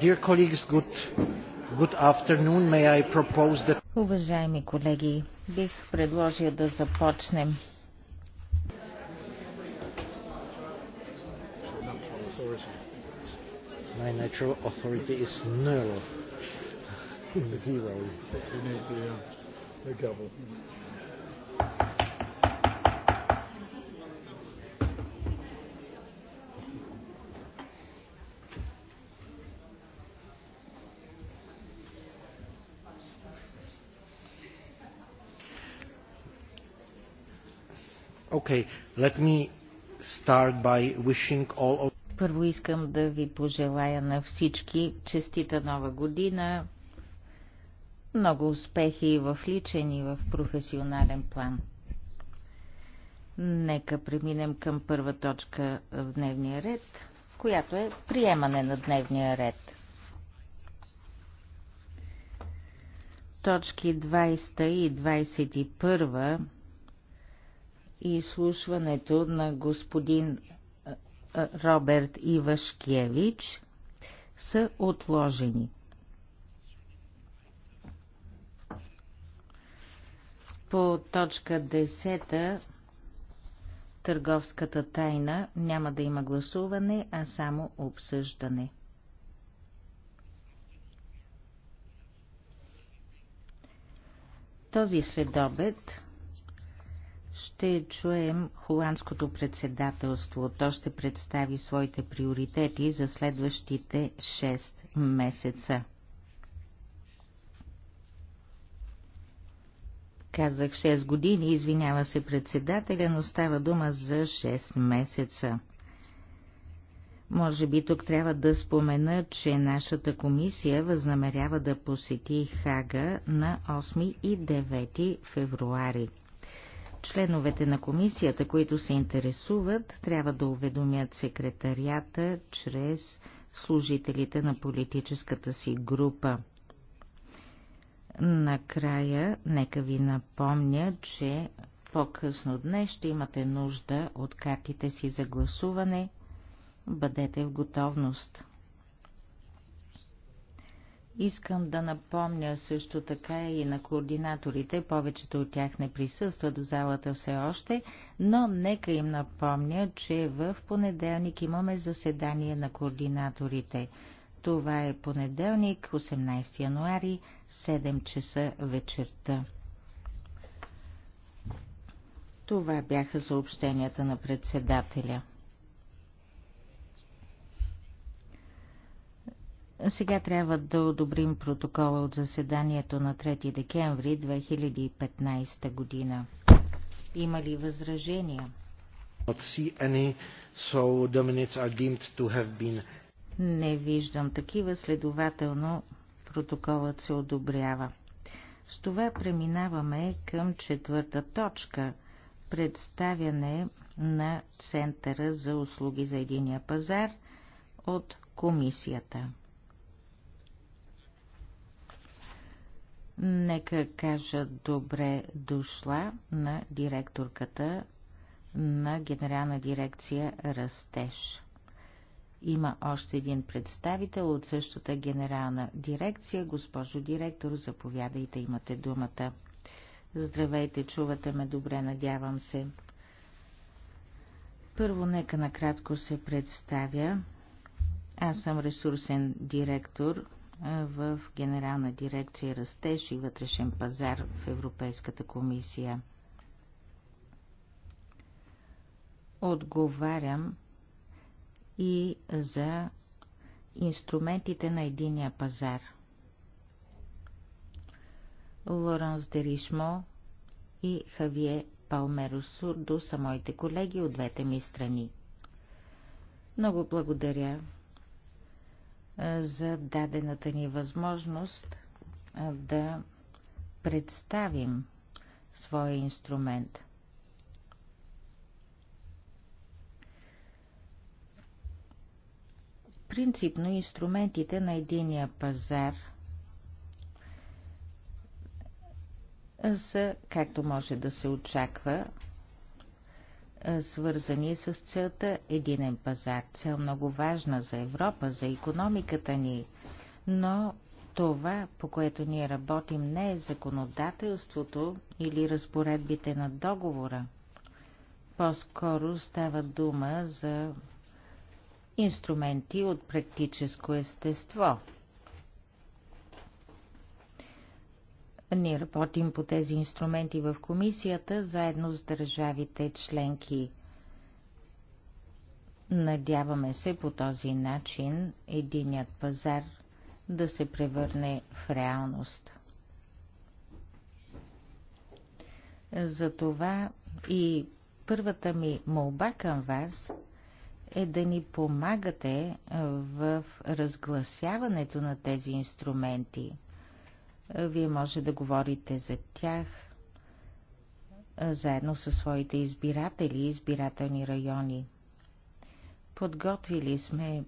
Dear colleagues, good, good afternoon. May I propose that... Уважаеми колеги, бих предложил да започнем. My natural authority is null. Zero. You need the, uh, the gavel. Okay, let me start by wishing all of... Първо искам да ви пожелая на всички честита нова година, много успехи и в личен и в професионален план. Нека преминем към първа точка в дневния ред, която е приемане на дневния ред. Точки 20 и 21 изслушването на господин Роберт Ивашкевич са отложени. По точка 10 търговската тайна няма да има гласуване, а само обсъждане. Този следобед ще чуем холандското председателство. То ще представи своите приоритети за следващите 6 месеца. Казах 6 години, извинява се председателя, но става дума за 6 месеца. Може би тук трябва да спомена, че нашата комисия възнамерява да посети Хага на 8 и 9 февруари. Членовете на комисията, които се интересуват, трябва да уведомят секретарията чрез служителите на политическата си група. Накрая, нека ви напомня, че по-късно днес ще имате нужда от картите си за гласуване. Бъдете в готовност. Искам да напомня също така и на координаторите, повечето от тях не присъстват в залата все още, но нека им напомня, че в понеделник имаме заседание на координаторите. Това е понеделник, 18 януари, 7 часа вечерта. Това бяха съобщенията на председателя. Сега трябва да одобрим протокола от заседанието на 3 декември 2015 година. Има ли възражения? Any, so been... Не виждам такива, следователно протоколът се одобрява. С това преминаваме към четвърта точка – представяне на Центъра за услуги за единия пазар от Комисията. Нека кажа добре дошла на директорката на Генерална дирекция Растеж. Има още един представител от същата генерална дирекция. Госпожо директор, заповядайте, имате думата. Здравейте, чувате ме добре, надявам се. Първо, нека накратко се представя. Аз съм ресурсен директор в Генерална дирекция Растеж и вътрешен пазар в Европейската комисия. Отговарям и за инструментите на единия пазар. Лоранс Деришмо и Хавие Палмеросу до са моите колеги от двете ми страни. Много благодаря за дадената ни възможност да представим своя инструмент. Принципно инструментите на единия пазар са, както може да се очаква, свързани с целта единен пазар. Цел много важна за Европа, за економиката ни, но това, по което ние работим, не е законодателството или разпоредбите на договора. По-скоро става дума за инструменти от практическо естество – Ние работим по тези инструменти в комисията, заедно с държавите членки. Надяваме се по този начин единият пазар да се превърне в реалност. Затова и първата ми молба към вас е да ни помагате в разгласяването на тези инструменти – вие може да говорите за тях заедно със своите избиратели и избирателни райони. Подготвили сме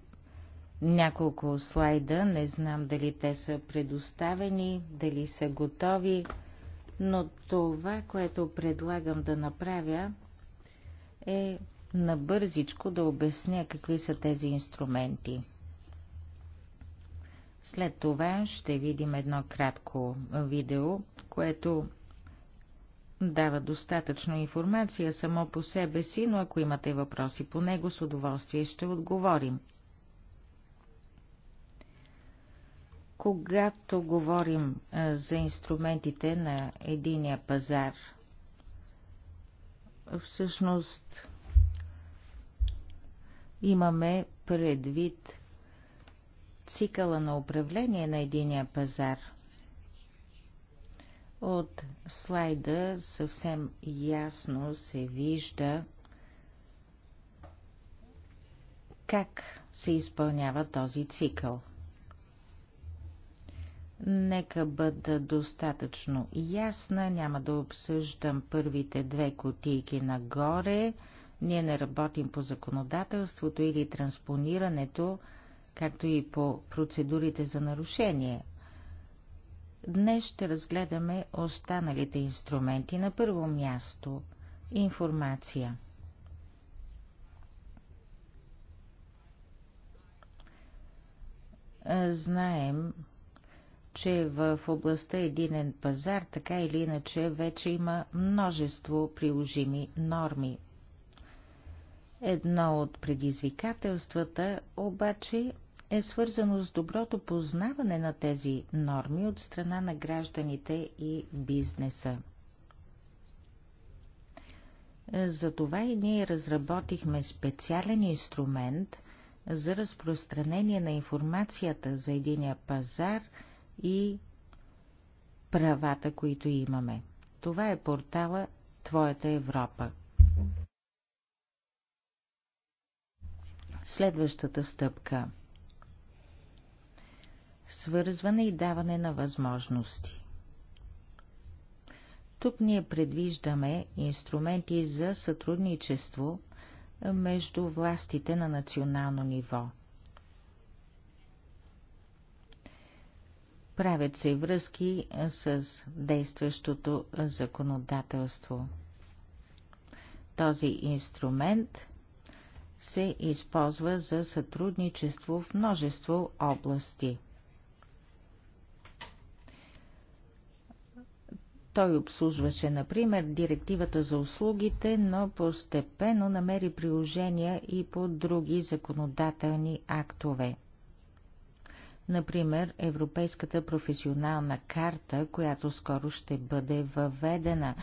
няколко слайда, не знам дали те са предоставени, дали са готови, но това, което предлагам да направя е набързичко да обясня какви са тези инструменти – след това ще видим едно кратко видео, което дава достатъчно информация само по себе си, но ако имате въпроси по него, с удоволствие ще отговорим. Когато говорим за инструментите на единия пазар, всъщност имаме предвид цикъла на управление на единия пазар. От слайда съвсем ясно се вижда как се изпълнява този цикъл. Нека бъда достатъчно ясна, няма да обсъждам първите две кутийки нагоре. Ние не работим по законодателството или транспонирането както и по процедурите за нарушение. Днес ще разгледаме останалите инструменти. На първо място – информация. Знаем, че в областта единен пазар, така или иначе, вече има множество приложими норми. Едно от предизвикателствата обаче е свързано с доброто познаване на тези норми от страна на гражданите и бизнеса. Затова и ние разработихме специален инструмент за разпространение на информацията за единия пазар и правата, които имаме. Това е портала Твоята Европа. Следващата стъпка – свързване и даване на възможности. Тук ние предвиждаме инструменти за сътрудничество между властите на национално ниво. Правят се и връзки с действащото законодателство. Този инструмент се използва за сътрудничество в множество области. Той обслужваше, например, директивата за услугите, но постепенно намери приложения и по други законодателни актове. Например, Европейската професионална карта, която скоро ще бъде въведена.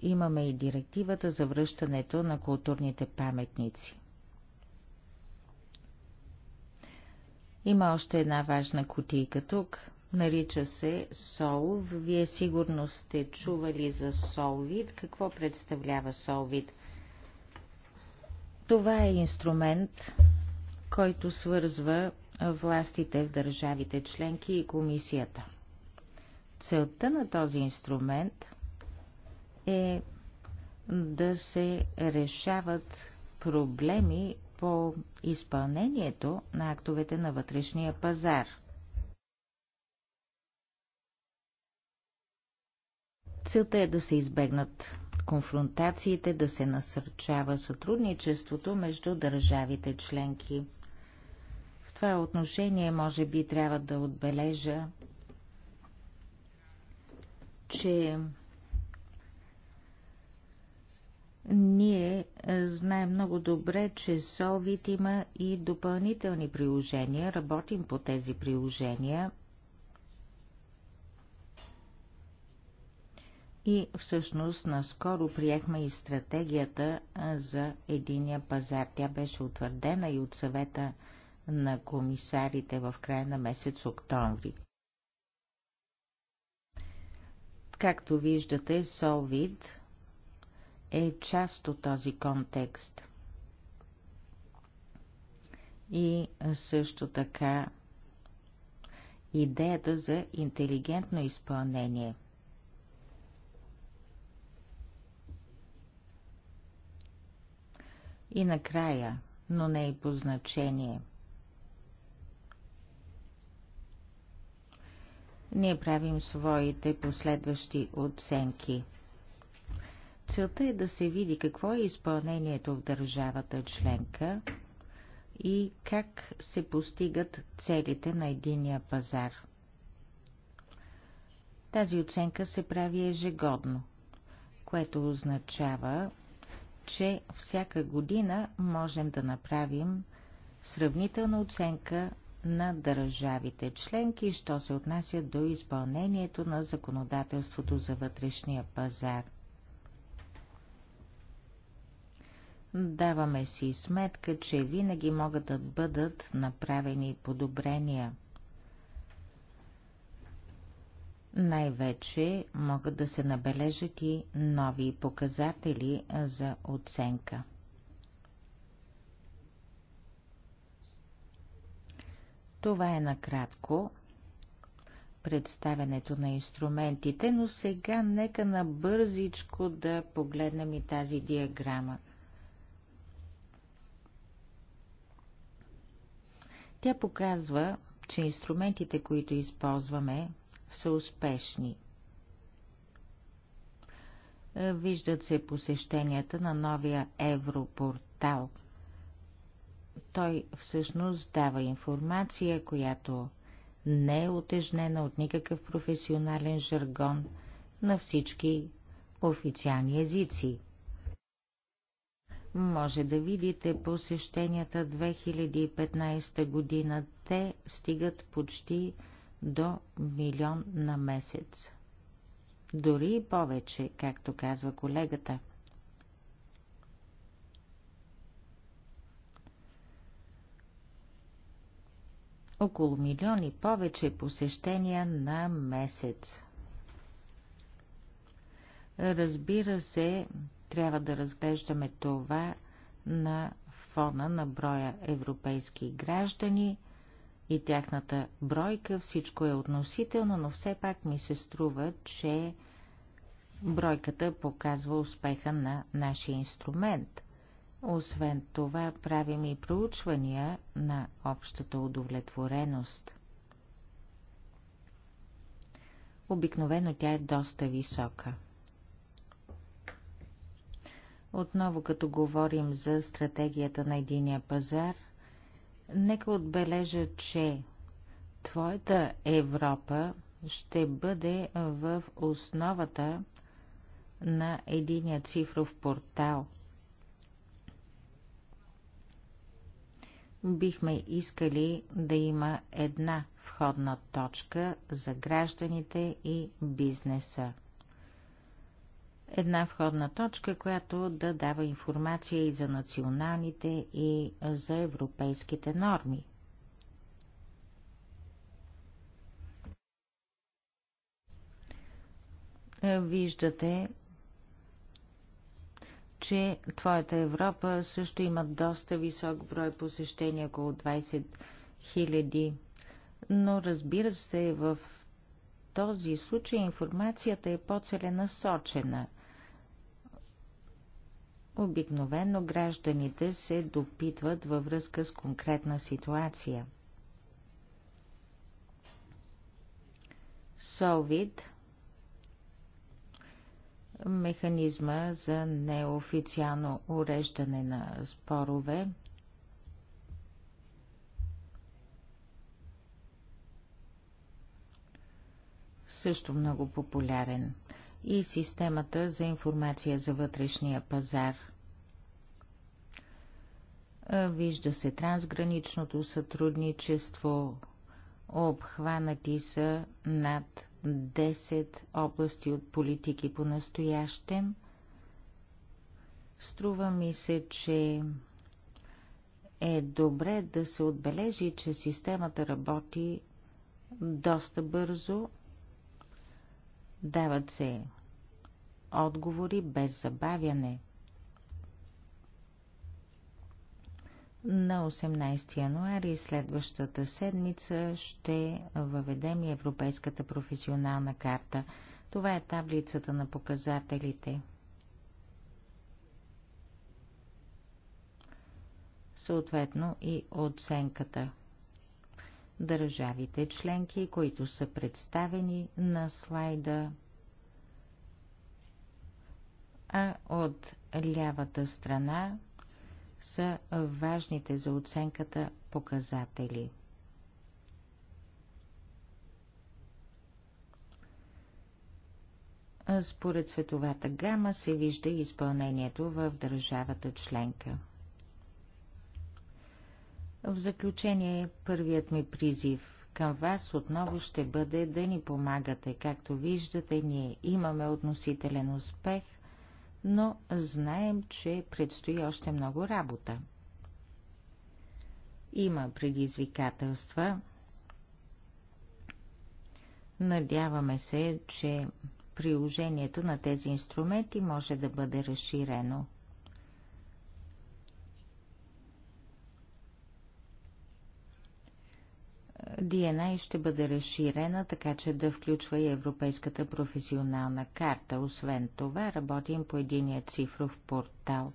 Имаме и директивата за връщането на културните паметници. Има още една важна кутийка тук – Нарича се Сол. Вие сигурно сте чували за Солвид. Какво представлява солвид? Това е инструмент, който свързва властите в държавите членки и комисията. Целта на този инструмент е да се решават проблеми по изпълнението на актовете на вътрешния пазар – Целта е да се избегнат конфронтациите, да се насърчава сътрудничеството между държавите членки. В това отношение може би трябва да отбележа, че ние знаем много добре, че Solvit има и допълнителни приложения. Работим по тези приложения. и всъщност наскоро приехме и стратегията за единия пазар. Тя беше утвърдена и от съвета на комисарите в края на месец октомври. Както виждате, Солвид е част от този контекст. И също така идеята за интелигентно изпълнение – И накрая, но не и по значение. Ние правим своите последващи оценки. Целта е да се види какво е изпълнението в държавата членка и как се постигат целите на единия пазар. Тази оценка се прави ежегодно, което означава, че всяка година можем да направим сравнителна оценка на държавите членки, що се отнася до изпълнението на законодателството за вътрешния пазар. Даваме си сметка, че винаги могат да бъдат направени подобрения – най-вече могат да се набележат и нови показатели за оценка. Това е накратко представянето на инструментите, но сега нека набързичко да погледнем и тази диаграма. Тя показва, че инструментите, които използваме, са успешни. Е, виждат се посещенията на новия Европортал. Той всъщност дава информация, която не е отежнена от никакъв професионален жаргон на всички официални езици. Може да видите посещенията 2015 година. Те стигат почти до милион на месец. Дори и повече, както казва колегата. Около милион и повече посещения на месец. Разбира се, трябва да разглеждаме това на фона на броя европейски граждани – и тяхната бройка. Всичко е относително, но все пак ми се струва, че бройката показва успеха на нашия инструмент. Освен това, правим и проучвания на общата удовлетвореност. Обикновено тя е доста висока. Отново като говорим за стратегията на единия пазар – Нека отбележа, че твоята Европа ще бъде в основата на единия цифров портал. Бихме искали да има една входна точка за гражданите и бизнеса една входна точка, която да дава информация и за националните, и за европейските норми. Виждате, че Твоята Европа също има доста висок брой посещения, около 20 000. Но разбира се, в този случай информацията е по-целенасочена – Обикновено гражданите се допитват във връзка с конкретна ситуация. Солвид механизма за неофициално уреждане на спорове също много популярен и системата за информация за вътрешния пазар – Вижда се трансграничното сътрудничество. Обхванати са над 10 области от политики по настоящем. Струва ми се, че е добре да се отбележи, че системата работи доста бързо. Дават се отговори без забавяне – На 18 януари следващата седмица ще въведем и Европейската професионална карта. Това е таблицата на показателите. Съответно и оценката. Държавите членки, които са представени на слайда, а от лявата страна са важните за оценката показатели. Според световата гама се вижда изпълнението в държавата членка. В заключение, първият ми призив към вас отново ще бъде да ни помагате. Както виждате, ние имаме относителен успех – но знаем, че предстои още много работа. Има предизвикателства. Надяваме се, че приложението на тези инструменти може да бъде разширено. DNA ще бъде разширена, така че да включва и Европейската професионална карта. Освен това, работим по единия цифров портал.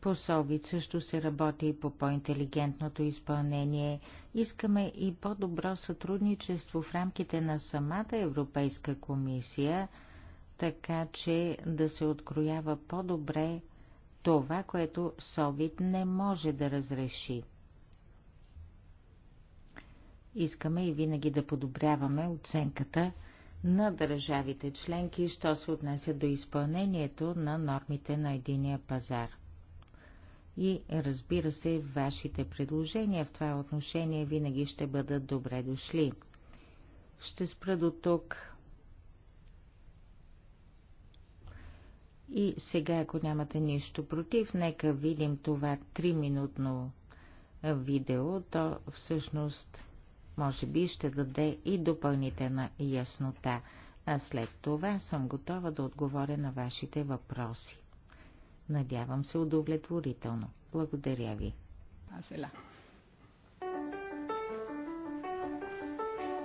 По СОВИД също се работи и по по-интелигентното изпълнение. Искаме и по-добро сътрудничество в рамките на самата Европейска комисия, така че да се откроява по-добре това, което Совит не може да разреши. Искаме и винаги да подобряваме оценката на държавите членки, що се отнася до изпълнението на нормите на единия пазар. И разбира се, вашите предложения в това отношение винаги ще бъдат добре дошли. Ще спра до тук. И сега, ако нямате нищо против, нека видим това 3-минутно видео. То всъщност може би ще даде и допълнителна яснота, а след това съм готова да отговоря на вашите въпроси. Надявам се удовлетворително. Благодаря ви. Аз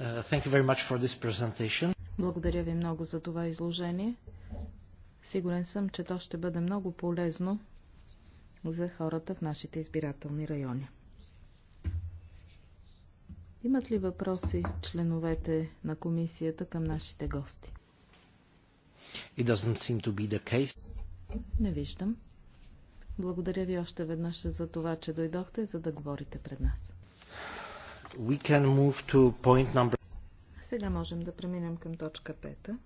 Uh, thank you very much for this presentation. Благодаря ви много за това изложение. Сигурен съм, че то ще бъде много полезно за хората в нашите избирателни райони. Имат ли въпроси членовете на комисията към нашите гости? It doesn't seem to be the case. Не виждам. Благодаря ви още веднъж за това, че дойдохте, за да говорите пред нас. We can move to point number... Сега можем да преминем към точка 5.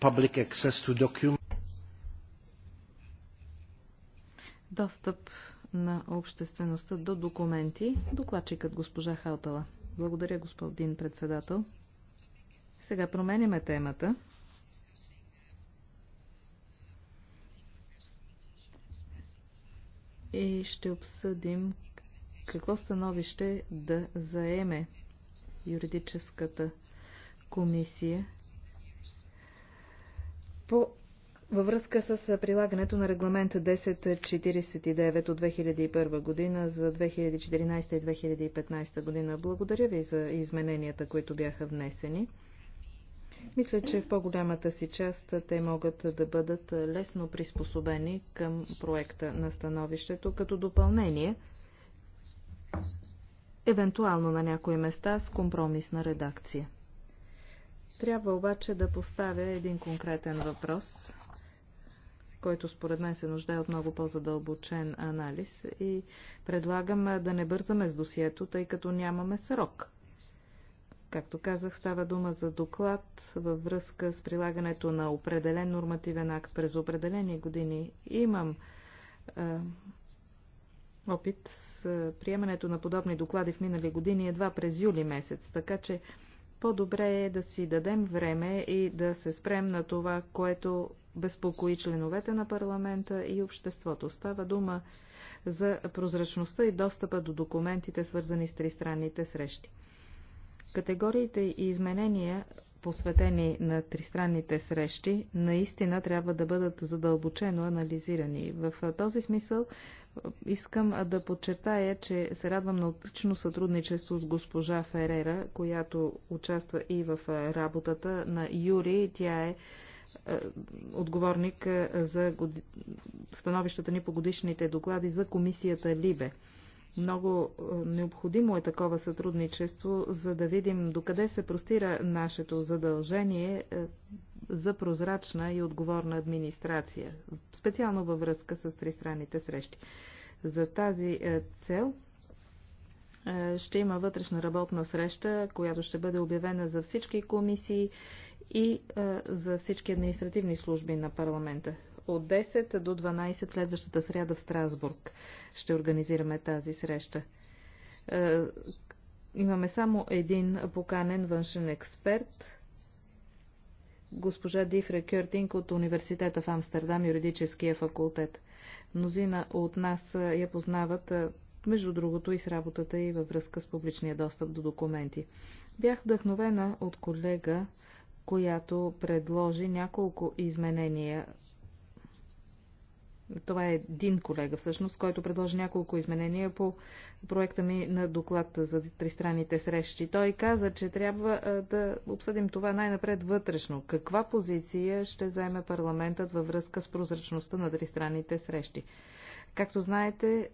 Public access to Достъп на обществеността до документи. Докладчикът госпожа Халтала. Благодаря, господин председател. Сега променяме темата. И ще обсъдим какво становище да заеме юридическата комисия по във връзка с прилагането на регламент 1049 от 2001 година за 2014 и 2015 година. Благодаря ви за измененията, които бяха внесени. Мисля, че в по-голямата си част те могат да бъдат лесно приспособени към проекта на становището като допълнение – евентуално на някои места с компромисна редакция. Трябва обаче да поставя един конкретен въпрос, който според мен се нуждае от много по-задълбочен анализ и предлагам да не бързаме с досието, тъй като нямаме срок. Както казах, става дума за доклад във връзка с прилагането на определен нормативен акт през определени години. Имам опит с е, приемането на подобни доклади в минали години едва през юли месец, така че по-добре е да си дадем време и да се спрем на това, което безпокои членовете на парламента и обществото. Става дума за прозрачността и достъпа до документите, свързани с тристранните срещи. Категориите и изменения посветени на тристранните срещи, наистина трябва да бъдат задълбочено анализирани. В този смисъл искам да подчертая, че се радвам на отлично сътрудничество с госпожа Ферера, която участва и в работата на Юри. Тя е отговорник за становищата ни по годишните доклади за комисията Либе. Много е, необходимо е такова сътрудничество, за да видим докъде се простира нашето задължение е, за прозрачна и отговорна администрация, специално във връзка с тристранните срещи. За тази е, цел ще има вътрешна работна среща, която ще бъде обявена за всички комисии и за всички административни служби на парламента от 10 до 12 следващата сряда в Страсбург. Ще организираме тази среща. Е, имаме само един поканен външен експерт, госпожа Дифре Кюртинг от университета в Амстердам, юридическия факултет. Мнозина от нас е, я познават, е, между другото, и с работата и във връзка с публичния достъп до документи. Бях вдъхновена от колега, която предложи няколко изменения това е един колега всъщност, който предложи няколко изменения по проекта ми на доклад за тристранните срещи. Той каза, че трябва да обсъдим това най-напред вътрешно. Каква позиция ще заеме парламентът във връзка с прозрачността на тристранните срещи? Както знаете,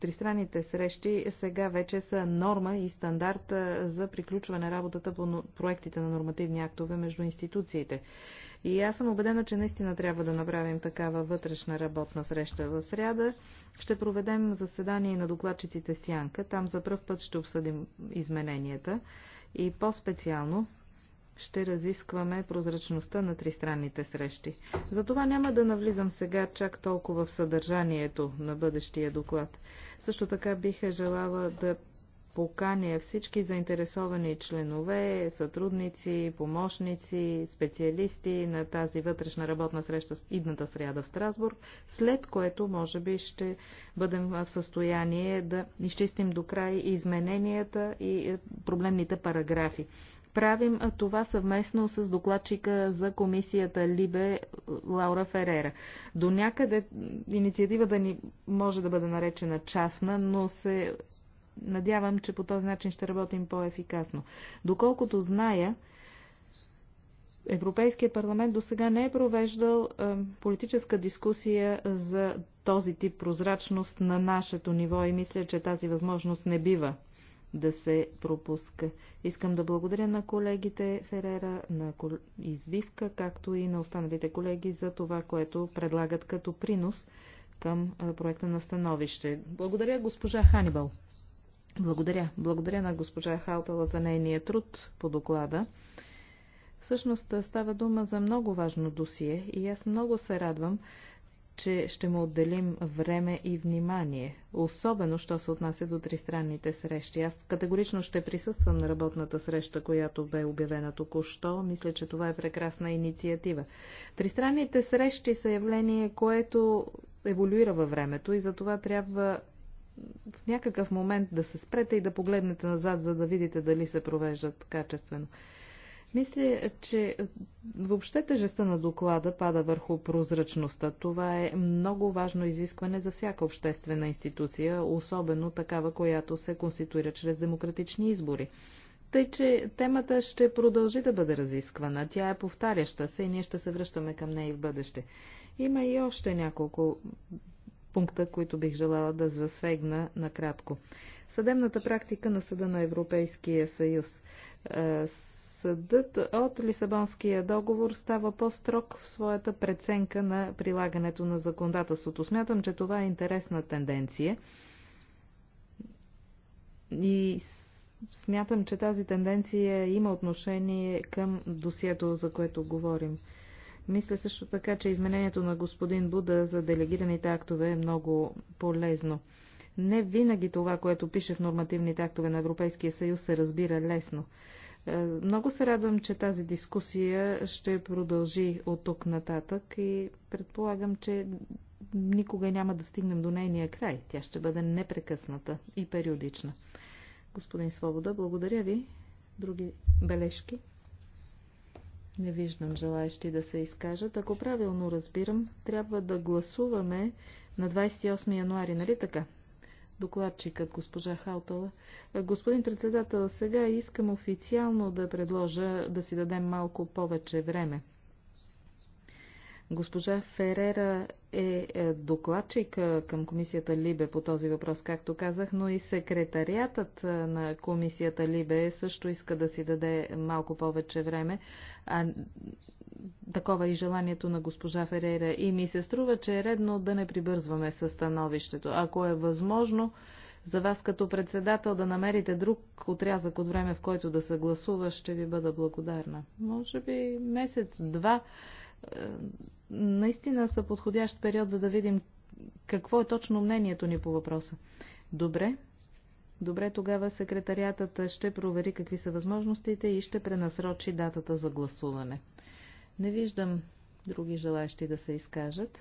тристранните срещи сега вече са норма и стандарт за приключване работата по проектите на нормативни актове между институциите. И аз съм убедена, че наистина трябва да направим такава вътрешна работна среща в сряда. Ще проведем заседание на докладчиците Сянка. Там за първ път ще обсъдим измененията. И по-специално ще разискваме прозрачността на тристранните срещи. Затова няма да навлизам сега чак толкова в съдържанието на бъдещия доклад. Също така бих е желала да поканя всички заинтересовани членове, сътрудници, помощници, специалисти на тази вътрешна работна среща идната сряда в Страсбург, след което може би ще бъдем в състояние да изчистим до край измененията и е, проблемните параграфи. Правим това съвместно с докладчика за комисията Либе е, Лаура Ферера. До някъде инициативата ни може да бъде наречена частна, но се надявам, че по този начин ще работим по-ефикасно. Доколкото зная, Европейският парламент до сега не е провеждал е, политическа дискусия за този тип прозрачност на нашето ниво и мисля, че тази възможност не бива да се пропуска. Искам да благодаря на колегите Ферера, на Извивка, както и на останалите колеги за това, което предлагат като принос към е, проекта на становище. Благодаря госпожа Ханибал. Благодаря. Благодаря на госпожа Халтала за нейния труд по доклада. Всъщност става дума за много важно досие и аз много се радвам, че ще му отделим време и внимание, особено, що се отнася до тристранните срещи. Аз категорично ще присъствам на работната среща, която бе обявена току-що. Мисля, че това е прекрасна инициатива. Тристранните срещи са явление, което еволюира във времето и за това трябва в някакъв момент да се спрете и да погледнете назад, за да видите дали се провеждат качествено. Мисля, че въобще тежестта на доклада пада върху прозрачността. Това е много важно изискване за всяка обществена институция, особено такава, която се конституира чрез демократични избори. Тъй, че темата ще продължи да бъде разисквана. Тя е повтаряща се и ние ще се връщаме към нея и в бъдеще. Има и още няколко пункта, които бих желала да засегна накратко. Съдебната практика на Съда на Европейския съюз. Е, Съдът от Лисабонския договор става по-строг в своята преценка на прилагането на законодателството. Смятам, че това е интересна тенденция. И смятам, че тази тенденция има отношение към досието, за което говорим. Мисля също така, че изменението на господин Буда за делегираните актове е много полезно. Не винаги това, което пише в нормативните актове на Европейския съюз, се разбира лесно. Е, много се радвам, че тази дискусия ще продължи от тук нататък и предполагам, че никога няма да стигнем до нейния край. Тя ще бъде непрекъсната и периодична. Господин Свобода, благодаря ви. Други бележки? Не виждам желаящи да се изкажат. Ако правилно разбирам, трябва да гласуваме на 28 януари, нали така? Докладчикът госпожа Халтала. Господин председател, сега искам официално да предложа да си дадем малко повече време. Госпожа Ферера е, е докладчик е, към комисията Либе по този въпрос, както казах, но и секретариатът е, на комисията Либе също иска да си даде малко повече време. А, такова и желанието на госпожа Ферера. И ми се струва, че е редно да не прибързваме със становището. Ако е възможно, за вас като председател да намерите друг отрязък от време, в който да съгласува, ще ви бъда благодарна. Може би месец-два е, наистина са подходящ период, за да видим какво е точно мнението ни по въпроса. Добре. Добре, тогава секретариатът ще провери какви са възможностите и ще пренасрочи датата за гласуване. Не виждам други желащи да се изкажат.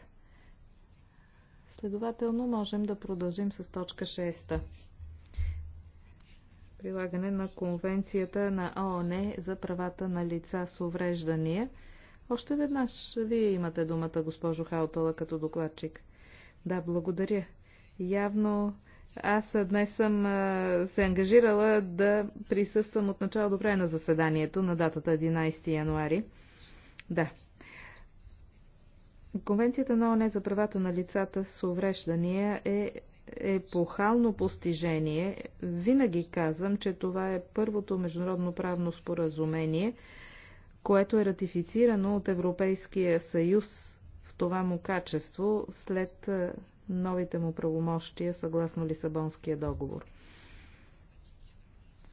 Следователно можем да продължим с точка 6. Прилагане на Конвенцията на ООН за правата на лица с увреждания. Още веднъж вие имате думата, госпожо Хаутала, като докладчик. Да, благодаря. Явно аз днес съм се ангажирала да присъствам от начало до края на заседанието на датата 11 януари. Да. Конвенцията на ОНЕ за правата на лицата с увреждания е епохално постижение. Винаги казвам, че това е първото международно правно споразумение, което е ратифицирано от Европейския съюз в това му качество след е, новите му правомощия съгласно Лисабонския договор.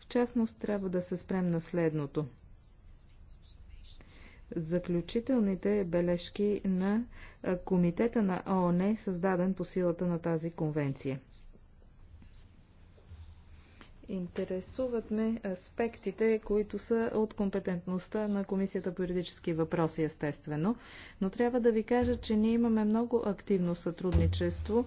В частност трябва да се спрем на следното. Заключителните бележки на е, Комитета на ООН, е, създаден по силата на тази конвенция. Интересуват ме аспектите, които са от компетентността на Комисията по юридически въпроси, естествено. Но трябва да ви кажа, че ние имаме много активно сътрудничество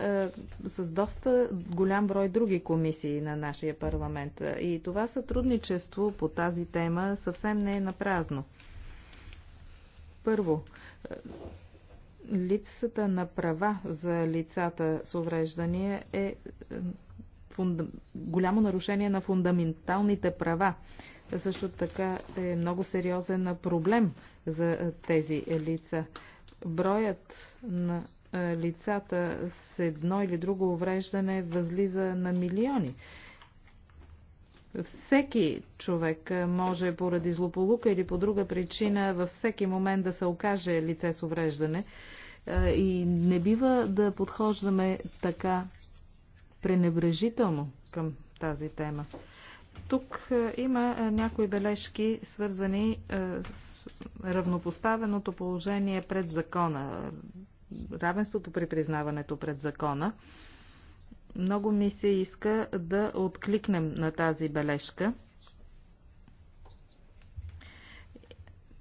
е, с доста голям брой други комисии на нашия парламент. И това сътрудничество по тази тема съвсем не е на празно. Първо, е, липсата на права за лицата с увреждания е, е фунда... голямо нарушение на фундаменталните права. Също така е много сериозен проблем за тези лица. Броят на лицата с едно или друго увреждане възлиза на милиони. Всеки човек може поради злополука или по друга причина във всеки момент да се окаже лице с увреждане и не бива да подхождаме така пренебрежително към тази тема. Тук е, има е, някои бележки, свързани е, с равнопоставеното положение пред закона, равенството при признаването пред закона. Много ми се иска да откликнем на тази бележка,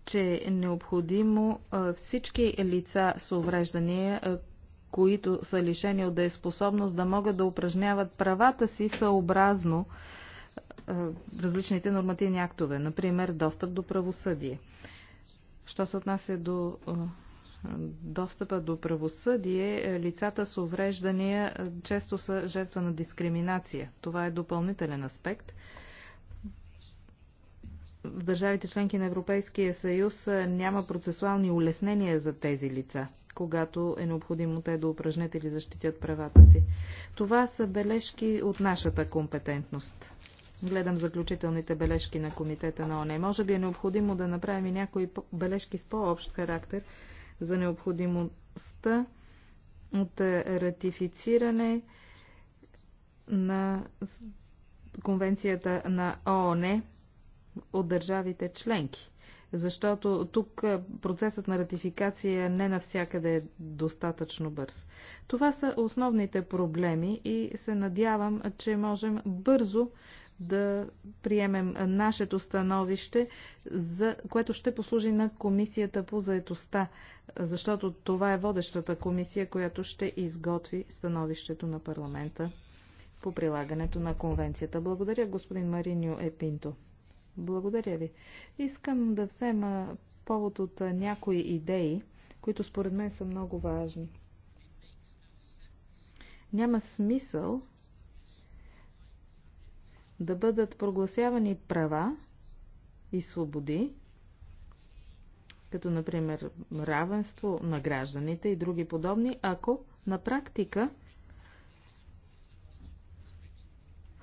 че е необходимо всички лица с увреждания, които са лишени от дееспособност, да могат да упражняват правата си съобразно различните нормативни актове, например достъп до правосъдие. Що се отнася до достъпа до правосъдие, е, лицата с увреждания често са жертва на дискриминация. Това е допълнителен аспект в държавите членки на Европейския съюз няма процесуални улеснения за тези лица, когато е необходимо те да упражнят или защитят правата си. Това са бележки от нашата компетентност. Гледам заключителните бележки на комитета на ОНЕ. Може би е необходимо да направим и някои бележки с по-общ характер за необходимостта от ратифициране на Конвенцията на ООН от държавите членки. Защото тук процесът на ратификация не навсякъде е достатъчно бърз. Това са основните проблеми и се надявам, че можем бързо да приемем нашето становище, за което ще послужи на комисията по заетостта, защото това е водещата комисия, която ще изготви становището на парламента по прилагането на конвенцията. Благодаря, господин Мариньо Епинто. Благодаря ви. Искам да взема повод от някои идеи, които според мен са много важни. Няма смисъл да бъдат прогласявани права и свободи, като например равенство на гражданите и други подобни, ако на практика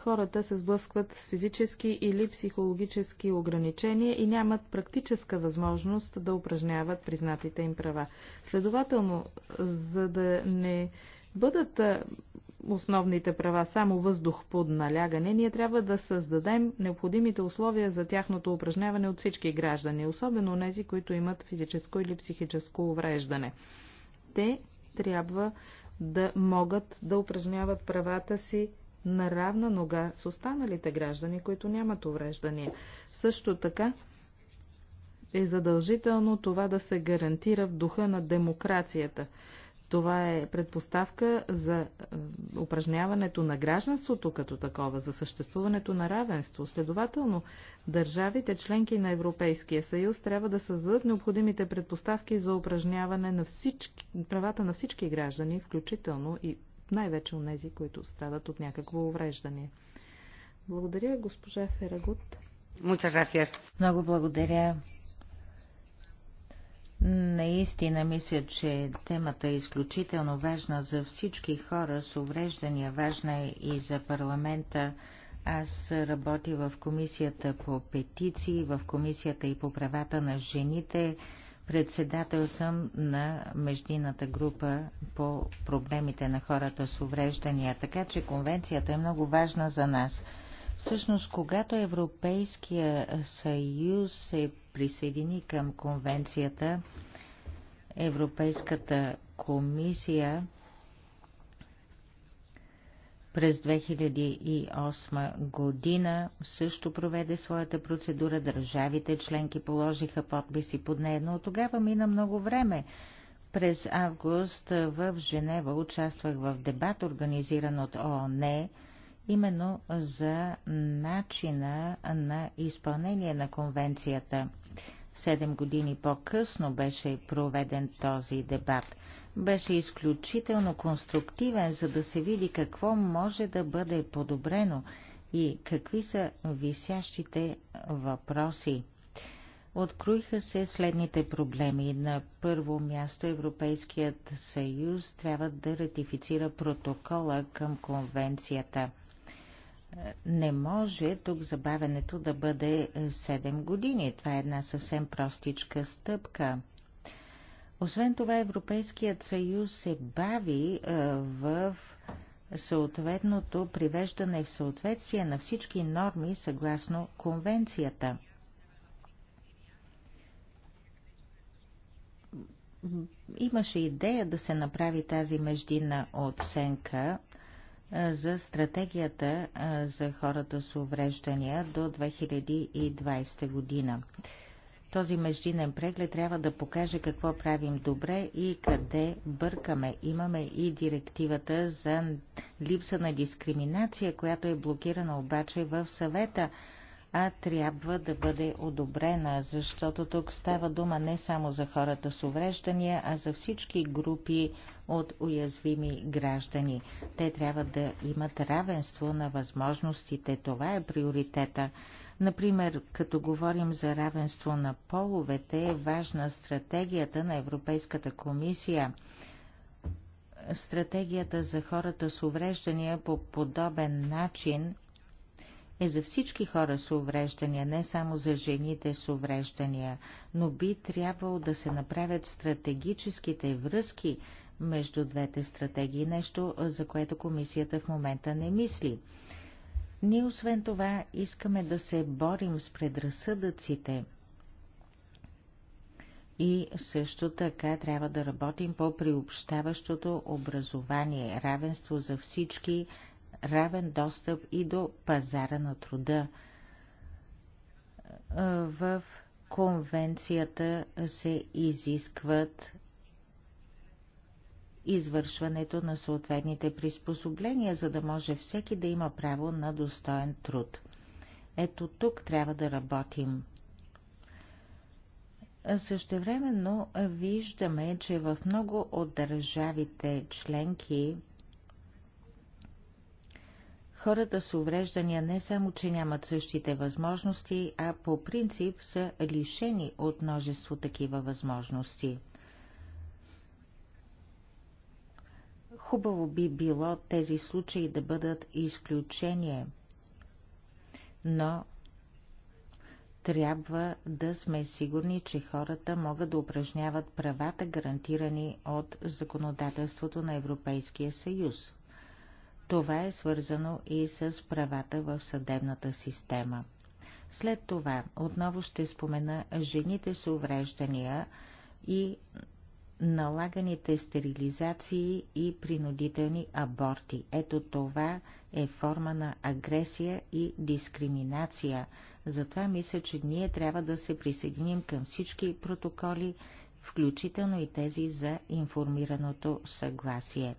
хората се сблъскват с физически или психологически ограничения и нямат практическа възможност да упражняват признатите им права. Следователно, за да не бъдат основните права само въздух под налягане, ние трябва да създадем необходимите условия за тяхното упражняване от всички граждани, особено тези, които имат физическо или психическо увреждане. Те трябва да могат да упражняват правата си на равна нога с останалите граждани, които нямат увреждания. Също така е задължително това да се гарантира в духа на демокрацията. Това е предпоставка за е, упражняването на гражданството като такова, за съществуването на равенство. Следователно, държавите членки на Европейския съюз трябва да създадат необходимите предпоставки за упражняване на всички, правата на всички граждани, включително и най-вече у нези, които страдат от някакво увреждане. Благодаря, госпожа Ферагут. Много благодаря. Наистина мисля, че темата е изключително важна за всички хора с увреждания, важна е и за парламента. Аз работя в комисията по петиции, в комисията и по правата на жените. Председател съм на междината група по проблемите на хората с увреждания, така че конвенцията е много важна за нас. Всъщност, когато Европейския съюз се присъедини към конвенцията, Европейската комисия през 2008 година също проведе своята процедура. Държавите членки положиха подписи под нея, но тогава мина много време. През август в Женева участвах в дебат, организиран от ООН, именно за начина на изпълнение на конвенцията. Седем години по-късно беше проведен този дебат беше изключително конструктивен, за да се види какво може да бъде подобрено и какви са висящите въпроси. Откроиха се следните проблеми. На първо място Европейският съюз трябва да ратифицира протокола към конвенцията. Не може тук забавенето да бъде 7 години. Това е една съвсем простичка стъпка. Освен това, Европейският съюз се бави е, в съответното привеждане в съответствие на всички норми съгласно конвенцията. Имаше идея да се направи тази междинна оценка е, за стратегията е, за хората с увреждания до 2020 година. Този междинен преглед трябва да покаже какво правим добре и къде бъркаме. Имаме и директивата за липса на дискриминация, която е блокирана обаче в съвета, а трябва да бъде одобрена, защото тук става дума не само за хората с увреждания, а за всички групи от уязвими граждани. Те трябва да имат равенство на възможностите. Това е приоритета. Например, като говорим за равенство на половете, е важна стратегията на Европейската комисия. Стратегията за хората с увреждания по подобен начин е за всички хора с увреждания, не само за жените с увреждания, но би трябвало да се направят стратегическите връзки между двете стратегии, нещо за което комисията в момента не мисли. Ние освен това искаме да се борим с предразсъдъците и също така трябва да работим по приобщаващото образование, равенство за всички, равен достъп и до пазара на труда. Е, в конвенцията се изискват извършването на съответните приспособления, за да може всеки да има право на достоен труд. Ето тук трябва да работим. Същевременно виждаме, че в много от държавите членки хората с увреждания не само, че нямат същите възможности, а по принцип са лишени от множество такива възможности – Хубаво би било тези случаи да бъдат изключение, но трябва да сме сигурни, че хората могат да упражняват правата, гарантирани от законодателството на Европейския съюз. Това е свързано и с правата в съдебната система. След това отново ще спомена жените с увреждания и налаганите стерилизации и принудителни аборти. Ето това е форма на агресия и дискриминация. Затова мисля, че ние трябва да се присъединим към всички протоколи, включително и тези за информираното съгласие.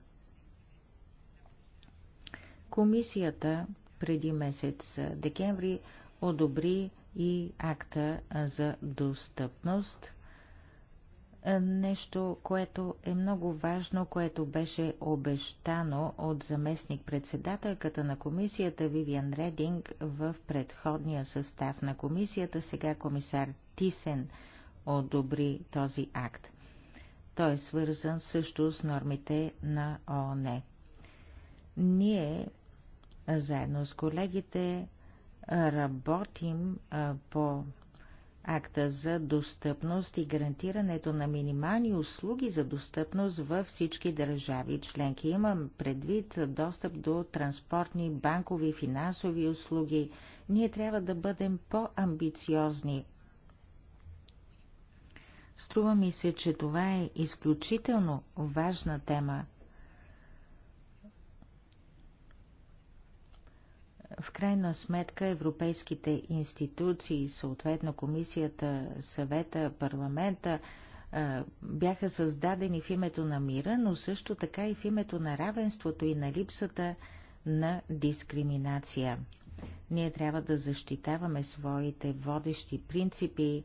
Комисията преди месец декември одобри и акта за достъпност – е, нещо, което е много важно, което беше обещано от заместник-председателката на комисията Вивиан Рединг в предходния състав на комисията. Сега комисар Тисен одобри този акт. Той е свързан също с нормите на ООН. Ние, заедно с колегите, работим по акта за достъпност и гарантирането на минимални услуги за достъпност във всички държави членки. Имам предвид достъп до транспортни, банкови, финансови услуги. Ние трябва да бъдем по-амбициозни. Струва ми се, че това е изключително важна тема. В крайна сметка европейските институции, съответно комисията, съвета, парламента, бяха създадени в името на мира, но също така и в името на равенството и на липсата на дискриминация. Ние трябва да защитаваме своите водещи принципи.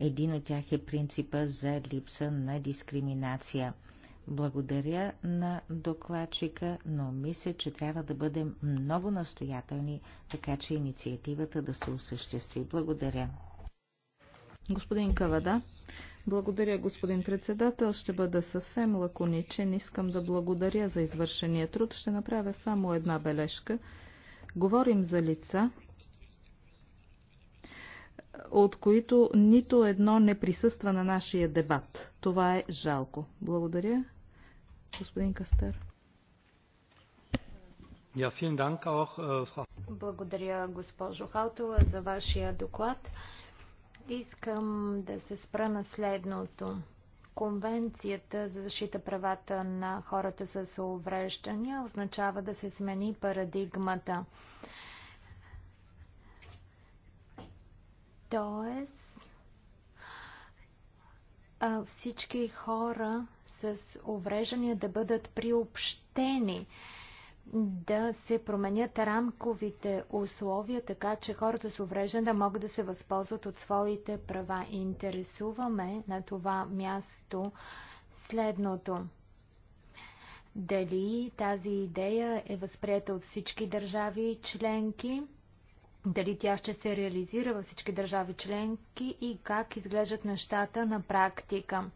Един от тях е принципа за липса на дискриминация – благодаря на докладчика, но мисля, че трябва да бъдем много настоятелни, така че инициативата да се осъществи. Благодаря. Господин Кавада, благодаря, господин председател. Ще бъда съвсем лаконичен. Искам да благодаря за извършения труд. Ще направя само една бележка. Говорим за лица, от които нито едно не присъства на нашия дебат. Това е жалко. Благодаря господин Кастер. Äh, Благодаря, госпожо Халтова, за вашия доклад. Искам да се спра на следното. Конвенцията за защита правата на хората с увреждания означава да се смени парадигмата. Тоест, всички хора с увреждания да бъдат приобщени, да се променят рамковите условия, така че хората с увреждания да могат да се възползват от своите права. интересуваме на това място следното. Дали тази идея е възприета от всички държави членки? дали тя ще се реализира във всички държави членки и как изглеждат нещата на практика.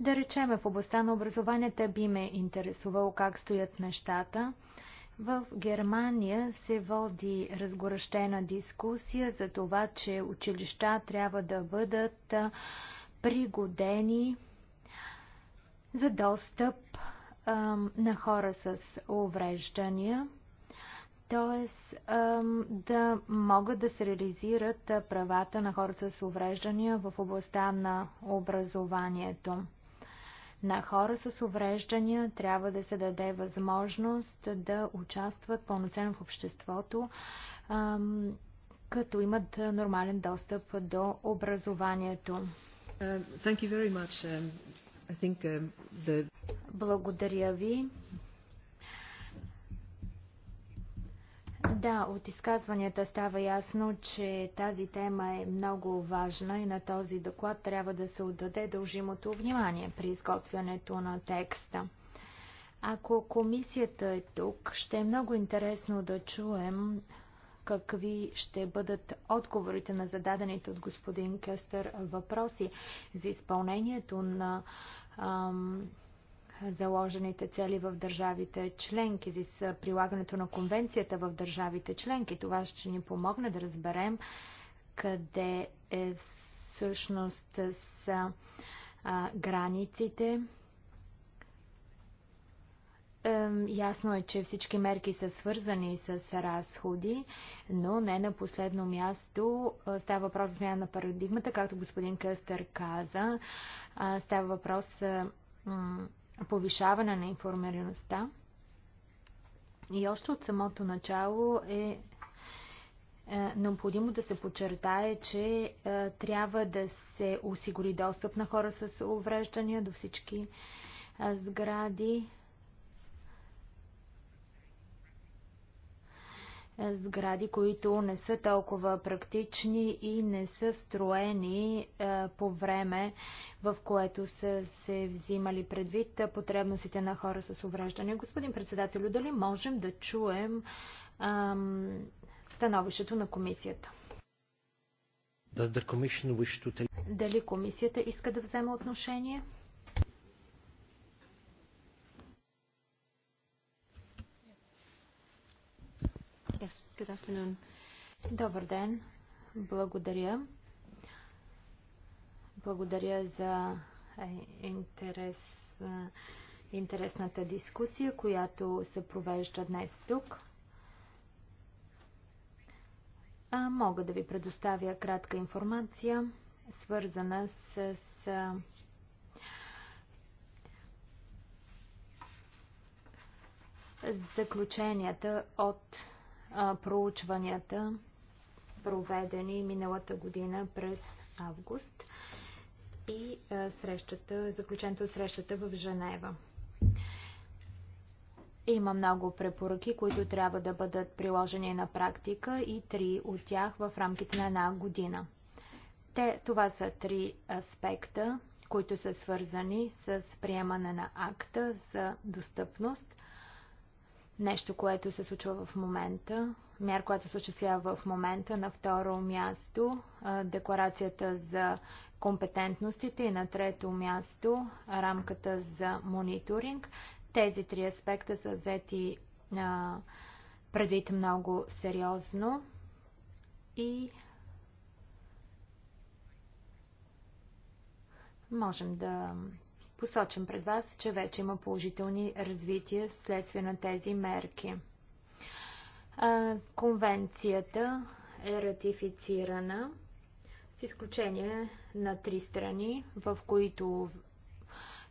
Да речеме, в областта на образованията би ме интересувало как стоят нещата. В Германия се води разгорещена дискусия за това, че училища трябва да бъдат пригодени за достъп на хора с увреждания, т.е. да могат да се реализират правата на хората с увреждания в областта на образованието на хора с увреждания. Трябва да се даде възможност да участват пълноценно в обществото, като имат нормален достъп до образованието. Um, um, Благодаря ви. Да, от изказванията става ясно, че тази тема е много важна и на този доклад трябва да се отдаде дължимото внимание при изготвянето на текста. Ако комисията е тук, ще е много интересно да чуем какви ще бъдат отговорите на зададените от господин Кестър въпроси за изпълнението на ам, заложените цели в държавите членки, за прилагането на конвенцията в държавите членки. Това ще ни помогне да разберем къде е всъщност с а, границите. Ясно е, че всички мерки са свързани с разходи, но не на последно място. Става въпрос за смяна на парадигмата, както господин Къстър каза. Става въпрос повишаване на информираността. И още от самото начало е, е необходимо да се подчертае, че е, трябва да се осигури достъп на хора с увреждания до всички е, сгради. сгради, които не са толкова практични и не са строени е, по време, в което са се взимали предвид потребностите на хора с увреждане. Господин председател, дали можем да чуем е, становището на комисията? Дали комисията иска да вземе отношение? Good afternoon. Добър ден. Благодаря. Благодаря за е, интерес, е, интересната дискусия, която се провежда днес тук. А, мога да ви предоставя кратка информация, свързана с, с е, заключенията от проучванията, проведени миналата година през август и срещата, заключението от срещата в Женева. Има много препоръки, които трябва да бъдат приложени на практика и три от тях в рамките на една година. Те, това са три аспекта, които са свързани с приемане на акта за достъпност, нещо, което се случва в момента, мяр, която се осъществява в момента. На второ място декларацията за компетентностите и на трето място рамката за мониторинг. Тези три аспекта са взети предвид много сериозно и можем да Посочвам пред вас, че вече има положителни развития следствие на тези мерки. Конвенцията е ратифицирана с изключение на три страни, в които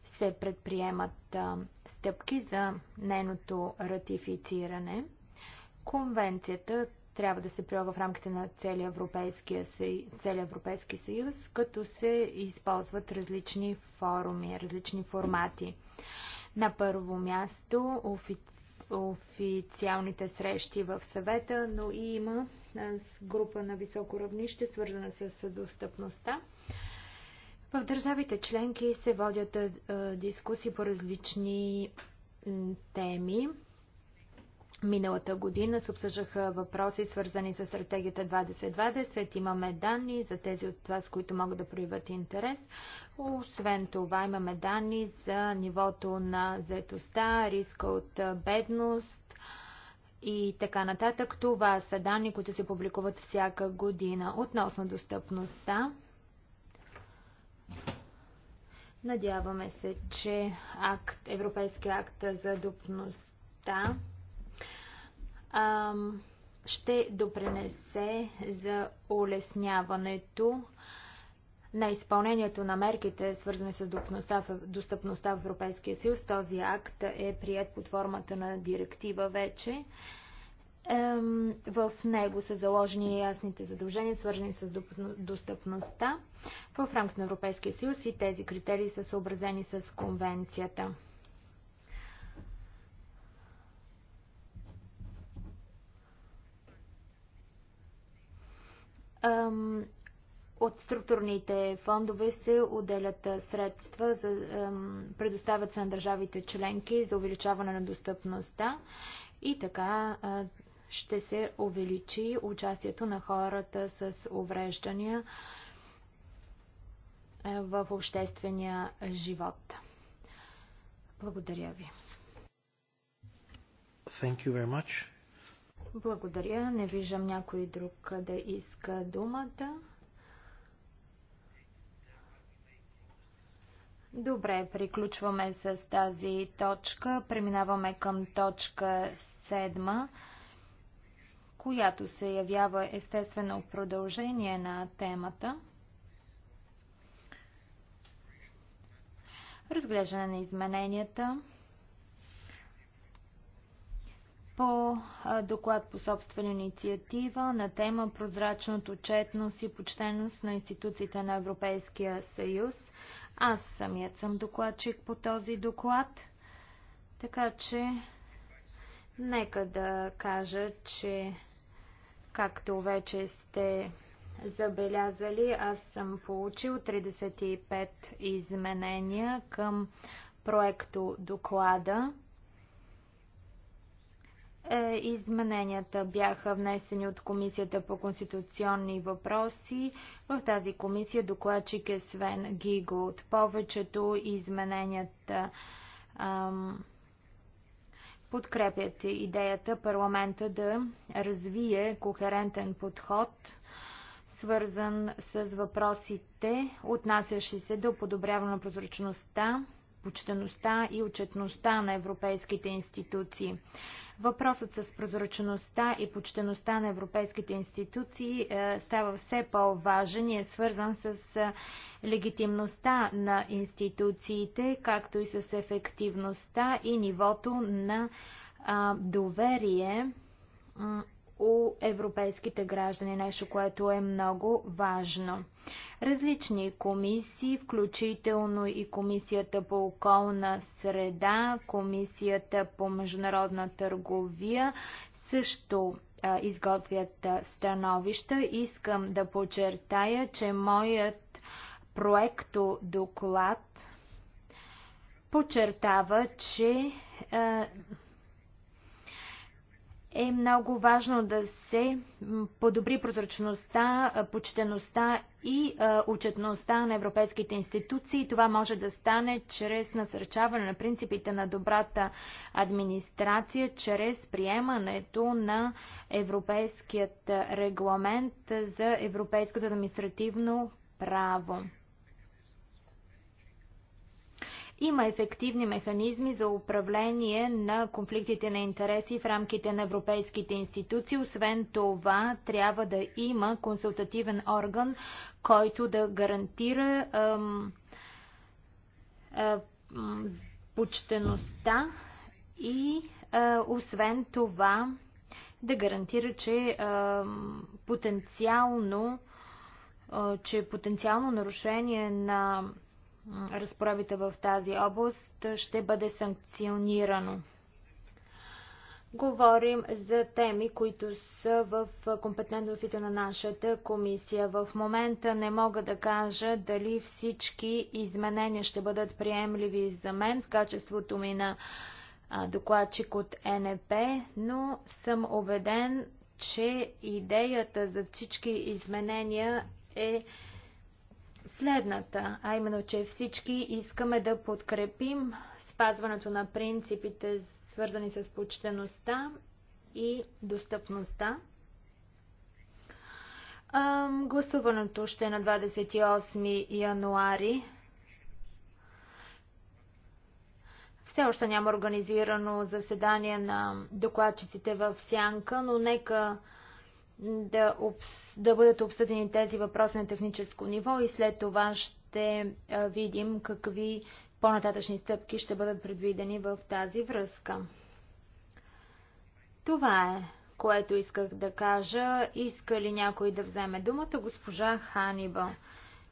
се предприемат стъпки за нейното ратифициране. Конвенцията трябва да се прилага в рамките на целия Европейски, цели Европейски съюз, като се използват различни форуми, различни формати. На първо място офи... официалните срещи в съвета, но и има група на високо равнище, свързана с достъпността. В държавите членки се водят дискусии по различни теми Миналата година се обсъждаха въпроси, свързани с стратегията 2020. Имаме данни за тези от вас, които могат да проявят интерес. Освен това, имаме данни за нивото на заетостта, риска от бедност и така нататък. Това са данни, които се публикуват всяка година. Относно достъпността, надяваме се, че акт, Европейския акт за достъпността ще допренесе за улесняването на изпълнението на мерките, свързани с достъпността в Европейския съюз. Този акт е прият под формата на директива вече. В него са заложени ясните задължения, свързани с достъпността в рамките на Европейския съюз и тези критерии са съобразени с конвенцията. От структурните фондове се отделят средства, за, предоставят се на държавите членки за увеличаване на достъпността и така ще се увеличи участието на хората с увреждания в обществения живот. Благодаря ви. Thank you very much. Благодаря. Не виждам някой друг да иска думата. Добре, приключваме с тази точка. Преминаваме към точка 7, която се явява естествено продължение на темата. Разглеждане на измененията по доклад по собствена инициатива на тема Прозрачност, отчетност и почтеност на институциите на Европейския съюз. Аз самият съм докладчик по този доклад, така че нека да кажа, че както вече сте забелязали, аз съм получил 35 изменения към проекто доклада. Е, измененията бяха внесени от Комисията по конституционни въпроси. В тази комисия докладчик е Свен Гиго. От повечето измененията ам, подкрепят идеята парламента да развие кохерентен подход, свързан с въпросите, отнасящи се до подобряване на прозрачността, почтеността и отчетността на европейските институции. Въпросът с прозрачността и почтеността на европейските институции е, става все по-важен и е свързан с е, легитимността на институциите, както и с ефективността и нивото на доверие у европейските граждани, нещо, което е много важно. Различни комисии, включително и Комисията по околна среда, Комисията по международна търговия, също а, изготвят становища. Искам да подчертая, че моят проекто доклад подчертава, че а, е много важно да се подобри прозрачността, почтеността и отчетността на европейските институции. Това може да стане чрез насърчаване на принципите на добрата администрация, чрез приемането на европейският регламент за европейското административно право. Има ефективни механизми за управление на конфликтите на интереси в рамките на европейските институции. Освен това, трябва да има консултативен орган, който да гарантира почтеността и а, освен това да гарантира, че а, потенциално а, че потенциално нарушение на разправите в тази област ще бъде санкционирано. Говорим за теми, които са в компетентностите на нашата комисия. В момента не мога да кажа дали всички изменения ще бъдат приемливи за мен в качеството ми на докладчик от НП, но съм убеден, че идеята за всички изменения е следната, а именно, че всички искаме да подкрепим спазването на принципите, свързани с почтеността и достъпността. гласуването ще е на 28 януари. Все още няма организирано заседание на докладчиците в Сянка, но нека да, обс... да бъдат обсъдени тези въпроси на техническо ниво и след това ще видим какви по-нататъчни стъпки ще бъдат предвидени в тази връзка. Това е, което исках да кажа. Иска ли някой да вземе думата? Госпожа Ханиба?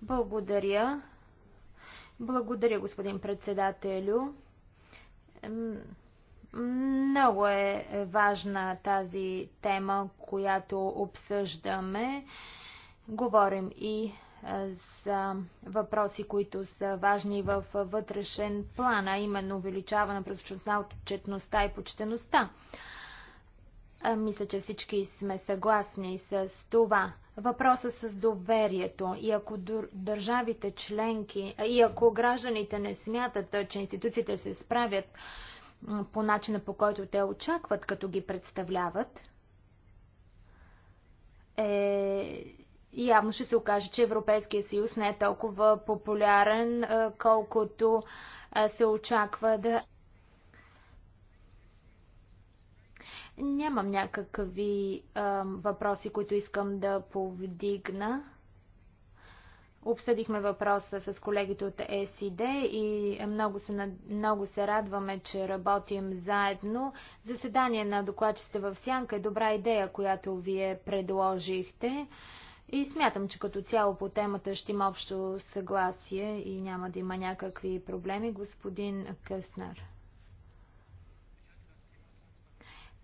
Благодаря. Благодаря, господин председателю. Много е важна тази тема, която обсъждаме. Говорим и за въпроси, които са важни в вътрешен план, а именно увеличаване на прозрачността, отчетността и почтеността. Мисля, че всички сме съгласни с това. Въпроса с доверието и ако държавите членки и ако гражданите не смятат, че институциите се справят по начина по който те очакват, като ги представляват, е... явно ще се окаже, че Европейския съюз не е толкова популярен, е, колкото е, се очаква да. Нямам някакви въпроси, които искам да повдигна. Обсъдихме въпроса с колегите от ЕСИД и много се, много се радваме, че работим заедно. Заседание на докладчите в Сянка е добра идея, която вие предложихте. И смятам, че като цяло по темата ще има общо съгласие и няма да има някакви проблеми. Господин Къснар.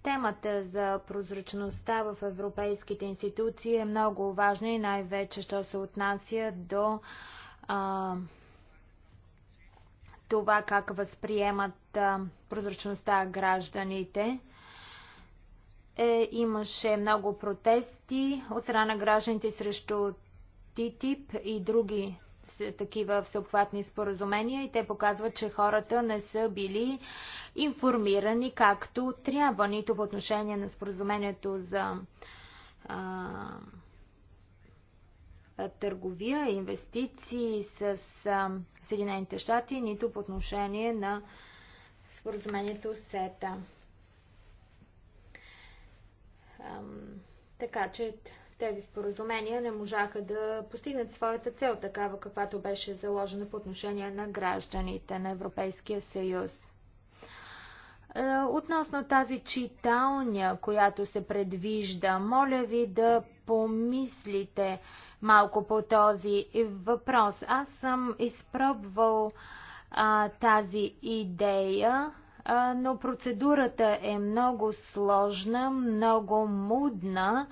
Темата за прозрачността в европейските институции е много важна и най-вече, що се отнася до а, това как възприемат а, прозрачността гражданите. Е, имаше много протести от страна гражданите срещу ТИТИП и други такива всеобхватни споразумения и те показват, че хората не са били информирани както трябва, нито по отношение на споразумението за а, търговия, инвестиции с а, Съединените щати, нито по отношение на споразумението СЕТА. А, така че тези споразумения не можаха да постигнат своята цел, такава каквато беше заложена по отношение на гражданите на Европейския съюз. Е, относно тази читалня, която се предвижда, моля ви да помислите малко по този въпрос. Аз съм изпробвал а, тази идея, а, но процедурата е много сложна, много мудна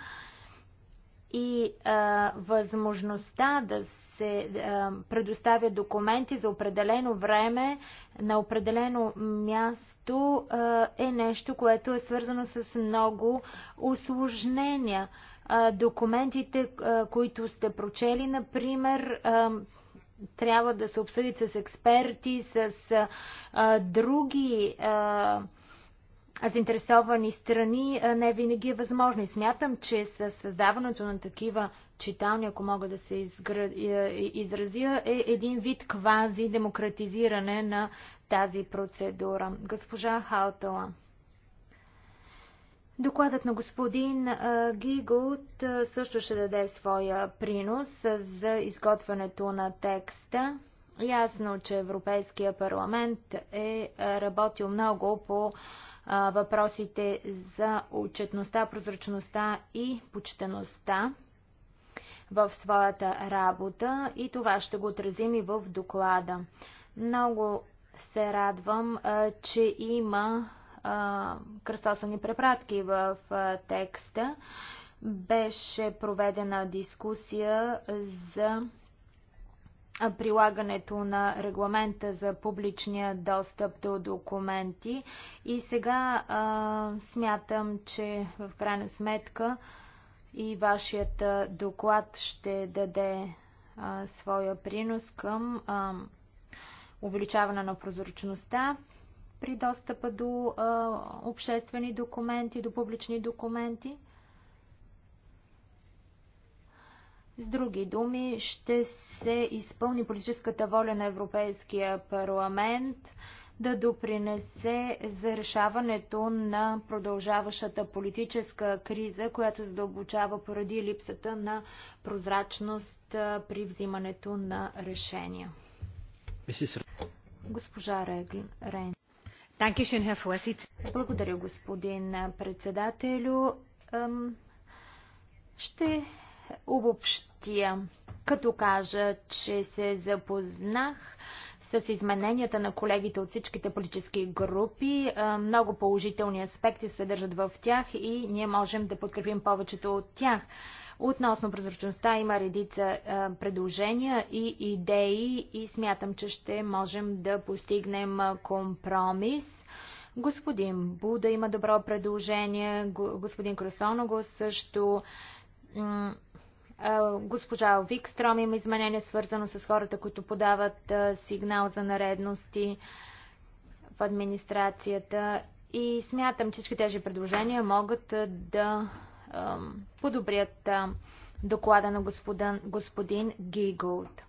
и а, възможността да се а, предоставят документи за определено време на определено място а, е нещо, което е свързано с много осложнения. А, документите, а, които сте прочели, например, а, трябва да се обсъдят с експерти, с а, други. А, заинтересовани страни не винаги е възможно. И смятам, че с създаването на такива читални, ако мога да се изразя, е един вид квази демократизиране на тази процедура. Госпожа Хаутала. Докладът на господин Гигот също ще даде своя принос за изготвянето на текста. Ясно, че Европейския парламент е работил много по въпросите за отчетността, прозрачността и почтеността в своята работа и това ще го отразим и в доклада. Много се радвам, че има кръстосани препратки в текста. Беше проведена дискусия за прилагането на регламента за публичния достъп до документи. И сега а, смятам, че в крайна сметка и вашият доклад ще даде а, своя принос към а, увеличаване на прозрачността при достъпа до а, обществени документи, до публични документи. С други думи, ще се изпълни политическата воля на Европейския парламент да допринесе за решаването на продължаващата политическа криза, която задълбочава поради липсата на прозрачност при взимането на решения. Госпожа Рейн. Благодаря, господин председателю. Ще Обобщия. като кажа, че се запознах с измененията на колегите от всичките политически групи. Е, много положителни аспекти се държат в тях и ние можем да подкрепим повечето от тях. Относно прозрачността има редица е, предложения и идеи и смятам, че ще можем да постигнем е, компромис. Господин Буда има добро предложение, господин Красоного също Госпожа Викстром има изменение свързано с хората, които подават сигнал за наредности в администрацията. И смятам, че всички тези предложения могат да подобрят доклада на господин, господин Гиголд.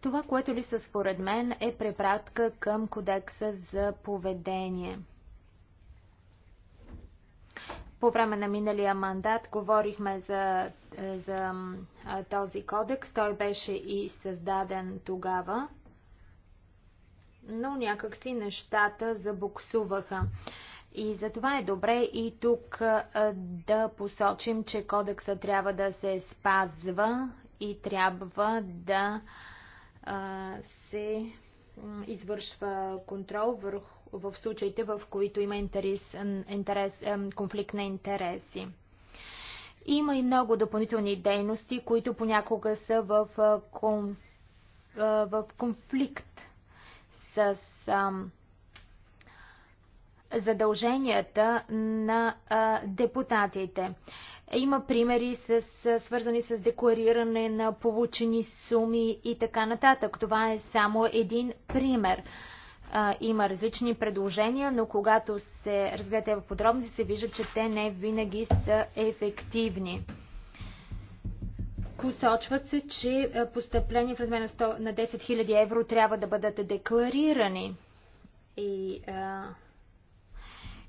Това, което липсва според мен е препратка към кодекса за поведение – по време на миналия мандат говорихме за, за този кодекс. Той беше и създаден тогава, но някакси нещата забуксуваха. И затова е добре и тук да посочим, че кодекса трябва да се спазва и трябва да се извършва контрол върху в случаите, в които има интерес, интерес, конфликт на интереси. Има и много допълнителни дейности, които понякога са в, в конфликт с задълженията на депутатите. Има примери с, свързани с деклариране на получени суми и така нататък. Това е само един пример а, има различни предложения, но когато се разгледате в подробности, се вижда, че те не винаги са ефективни. Посочват се, че постъпления в размер на, 100, на 10 000 евро трябва да бъдат декларирани. И а,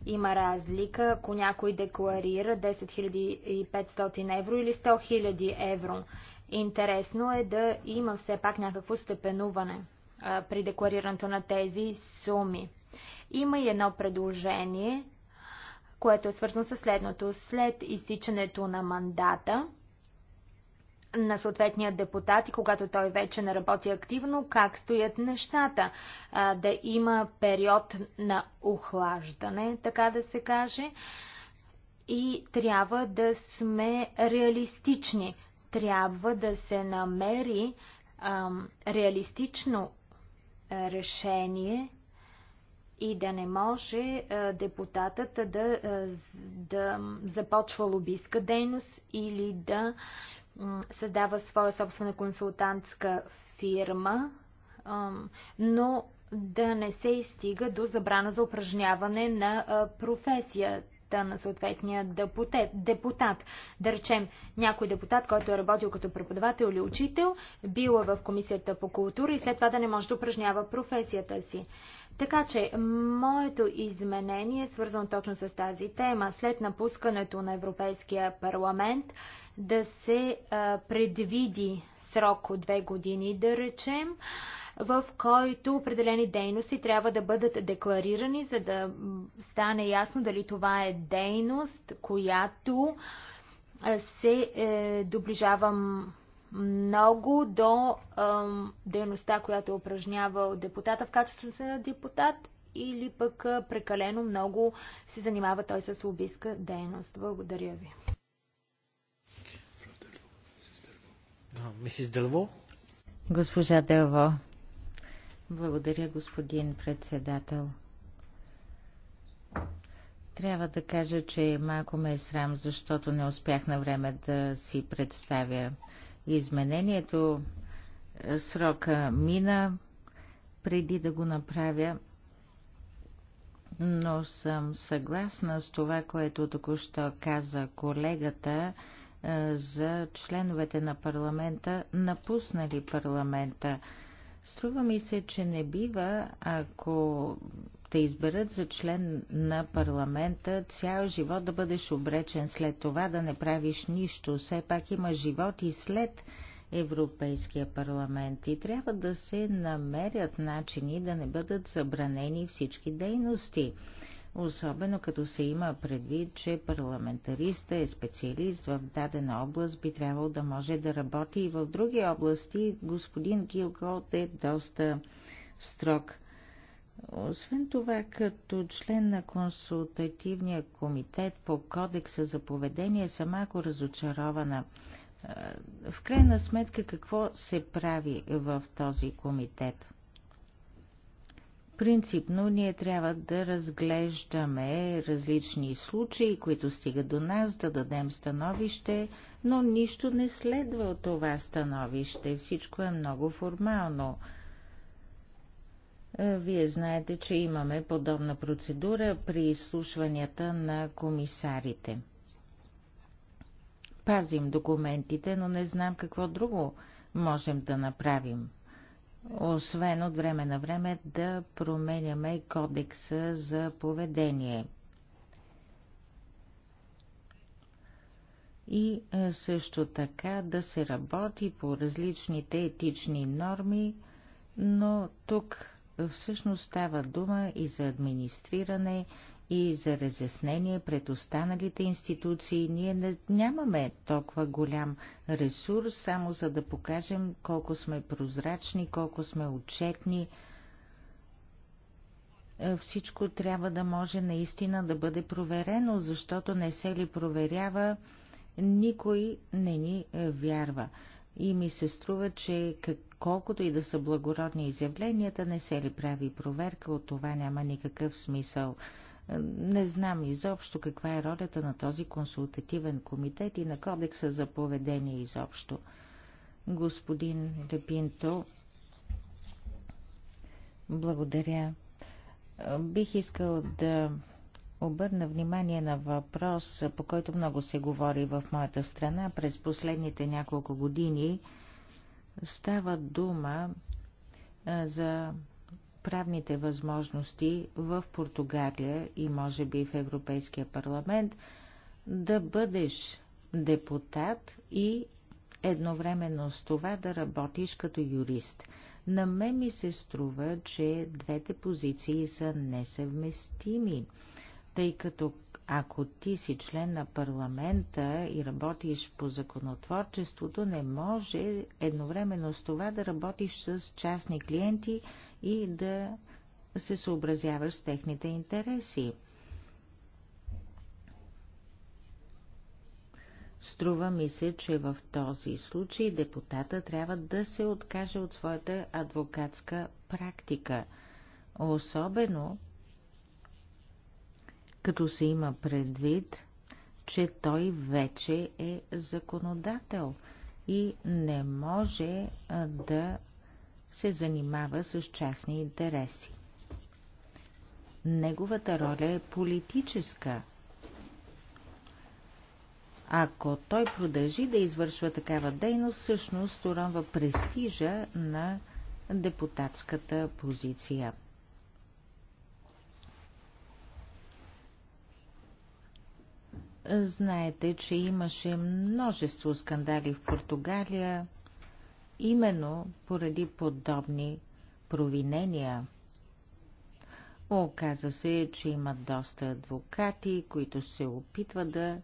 има разлика, ако някой декларира 10 500 евро или 100 000 евро. Интересно е да има все пак някакво степенуване при декларирането на тези суми. Има и едно предложение, което е свързано с следното. След изтичането на мандата на съответния депутат и когато той вече не работи активно, как стоят нещата. да има период на охлаждане, така да се каже. И трябва да сме реалистични. Трябва да се намери ам, реалистично решение и да не може депутатът да, да започва лобистка дейност или да създава своя собствена консултантска фирма, но да не се изстига до забрана за упражняване на професията на съответния депутат. Да речем, някой депутат, който е работил като преподавател или учител, била в комисията по култура и след това да не може да упражнява професията си. Така че, моето изменение е свързано точно с тази тема. След напускането на Европейския парламент да се а, предвиди срок от две години, да речем, а, в който определени дейности трябва да бъдат декларирани, за да стане ясно дали това е дейност, която се е, много до дейността, която е упражнявал депутата в качеството си на депутат или пък прекалено много се занимава той с лобистка дейност. Благодаря ви. Мисис Дълво? Госпожа Дълво. Благодаря, господин председател. Трябва да кажа, че малко ме е срам, защото не успях на време да си представя изменението. Срока мина преди да го направя, но съм съгласна с това, което току-що каза колегата за членовете на парламента, напуснали парламента. Струва ми се, че не бива, ако те изберат за член на парламента, цял живот да бъдеш обречен след това да не правиш нищо. Все пак има живот и след Европейския парламент и трябва да се намерят начини да не бъдат забранени всички дейности особено като се има предвид, че парламентариста е специалист в дадена област, би трябвало да може да работи и в други области. Господин Гилгот е доста строг. Освен това, като член на консултативния комитет по кодекса за поведение, съм малко разочарована. Е, в крайна сметка, какво се прави в този комитет? Принципно ние трябва да разглеждаме различни случаи, които стигат до нас, да дадем становище, но нищо не следва от това становище. Всичко е много формално. Е, вие знаете, че имаме подобна процедура при изслушванията на комисарите. Пазим документите, но не знам какво друго можем да направим освен от време на време да променяме кодекса за поведение. И е, също така да се работи по различните етични норми, но тук всъщност става дума и за администриране, и за разяснение пред останалите институции. Ние не, нямаме толкова голям ресурс, само за да покажем колко сме прозрачни, колко сме отчетни. Е, всичко трябва да може наистина да бъде проверено, защото не се ли проверява, никой не ни е, вярва. И ми се струва, че колкото и да са благородни изявленията, не се ли прави проверка, от това няма никакъв смисъл. Не знам изобщо каква е ролята на този консултативен комитет и на кодекса за поведение изобщо. Господин Лепинто, благодаря. Бих искал да обърна внимание на въпрос, по който много се говори в моята страна през последните няколко години. Става дума за правните възможности в Португалия и може би в Европейския парламент да бъдеш депутат и едновременно с това да работиш като юрист. На мен ми се струва, че двете позиции са несъвместими, тъй като ако ти си член на парламента и работиш по законотворчеството, не може едновременно с това да работиш с частни клиенти и да се съобразяваш с техните интереси. Струва ми се, че в този случай депутата трябва да се откаже от своята адвокатска практика, особено като се има предвид, че той вече е законодател и не може да се занимава с частни интереси. Неговата роля е политическа. Ако той продължи да извършва такава дейност, всъщност уронва престижа на депутатската позиция. Знаете, че имаше множество скандали в Португалия, именно поради подобни провинения. Оказа се, че има доста адвокати, които се опитват да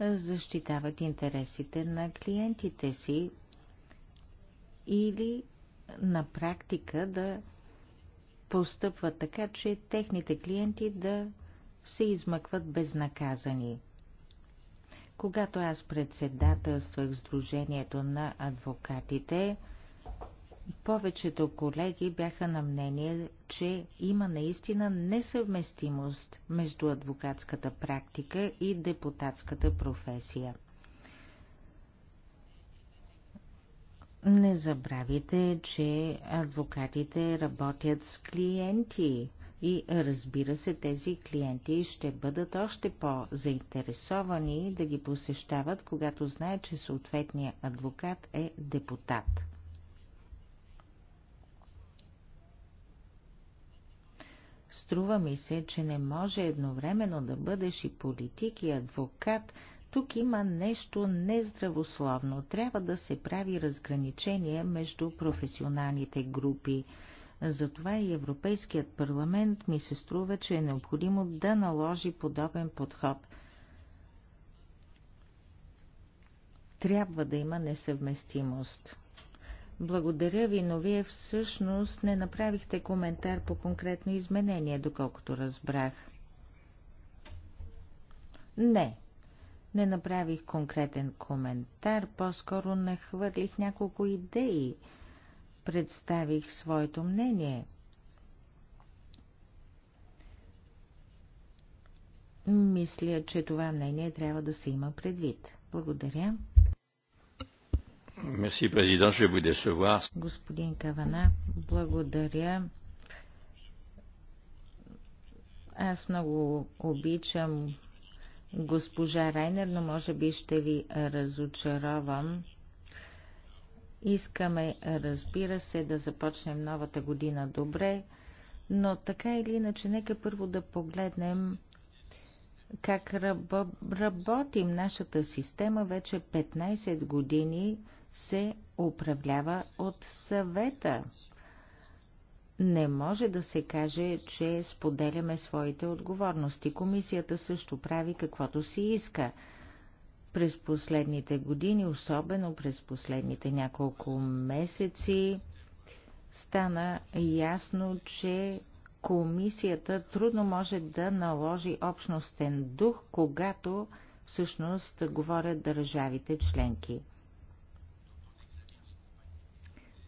защитават интересите на клиентите си или на практика да постъпват така, че техните клиенти да се измъкват безнаказани. Когато аз председателствах Сдружението на адвокатите, повечето колеги бяха на мнение, че има наистина несъвместимост между адвокатската практика и депутатската професия. Не забравяйте, че адвокатите работят с клиенти и разбира се, тези клиенти ще бъдат още по-заинтересовани да ги посещават, когато знаят, че съответният адвокат е депутат. Струва ми се, че не може едновременно да бъдеш и политик и адвокат. Тук има нещо нездравословно. Трябва да се прави разграничение между професионалните групи – затова и Европейският парламент ми се струва, че е необходимо да наложи подобен подход. Трябва да има несъвместимост. Благодаря ви, но вие всъщност не направихте коментар по конкретно изменение, доколкото разбрах. Не, не направих конкретен коментар, по-скоро нахвърлих няколко идеи – представих своето мнение. Мисля, че това мнение трябва да се има предвид. Благодаря. Мерси, президент, ще бъде съвар. Господин Кавана, благодаря. Аз много обичам госпожа Райнер, но може би ще ви разочаровам. Искаме, разбира се, да започнем новата година добре, но така или иначе, нека първо да погледнем как работим. Нашата система вече 15 години се управлява от съвета. Не може да се каже, че споделяме своите отговорности. Комисията също прави каквото си иска. През последните години, особено през последните няколко месеци, стана ясно, че комисията трудно може да наложи общностен дух, когато всъщност говорят държавите членки.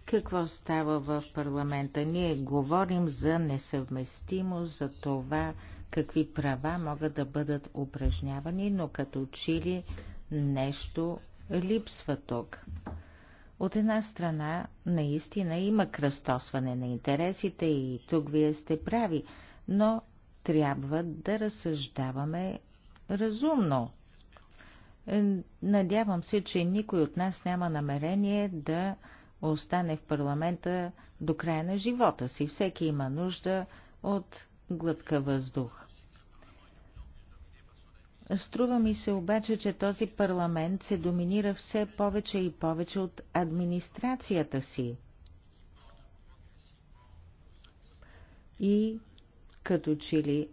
Какво става в парламента? Ние говорим за несъвместимост, за това какви права могат да бъдат упражнявани, но като чили нещо липсва тук. От една страна, наистина има кръстосване на интересите и тук вие сте прави, но трябва да разсъждаваме разумно. Е, надявам се, че никой от нас няма намерение да остане в парламента до края на живота си. Всеки има нужда от глътка въздух. Струва ми се обаче, че този парламент се доминира все повече и повече от администрацията си. И като че ли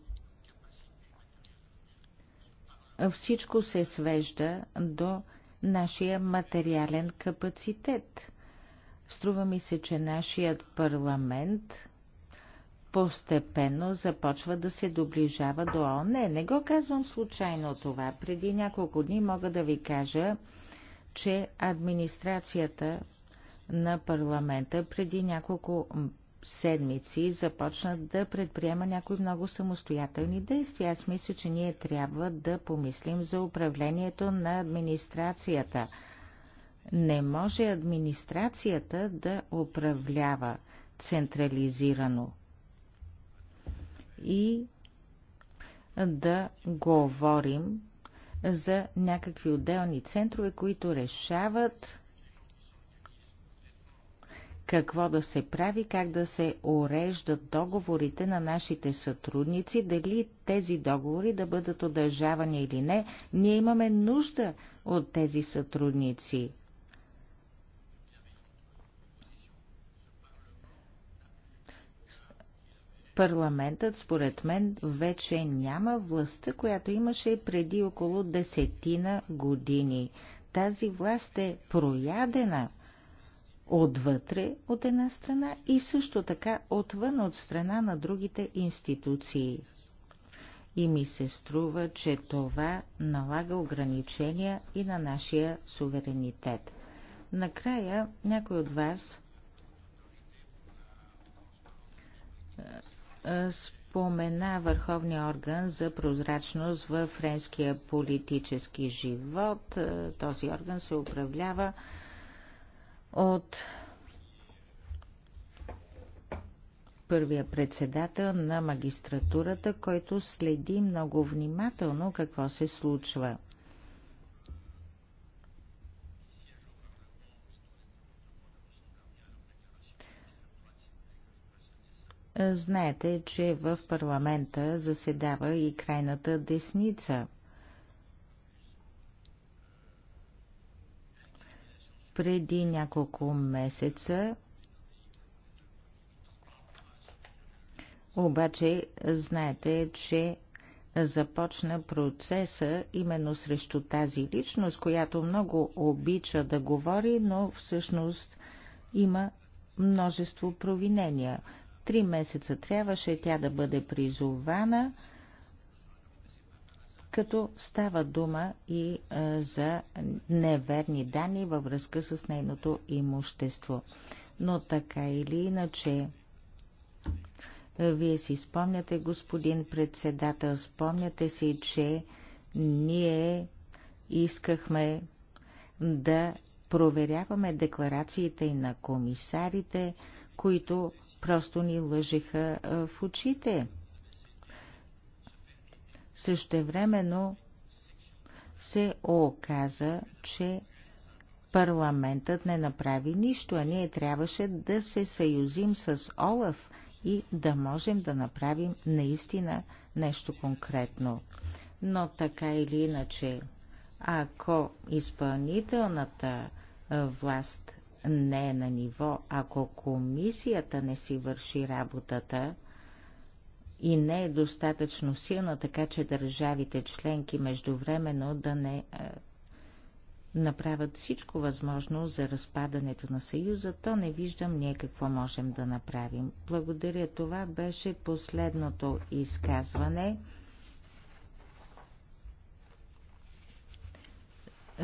всичко се свежда до нашия материален капацитет. Струва ми се, че нашият парламент постепенно започва да се доближава до ООН. Не, не го казвам случайно това. Преди няколко дни мога да ви кажа, че администрацията на парламента преди няколко седмици започна да предприема някои много самостоятелни действия. Аз мисля, че ние трябва да помислим за управлението на администрацията. Не може администрацията да управлява централизирано и да говорим за някакви отделни центрове, които решават какво да се прави, как да се уреждат договорите на нашите сътрудници, дали тези договори да бъдат удържавани или не. Ние имаме нужда от тези сътрудници. Парламентът, според мен, вече няма властта, която имаше преди около десетина години. Тази власт е проядена отвътре от една страна и също така отвън от страна на другите институции. И ми се струва, че това налага ограничения и на нашия суверенитет. Накрая някой от вас е, спомена върховния орган за прозрачност в френския политически живот. Е, този орган се управлява от първия председател на магистратурата, който следи много внимателно какво се случва. Знаете, че в парламента заседава и крайната десница. Преди няколко месеца обаче знаете, че започна процеса именно срещу тази личност, която много обича да говори, но всъщност има множество провинения. Три месеца трябваше тя да бъде призована, като става дума и е, за неверни данни във връзка с нейното имущество. Но така или иначе, вие си спомняте, господин председател, спомняте си, че ние искахме да проверяваме декларациите и на комисарите, които просто ни лъжиха в очите. Същевременно се оказа, че парламентът не направи нищо, а ние трябваше да се съюзим с Олаф и да можем да направим наистина нещо конкретно. Но така или иначе, ако изпълнителната власт не е на ниво. Ако комисията не си върши работата и не е достатъчно силна, така че държавите членки междувременно да не е, направят всичко възможно за разпадането на Съюза, то не виждам ние какво можем да направим. Благодаря. Това беше последното изказване.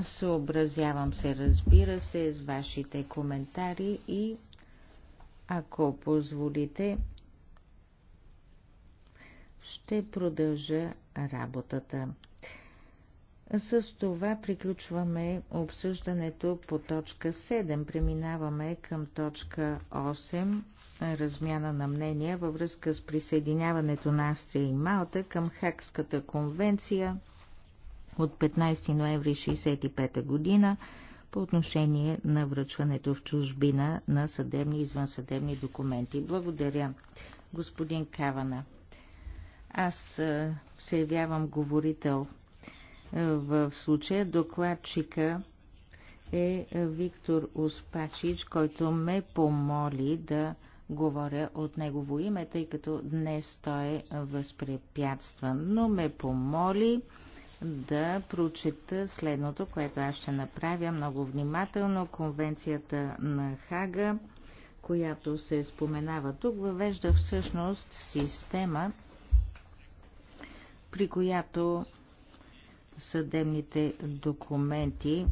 Съобразявам се, разбира се, с вашите коментари и, ако позволите, ще продължа работата. С това приключваме обсъждането по точка 7. Преминаваме към точка 8 размяна на мнения във връзка с присъединяването на Австрия и Малта към Хакската конвенция от 15 ноември 1965 година по отношение на връчването в чужбина на съдебни и извънсъдебни документи. Благодаря, господин Кавана. Аз се явявам говорител в случая. Докладчика е Виктор Успачич, който ме помоли да говоря от негово име, тъй като днес той е възпрепятстван, но ме помоли да прочета следното, което аз ще направя много внимателно. Конвенцията на Хага, която се споменава тук, въвежда всъщност система, при която съдебните документи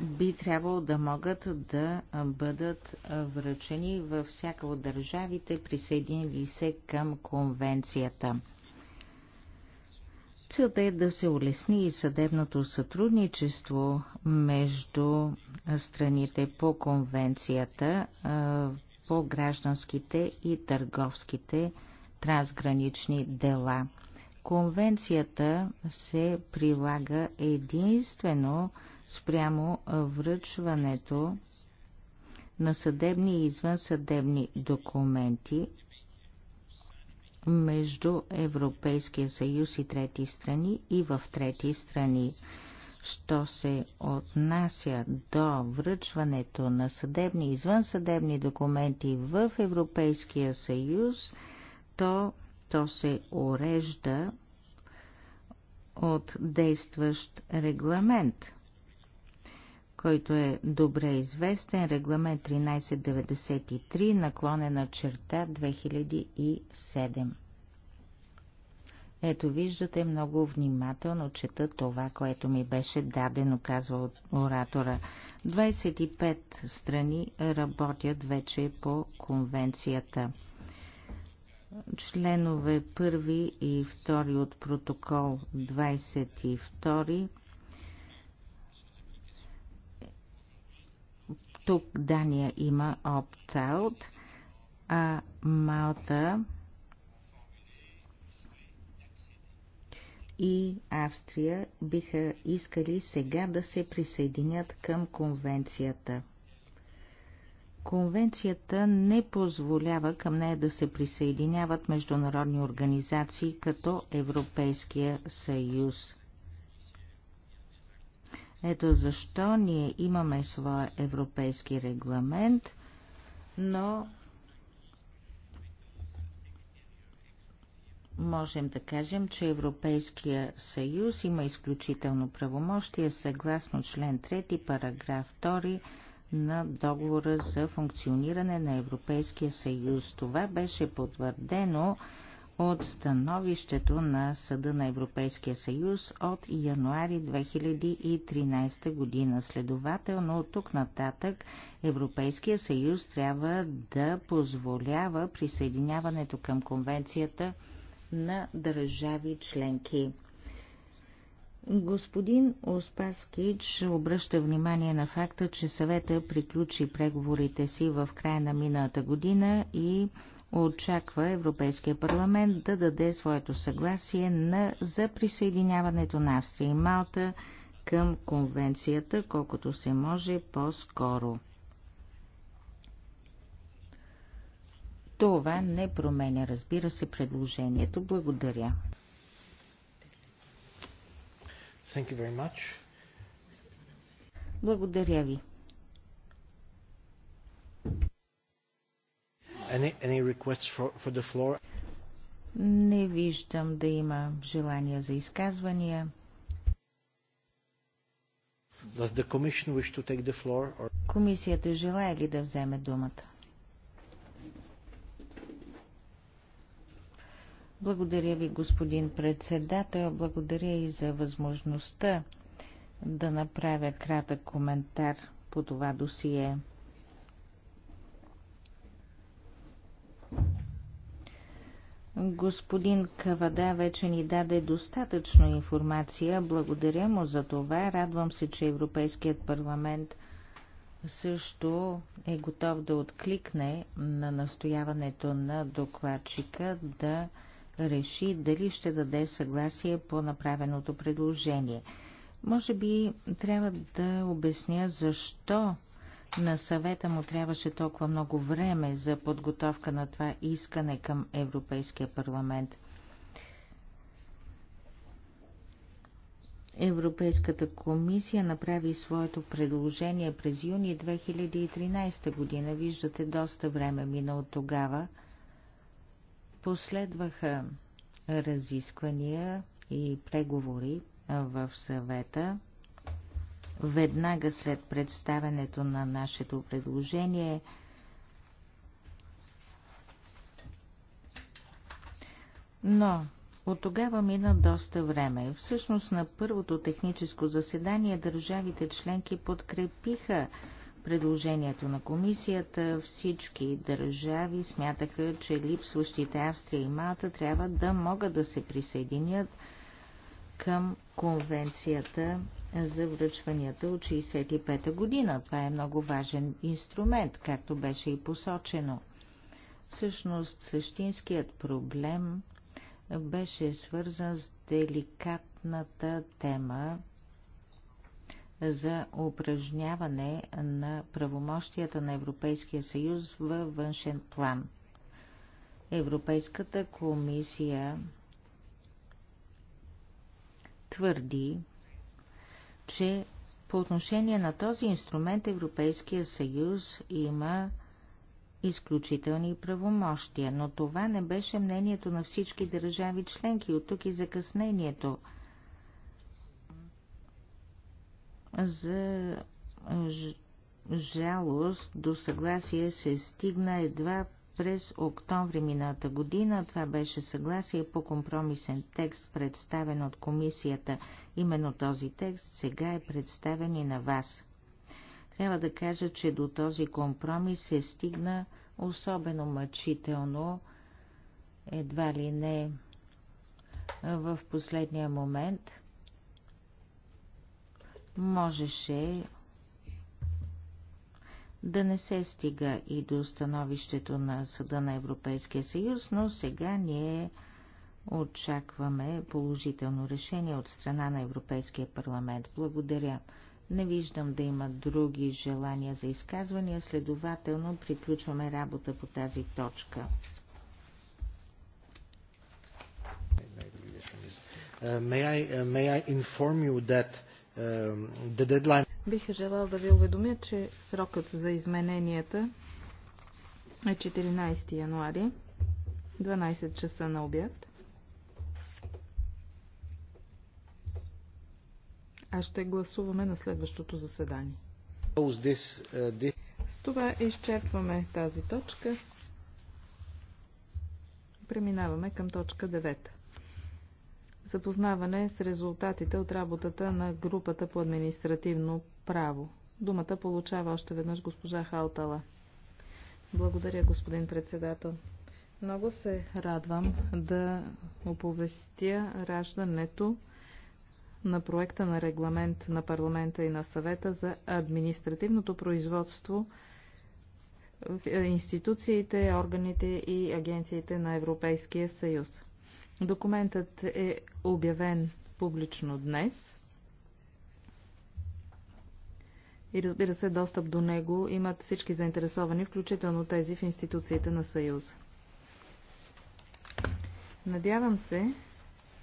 би трябвало да могат да бъдат връчени във всяка от държавите, присъединили се към конвенцията. Целта е да се улесни и съдебното сътрудничество между страните по конвенцията по гражданските и търговските трансгранични дела. Конвенцията се прилага единствено спрямо връчването на съдебни и извънсъдебни документи между Европейския съюз и трети страни и в трети страни. Що се отнася до връчването на съдебни и извънсъдебни документи в Европейския съюз, то, то се урежда от действащ регламент – който е добре известен, регламент 1393, наклонена черта 2007. Ето виждате, много внимателно чета това, което ми беше дадено, казва оратора. 25 страни работят вече по конвенцията. Членове 1 и 2 от протокол 22 Тук Дания има опт а Малта и Австрия биха искали сега да се присъединят към конвенцията. Конвенцията не позволява към нея да се присъединяват международни организации като Европейския съюз. Ето защо ние имаме своя европейски регламент, но можем да кажем, че Европейския съюз има изключително правомощие съгласно член 3, параграф 2 на договора за функциониране на Европейския съюз. Това беше потвърдено от становището на Съда на Европейския съюз от януари 2013 година. Следователно, от тук нататък Европейския съюз трябва да позволява присъединяването към конвенцията на държави членки. Господин Оспаскич обръща внимание на факта, че съвета приключи преговорите си в края на миналата година и очаква Европейския парламент да даде своето съгласие на, за присъединяването на Австрия и Малта към конвенцията, колкото се може по-скоро. Това не променя, разбира се, предложението. Благодаря. Thank you very much. Благодаря ви. Any, any for, for the floor? Не виждам да има желания за изказвания. Does the commission wish to take the floor or... Комисията желая ли да вземе думата? Благодаря ви, господин председател. Благодаря и за възможността да направя кратък коментар по това досие. Господин Кавада вече ни даде достатъчно информация. Благодаря му за това. Радвам се, че Европейският парламент също е готов да откликне на настояването на докладчика да реши дали ще даде съгласие по направеното предложение. Може би трябва да обясня защо на съвета му трябваше толкова много време за подготовка на това искане към Европейския парламент. Европейската комисия направи своето предложение през юни 2013 година. Виждате, доста време мина от тогава. Последваха разисквания и преговори в съвета. Веднага след представенето на нашето предложение Но от тогава мина доста време. Всъщност на първото техническо заседание държавите членки подкрепиха предложението на комисията. Всички държави смятаха, че липсващите Австрия и Малта трябва да могат да се присъединят към конвенцията за връчванията от 65-та година. Това е много важен инструмент, както беше и посочено. Всъщност, същинският проблем беше свързан с деликатната тема за упражняване на правомощията на Европейския съюз във външен план. Европейската комисия твърди, че по отношение на този инструмент Европейския съюз има изключителни правомощия, но това не беше мнението на всички държави членки, от тук и закъснението. За жалост до съгласие се стигна едва през октомври мината година. Това беше съгласие по компромисен текст, представен от комисията. Именно този текст сега е представен и на вас. Трябва да кажа, че до този компромис се стигна особено мъчително, едва ли не в последния момент. Можеше да не се стига и до становището на Съда на Европейския съюз, но сега ние очакваме положително решение от страна на Европейския парламент. Благодаря. Не виждам да има други желания за изказвания, следователно приключваме работа по тази точка. May I, uh, may I inform you that um, the deadline Бих желал да ви уведомя, че срокът за измененията е 14 януари, 12 часа на обяд. А ще гласуваме на следващото заседание. С това изчерпваме тази точка. Преминаваме към точка 9. Запознаване с резултатите от работата на групата по административно право. Думата получава още веднъж госпожа Халтала. Благодаря, господин председател. Много се радвам да оповестя раждането на проекта на регламент на парламента и на съвета за административното производство в институциите, органите и агенциите на Европейския съюз. Документът е обявен публично днес и разбира се, достъп до него имат всички заинтересовани, включително тези в институциите на съюз. Надявам се,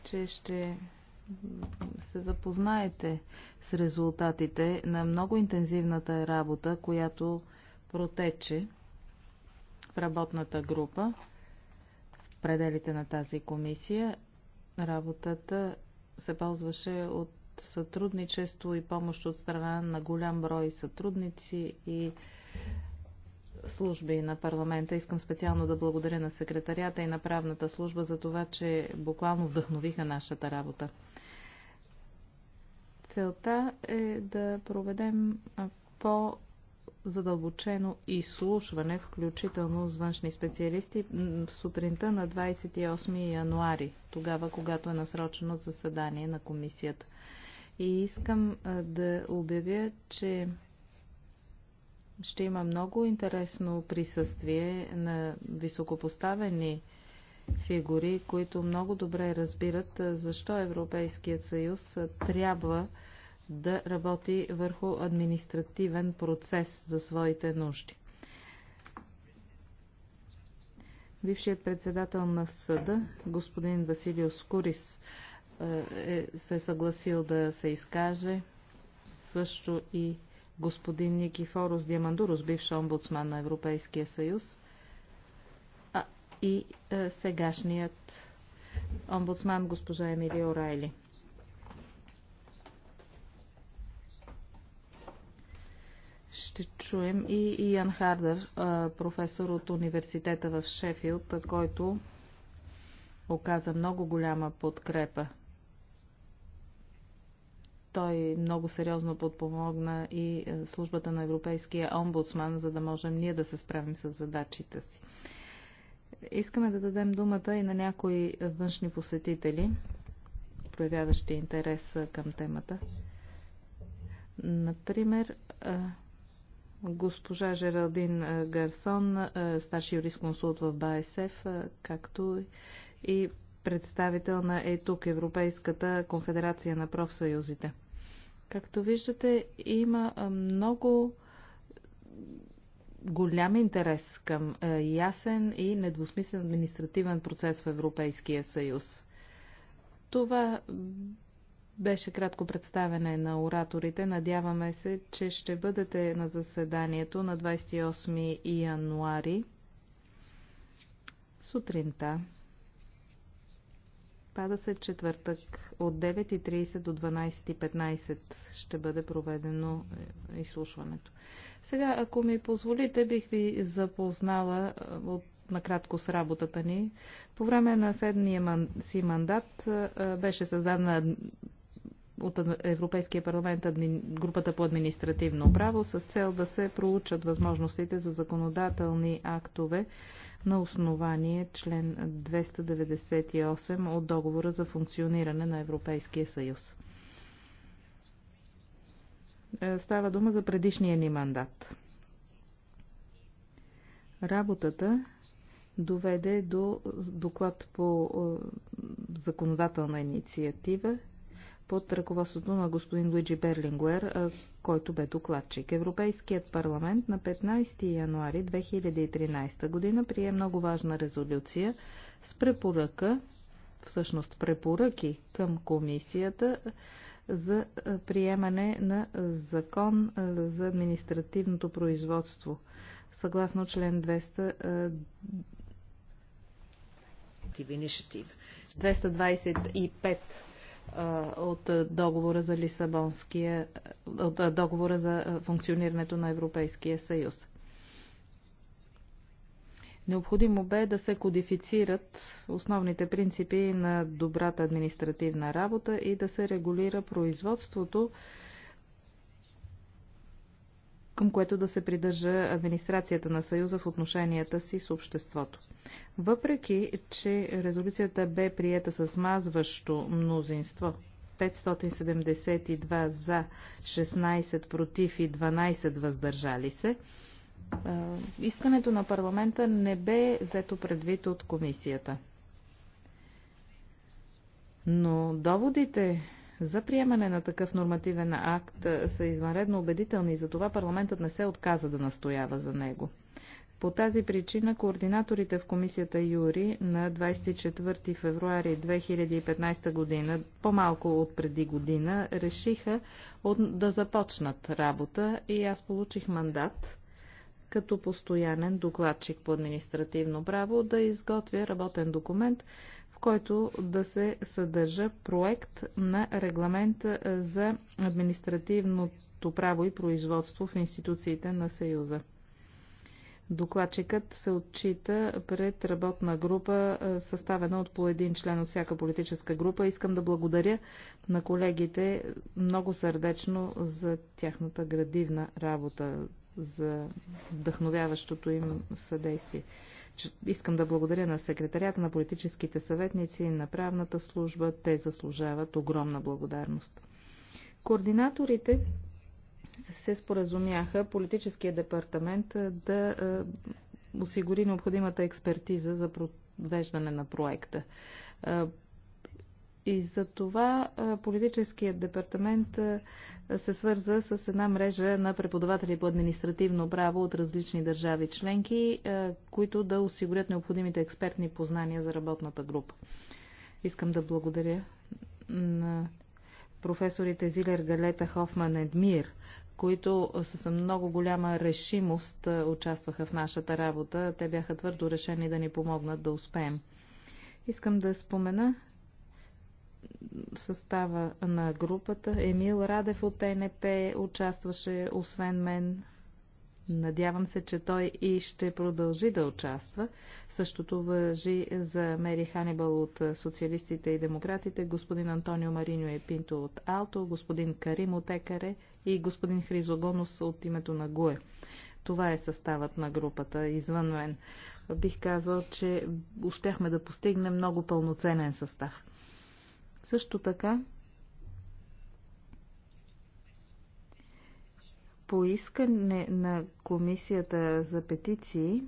че ще се запознаете с резултатите на много интензивната работа, която протече в работната група в пределите на тази комисия. Работата се ползваше от сътрудничество и помощ от страна на голям брой сътрудници и служби на парламента. Искам специално да благодаря на секретарията и на правната служба за това, че буквално вдъхновиха нашата работа. Целта е да проведем по задълбочено изслушване, включително с външни специалисти, сутринта на 28 януари, тогава, когато е насрочено заседание на комисията. И искам да обявя, че ще има много интересно присъствие на високопоставени фигури, които много добре разбират защо Европейският съюз трябва да работи върху административен процес за своите нужди. Бившият председател на съда, господин Василио Скурис, е, се съгласил да се изкаже. Също и господин Форус Диамандурус, бивш омбудсман на Европейския съюз, а и е, сегашният омбудсман госпожа Емилия Орайли. ще чуем и Иан Хардър, е, професор от университета в Шефилд, който оказа много голяма подкрепа той много сериозно подпомогна и е, службата на Европейския омбудсман, за да можем ние да се справим с задачите си. Искаме да дадем думата и на някои външни посетители, проявяващи интерес е, към темата. Например, е, госпожа Жералдин Гарсон, старши юрисконсулт в БАЕСЕФ, както и представител на ЕТУК, Европейската конфедерация на профсъюзите. Както виждате, има много голям интерес към ясен и недвусмислен административен процес в Европейския съюз. Това беше кратко представене на ораторите. Надяваме се, че ще бъдете на заседанието на 28 януари сутринта. Пада се четвъртък от 9.30 до 12.15 ще бъде проведено е, изслушването. Сега, ако ми позволите, бих ви запознала е, от накратко с работата ни. По време на седмия си мандат е, беше създадена от Европейския парламент групата по административно право с цел да се проучат възможностите за законодателни актове на основание член 298 от договора за функциониране на Европейския съюз. Е, става дума за предишния ни мандат. Работата доведе до доклад по е, законодателна инициатива под ръководството на господин Луиджи Берлингуер, който бе докладчик. Европейският парламент на 15 януари 2013 година прие много важна резолюция с препоръка, всъщност препоръки към комисията за приемане на закон за административното производство. Съгласно член 200 225 от договора за Лисабонския, от договора за функционирането на Европейския съюз. Необходимо бе да се кодифицират основните принципи на добрата административна работа и да се регулира производството към което да се придържа администрацията на Съюза в отношенията си с обществото. Въпреки, че резолюцията бе приета с мазващо мнозинство 572 за, 16 против и 12 въздържали се. Искането на парламента не бе взето предвид от комисията. Но доводите, за приемане на такъв нормативен акт са извънредно убедителни и затова парламентът не се отказа да настоява за него. По тази причина координаторите в комисията Юри на 24 февруари 2015 година, по-малко от преди година, решиха да започнат работа и аз получих мандат като постоянен докладчик по административно право да изготвя работен документ, който да се съдържа проект на регламент за административното право и производство в институциите на Съюза. Докладчикът се отчита пред работна група, съставена от по един член от всяка политическа група. Искам да благодаря на колегите много сърдечно за тяхната градивна работа, за вдъхновяващото им съдействие. Искам да благодаря на секретарията, на политическите съветници, на правната служба. Те заслужават огромна благодарност. Координаторите се споразумяха политическия департамент да осигури необходимата експертиза за провеждане на проекта. И за това политическият департамент се свърза с една мрежа на преподаватели по административно право от различни държави членки, които да осигурят необходимите експертни познания за работната група. Искам да благодаря на професорите Зилер Галета Хофман Едмир, които с много голяма решимост участваха в нашата работа. Те бяха твърдо решени да ни помогнат да успеем. Искам да спомена, състава на групата. Емил Радев от ТНП участваше освен мен. Надявам се, че той и ще продължи да участва. Същото въжи за Мери Ханибал от Социалистите и Демократите, господин Антонио Мариньо е Пинто от Алто, господин Карим от Екаре и господин Хризогонос от името на ГУЕ. Това е съставът на групата извън мен. Бих казал, че успяхме да постигнем много пълноценен състав. Също така по искане на Комисията за петиции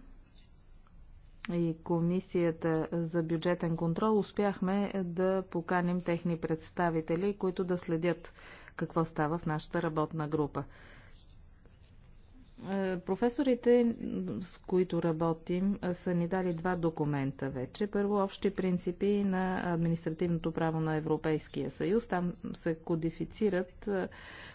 и Комисията за бюджетен контрол успяхме да поканим техни представители, които да следят какво става в нашата работна група. Е, професорите, с които работим, е, са ни дали два документа вече. Първо, общи принципи на административното право на Европейския съюз. Там се кодифицират е,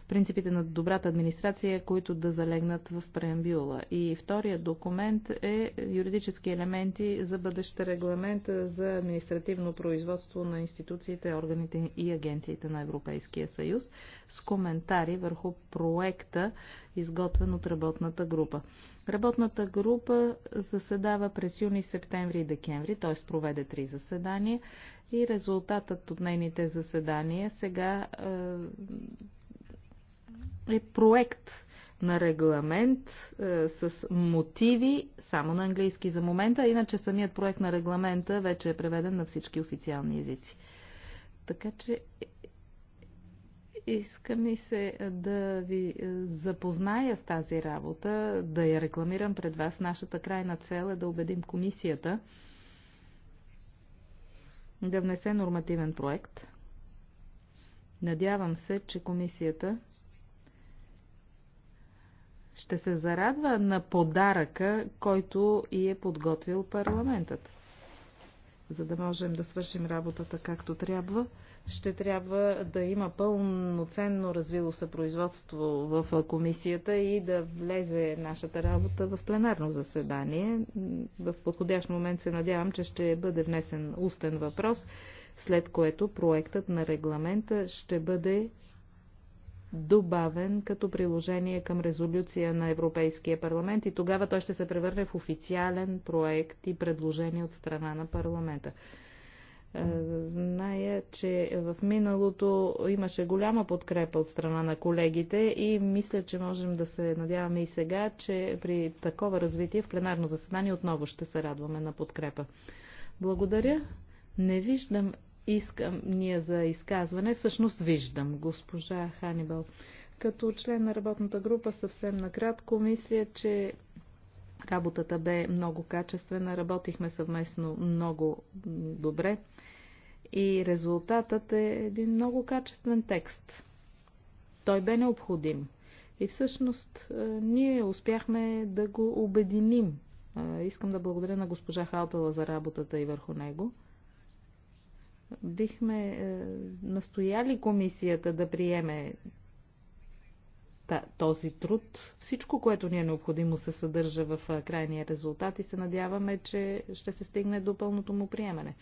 принципите на добрата администрация, които да залегнат в преамбюла. И втория документ е юридически елементи за бъдещ регламент за административно производство на институциите, органите и агенциите на Европейския съюз с коментари върху проекта, изготвен от работната група. Работната група заседава през юни, септември и декември, т.е. проведе три заседания и резултатът от нейните заседания сега е, е проект на регламент е, с мотиви само на английски за момента, иначе самият проект на регламента вече е преведен на всички официални езици. Така че иска ми се е, да ви е, запозная с тази работа, да я рекламирам пред вас. Нашата крайна цел е да убедим комисията да внесе нормативен проект. Надявам се, че комисията ще се зарадва на подаръка, който и е подготвил парламентът. За да можем да свършим работата както трябва, ще трябва да има пълноценно развило се производство в комисията и да влезе нашата работа в пленарно заседание. В подходящ момент се надявам, че ще бъде внесен устен въпрос, след което проектът на регламента ще бъде добавен като приложение към резолюция на Европейския парламент и тогава той ще се превърне в официален проект и предложение от страна на парламента. Е, зная, че в миналото имаше голяма подкрепа от страна на колегите и мисля, че можем да се надяваме и сега, че при такова развитие в пленарно заседание отново ще се радваме на подкрепа. Благодаря. Не виждам искам ние за изказване, всъщност виждам госпожа Ханибал. Като член на работната група съвсем накратко мисля, че работата бе много качествена, работихме съвместно много добре и резултатът е един много качествен текст. Той бе необходим. И всъщност е, ние успяхме да го обединим. Е, искам да благодаря на госпожа Халтала за работата и върху него бихме е, настояли комисията да приеме този труд. Всичко, което ни е необходимо, се съдържа в е, крайния резултат и се надяваме, че ще се стигне до пълното му приемане.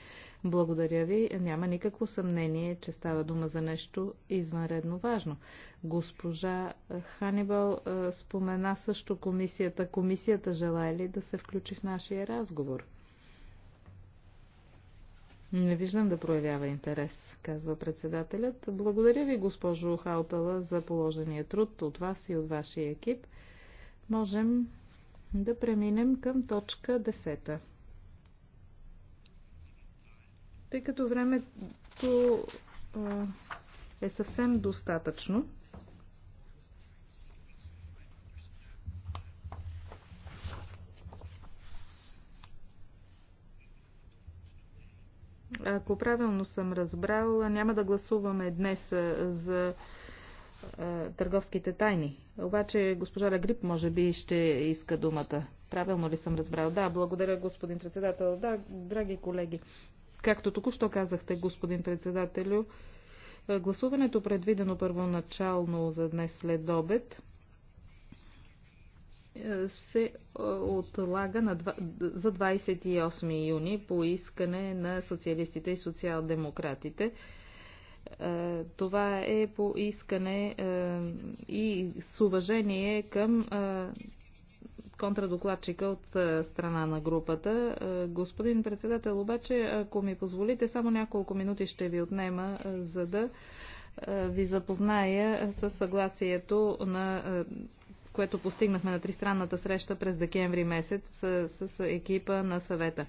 Благодаря ви. Няма никакво съмнение, че става дума за нещо извънредно важно. Госпожа Ханибал е, спомена също комисията. Комисията желая ли да се включи в нашия разговор? Не виждам да проявява интерес, казва председателят. Благодаря ви, госпожо Халтала, за положения труд от вас и от вашия екип. Можем да преминем към точка 10. Тъй като времето е съвсем достатъчно, Ако правилно съм разбрал, няма да гласуваме днес за търговските тайни. Обаче госпожа Легрип може би ще иска думата. Правилно ли съм разбрал? Да, благодаря господин председател. Да, драги колеги, както току-що казахте, господин председателю, гласуването предвидено първоначално за днес след обед се е, отлага на, за 28 юни по искане на социалистите и социал-демократите. Е, това е по искане е, и с уважение към контрадокладчика от страна на групата. Господин председател, обаче, ако ми позволите, само няколко минути ще ви отнема, за да ви запозная с съгласието на което постигнахме на тристранната среща през декември месец с, с екипа на съвета.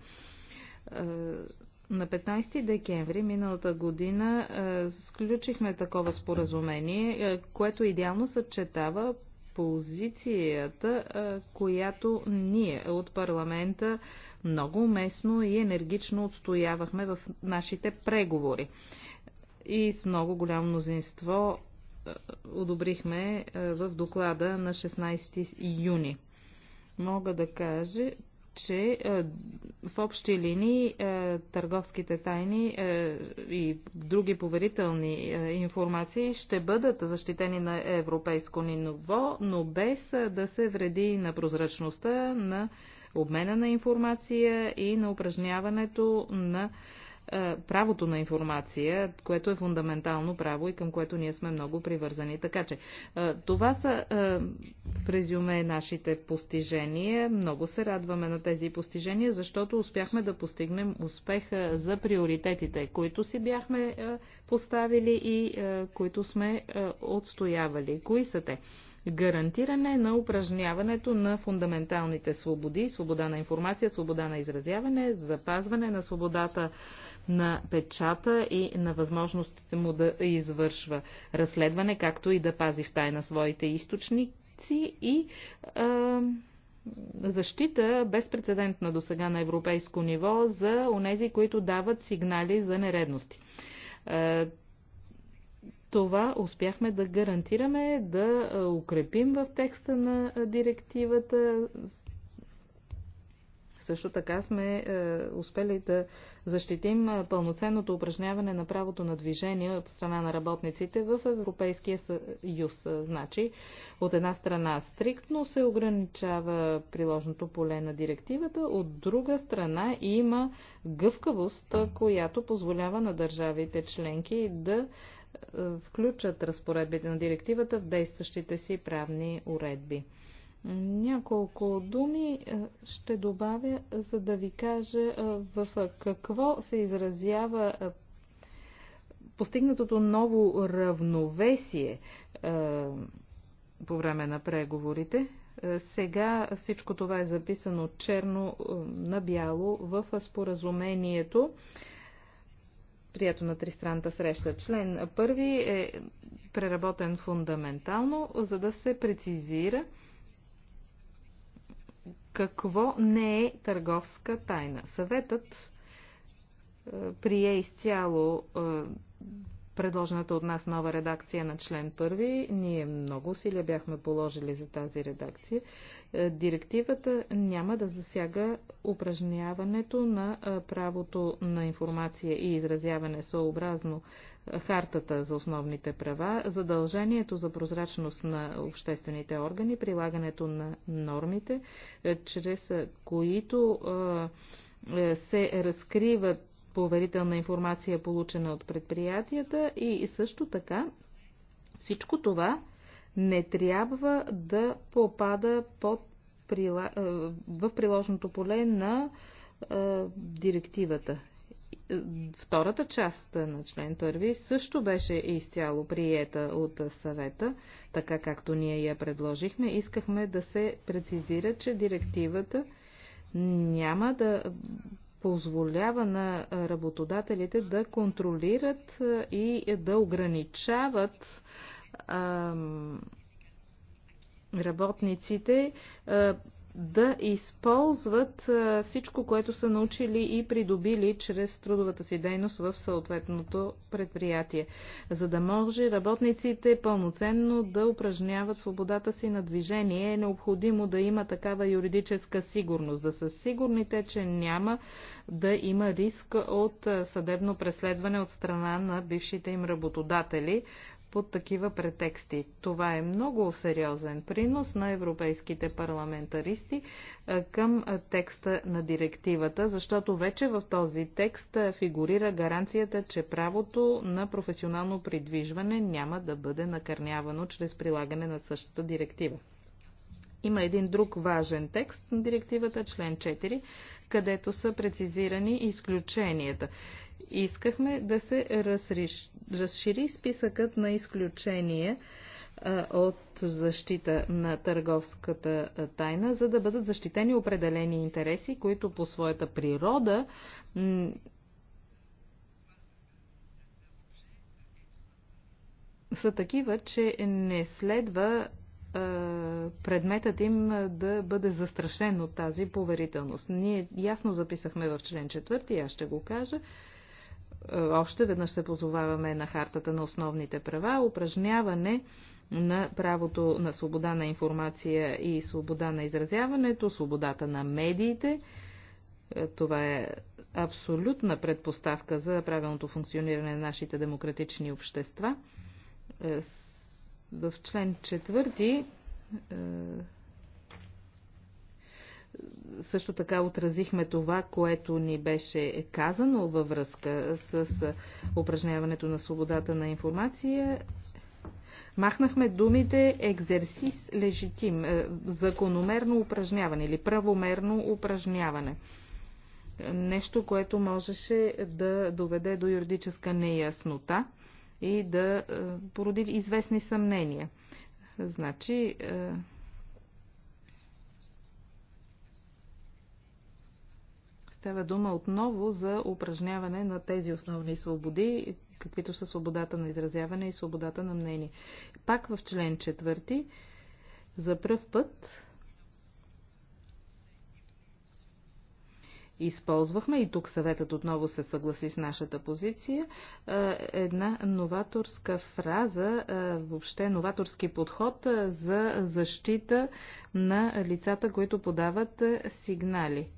На 15 декември миналата година сключихме такова споразумение, което идеално съчетава позицията, която ние от парламента много уместно и енергично отстоявахме в нашите преговори. И с много голямо мнозинство одобрихме е, в доклада на 16 юни. Мога да кажа, че е, в общи линии е, търговските тайни и други поверителни информации ще бъдат защитени на европейско ниво, но без да се вреди на прозрачността, на обмена на информация и на упражняването на е, правото на информация, което е фундаментално право и към което ние сме много привързани. Така че е, това са в е, резюме нашите постижения. Много се радваме на тези постижения, защото успяхме да постигнем успеха за приоритетите, които си бяхме поставили и които сме отстоявали. Кои са те? гарантиране на упражняването на фундаменталните свободи, свобода на информация, свобода на изразяване, запазване на свободата на печата и на възможностите му да извършва разследване, както и да пази в тайна своите източници и а, защита безпредседентна до сега на европейско ниво за онези, които дават сигнали за нередности. Това успяхме да гарантираме, да укрепим в текста на директивата също така сме е, успели да защитим е, пълноценното упражняване на правото на движение от страна на работниците в Европейския съюз. Значи, от една страна стриктно се ограничава приложното поле на директивата, от друга страна има гъвкавост, която позволява на държавите членки да е, включат разпоредбите на директивата в действащите си правни уредби. Няколко думи е, ще добавя, за да ви кажа е, в какво се изразява е, постигнатото ново равновесие по време на преговорите. Сега всичко това е записано черно на бяло в споразумението прието на тристранната среща. Член първи е преработен фундаментално, за да се прецизира какво не е търговска тайна. Съветът е, прие изцяло е, предложената от нас нова редакция на член 1. Ние много усилия бяхме положили за тази редакция. Е, директивата няма да засяга упражняването на правото на информация и изразяване съобразно Хартата за основните права, задължението за прозрачност на обществените органи, прилагането на нормите, е, чрез които е, се разкриват поверителна информация, получена от предприятията и също така всичко това не трябва да попада под, в приложното поле на директивата Втората част на член първи също беше изцяло приета от съвета, така както ние я предложихме. Искахме да се прецизира, че директивата няма да позволява на работодателите да контролират и да ограничават работниците да използват всичко, което са научили и придобили чрез трудовата си дейност в съответното предприятие, за да може работниците пълноценно да упражняват свободата си на движение. Е необходимо да има такава юридическа сигурност, да са сигурни те, че няма да има риск от съдебно преследване от страна на бившите им работодатели под такива претексти. Това е много сериозен принос на европейските парламентаристи към текста на директивата, защото вече в този текст фигурира гаранцията, че правото на професионално придвижване няма да бъде накърнявано чрез прилагане на същата директива. Има един друг важен текст на директивата, член 4, където са прецизирани изключенията искахме да се разриш, разшири списъкът на изключения от защита на търговската тайна, за да бъдат защитени определени интереси, които по своята природа са такива, че не следва предметът им да бъде застрашен от тази поверителност. Ние ясно записахме в член 4, аз ще го кажа, е, още веднъж се позоваваме на хартата на основните права, упражняване на правото на свобода на информация и свобода на изразяването, свободата на медиите. Е, това е абсолютна предпоставка за правилното функциониране на нашите демократични общества. Е, в член четвърти също така отразихме това, което ни беше казано във връзка с упражняването на свободата на информация. Махнахме думите екзерсис легитим, е, закономерно упражняване или правомерно упражняване. Нещо, което можеше да доведе до юридическа неяснота и да е, породи известни съмнения. Значи, е, става дума отново за упражняване на тези основни свободи, каквито са свободата на изразяване и свободата на мнение. Пак в член 4 за пръв път използвахме, и тук съветът отново се съгласи с нашата позиция, една новаторска фраза, въобще новаторски подход за защита на лицата, които подават сигнали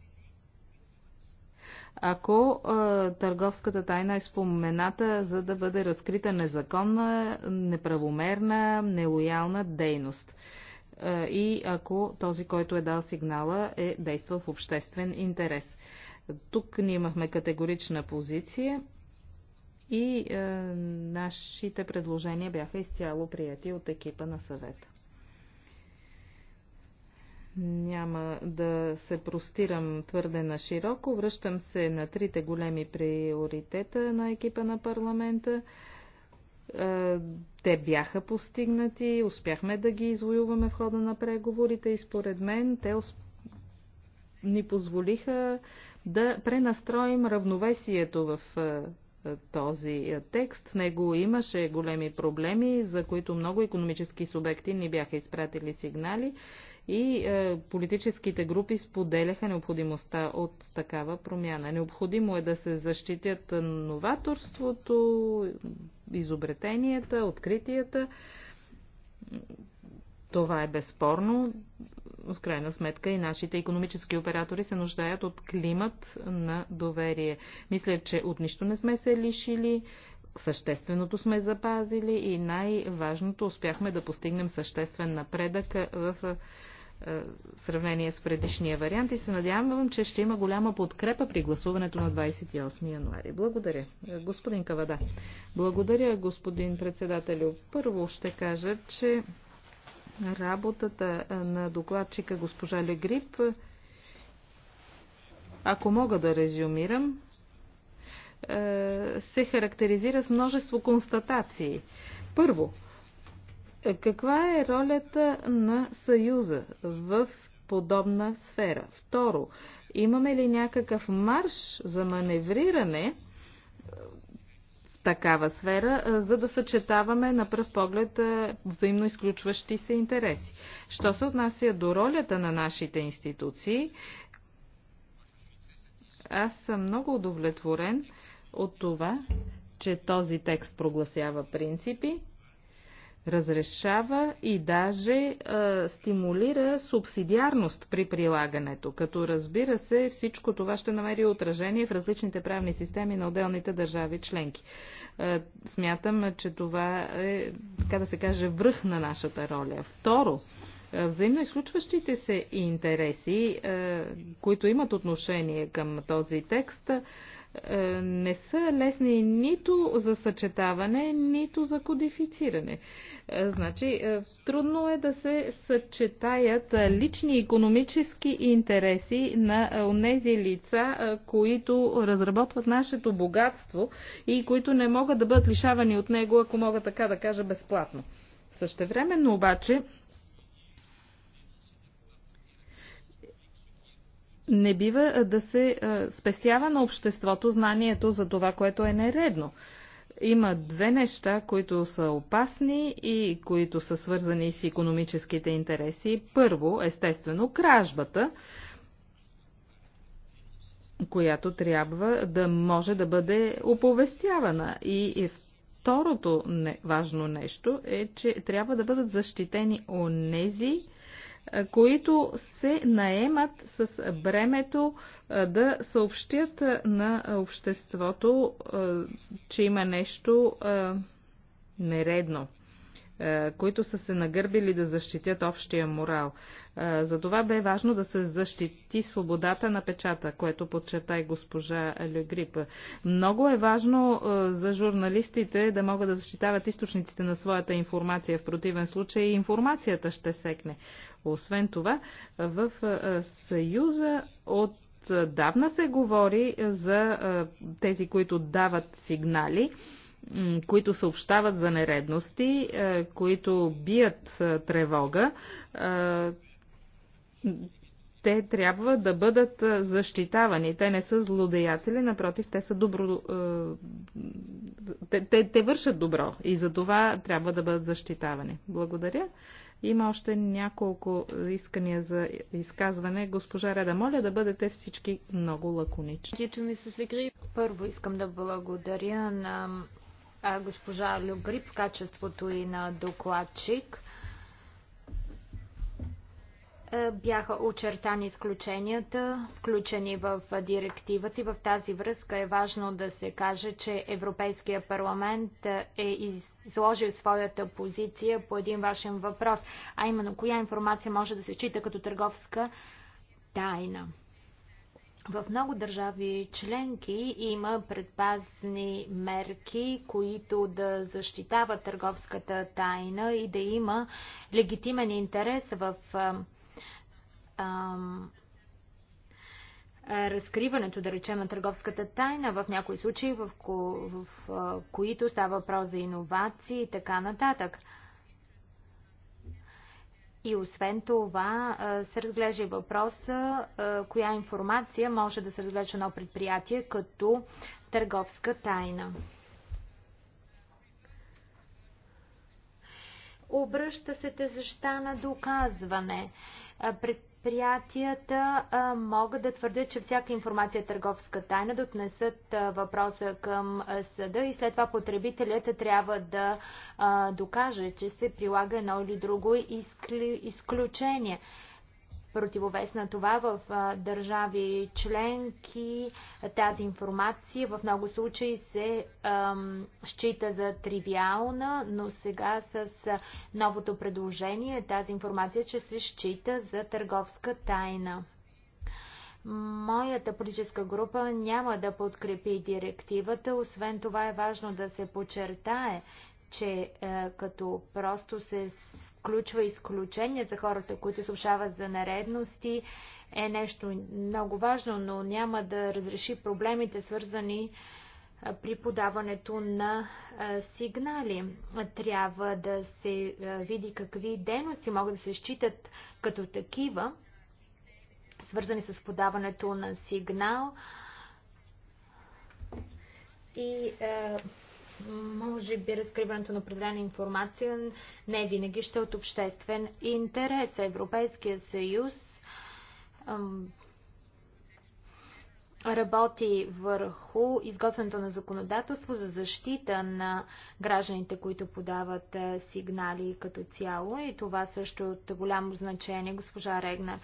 ако а, търговската тайна е спомената, за да бъде разкрита незаконна, неправомерна, нелоялна дейност. А, и ако този, който е дал сигнала, е действал в обществен интерес. Тук ние имахме категорична позиция и а, нашите предложения бяха изцяло прияти от екипа на съвета. Няма да се простирам твърде на широко. Връщам се на трите големи приоритета на екипа на парламента. Е, те бяха постигнати, успяхме да ги извоюваме в хода на преговорите и според мен те ни позволиха да пренастроим равновесието в е, е, този текст. В него имаше големи проблеми, за които много економически субекти ни бяха изпратили сигнали и е, политическите групи споделяха необходимостта от такава промяна. Необходимо е да се защитят новаторството, изобретенията, откритията. Това е безспорно. В крайна сметка и нашите економически оператори се нуждаят от климат на доверие. Мисля, че от нищо не сме се лишили същественото сме запазили и най-важното успяхме да постигнем съществен напредък в е, в сравнение с предишния вариант и се надявам, че ще има голяма подкрепа при гласуването на 28 януари. Благодаря. Е, господин Кавада. Благодаря, господин председателю. Първо ще кажа, че работата е, на докладчика госпожа Легрип, ако мога да резюмирам, се характеризира с множество констатации. Първо, каква е ролята на Съюза в подобна сфера? Второ, имаме ли някакъв марш за маневриране в такава сфера, за да съчетаваме на пръв поглед взаимно изключващи се интереси? Що се отнася до ролята на нашите институции, аз съм много удовлетворен от това, че този текст прогласява принципи, разрешава и даже а, стимулира субсидиарност при прилагането, като разбира се всичко това ще намери отражение в различните правни системи на отделните държави членки. А, смятам, че това е, така да се каже, връх на нашата роля. Второ, Взаимно изключващите се интереси, които имат отношение към този текст, е, не са лесни нито за съчетаване, нито за кодифициране. Е, значи, е, трудно е да се съчетаят лични економически интереси на тези лица, които разработват нашето богатство и които не могат да бъдат лишавани от него, ако мога така да кажа, безплатно. Същевременно обаче, не бива да се спестява на обществото знанието за това, което е нередно. Има две неща, които са опасни и които са свързани с економическите интереси. Първо, естествено, кражбата, която трябва да може да бъде оповестявана. И, и второто не, важно нещо е, че трябва да бъдат защитени онези, нези, които се наемат с бремето да съобщят на обществото, че има нещо нередно които са се нагърбили да защитят общия морал. За това бе важно да се защити свободата на печата, което подчерта и госпожа Легрип. Много е важно за журналистите да могат да защитават източниците на своята информация. В противен случай информацията ще секне. Освен това, в Съюза от Давна се говори за тези, които дават сигнали, които съобщават за нередности, които бият тревога те трябва да бъдат защитавани. Те не са злодеятели, напротив, те са добро. Те, те, те вършат добро и за това трябва да бъдат защитавани. Благодаря. Има още няколко искания за изказване. Госпожа Реда, моля да бъдете всички много лаконични. Първо искам да благодаря на госпожа Любри в качеството и на докладчик. Е, бяха очертани изключенията, включени в директивата и в тази връзка е важно да се каже, че Европейския парламент е из изложил своята позиция по един вашен въпрос, а именно коя информация може да се счита като търговска тайна. В много държави членки има предпазни мерки, които да защитават търговската тайна и да има легитимен интерес в разкриването, да речем, на търговската тайна, в някои случаи, в, ко, в, в които става въпрос за иновации и така нататък. И освен това се разглежда и въпроса коя информация може да се разглежда едно предприятие като търговска тайна. Обръща се тежестта на доказване. Пред предприятията а, могат да твърдят, че всяка информация е търговска тайна, да отнесат а, въпроса към а, съда и след това потребителят трябва да докаже, че се прилага едно или друго изклю... изключение противовес на това в държави членки тази информация в много случаи се ам, счита за тривиална, но сега с новото предложение тази информация ще се счита за търговска тайна. Моята политическа група няма да подкрепи директивата. Освен това е важно да се подчертае, че е, като просто се включва изключение за хората, които съобщават за наредности, е нещо много важно, но няма да разреши проблемите, свързани при подаването на сигнали. Трябва да се види какви дейности могат да се считат като такива, свързани с подаването на сигнал. И може би разкриването на определена информация не винаги ще е от обществен интерес. Европейския съюз работи върху изготвянето на законодателство за защита на гражданите, които подават е, сигнали като цяло и това също е от голямо значение, госпожа Регнар.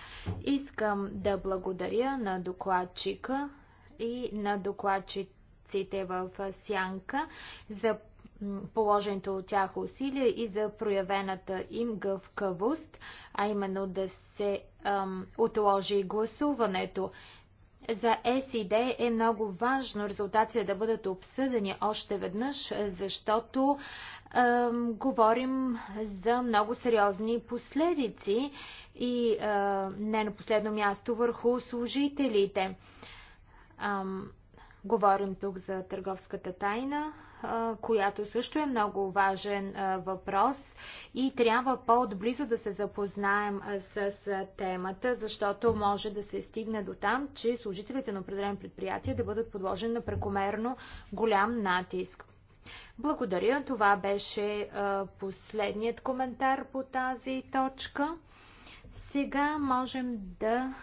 Искам да благодаря на докладчика и на докладчите докладчиците в Сянка за положеното от тях усилие и за проявената им гъвкавост, а именно да се ам, отложи гласуването. За СИД е много важно резултатите да бъдат обсъдени още веднъж, защото ам, говорим за много сериозни последици и ам, не на последно място върху служителите. Ам, Говорим тук за търговската тайна, която също е много важен въпрос и трябва по-отблизо да се запознаем с темата, защото може да се стигне до там, че служителите на определен предприятие да бъдат подложени на прекомерно голям натиск. Благодаря. Това беше последният коментар по тази точка. Сега можем да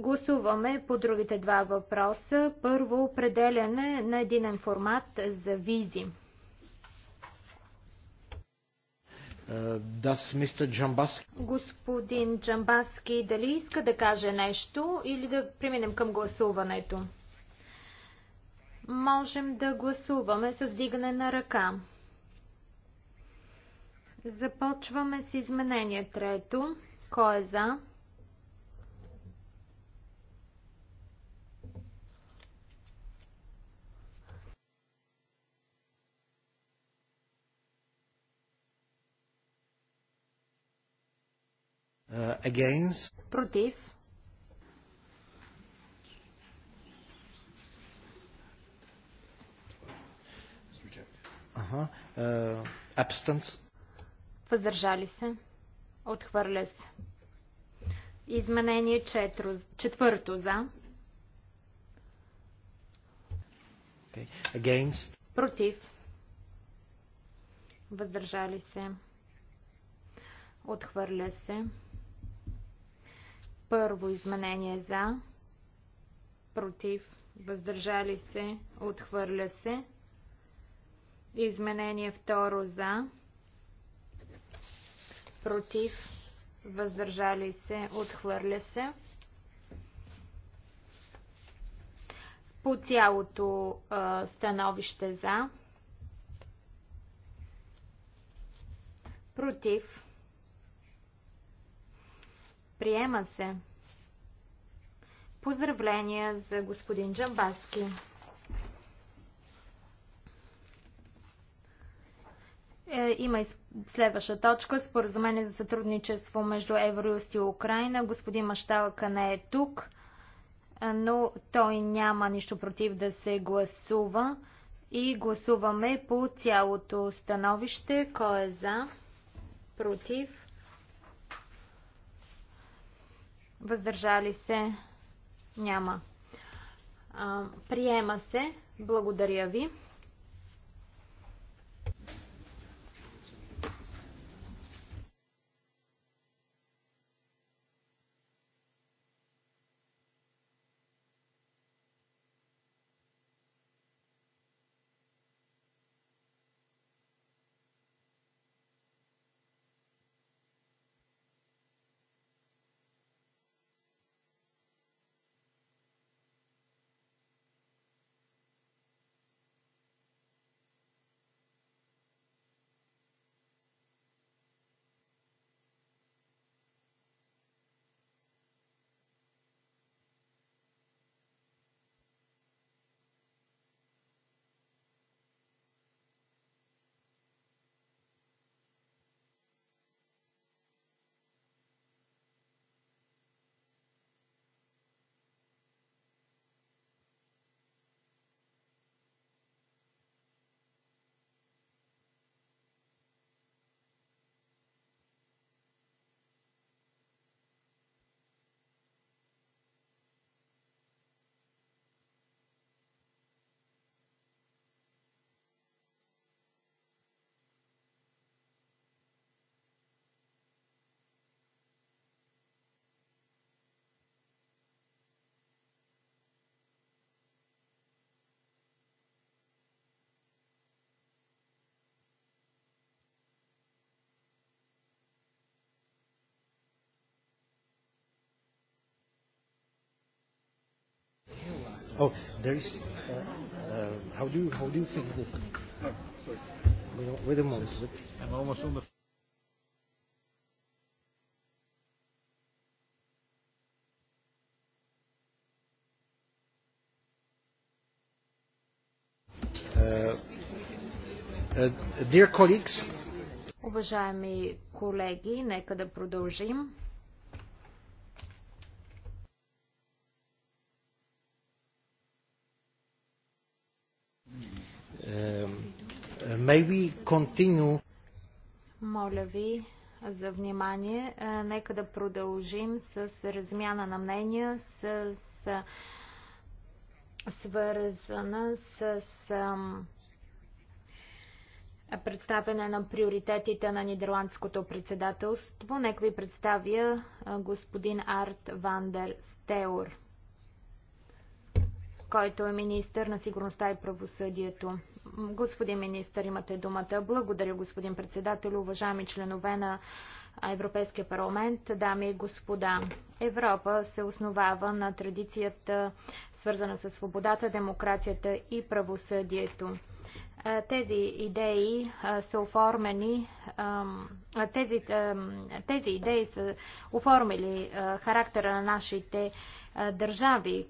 Гласуваме по другите два въпроса. Първо, определяне на един формат за визи. Uh, Господин Джамбаски, дали иска да каже нещо или да преминем към гласуването? Можем да гласуваме с дигане на ръка. Започваме с изменение трето. Кой е за? Uh, against. Против. Ага. Uh-huh. Uh, Въздържали се. Отхвърля се. Изменение четро, четвърто за. Okay. Against. Против. Въздържали се. Отхвърля се. Първо изменение за, против, въздържали се, отхвърля се. Изменение второ за, против, въздържали се, отхвърля се. По цялото а, становище за, против, Приема се. Поздравления за господин Джамбаски. Е, има и следваща точка. Споразумение за сътрудничество между Евроюст и Украина. Господин Машталка не е тук, е, но той няма нищо против да се гласува. И гласуваме по цялото становище. Кой е за? Против? въздържали се, няма. Приема се. Благодаря ви. Oh, there is. Uh, uh, how do you how do you fix this? No, Wait a moment. I'm almost on the. Уважаеми колеги, нека да продължим. continue. Моля ви за внимание. Е, нека да продължим с размяна на мнения, с, с свързана с, с представяне на приоритетите на нидерландското председателство. Нека ви представя е, господин Арт Вандер Стеур, който е министър на сигурността и правосъдието. Господин министър, имате думата. Благодаря, господин председател, уважаеми членове на Европейския парламент, дами и господа. Европа се основава на традицията, свързана с свободата, демокрацията и правосъдието. Тези идеи са оформени, тези, тези идеи са оформили характера на нашите държави,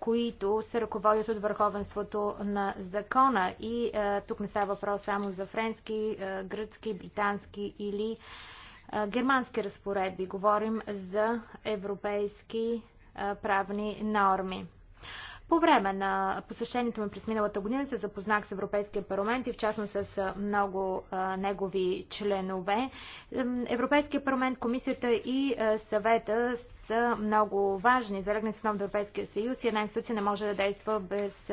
които се ръководят от върховенството на закона. И тук не става въпрос само за френски, гръцки, британски или германски разпоредби. Говорим за европейски правни норми. По време на посещението ми през миналата година се запознах с Европейския парламент и в частност с много а, негови членове. Европейския парламент, комисията и а, съвета са много важни за ръгненството на Европейския съюз и една институция не може да действа без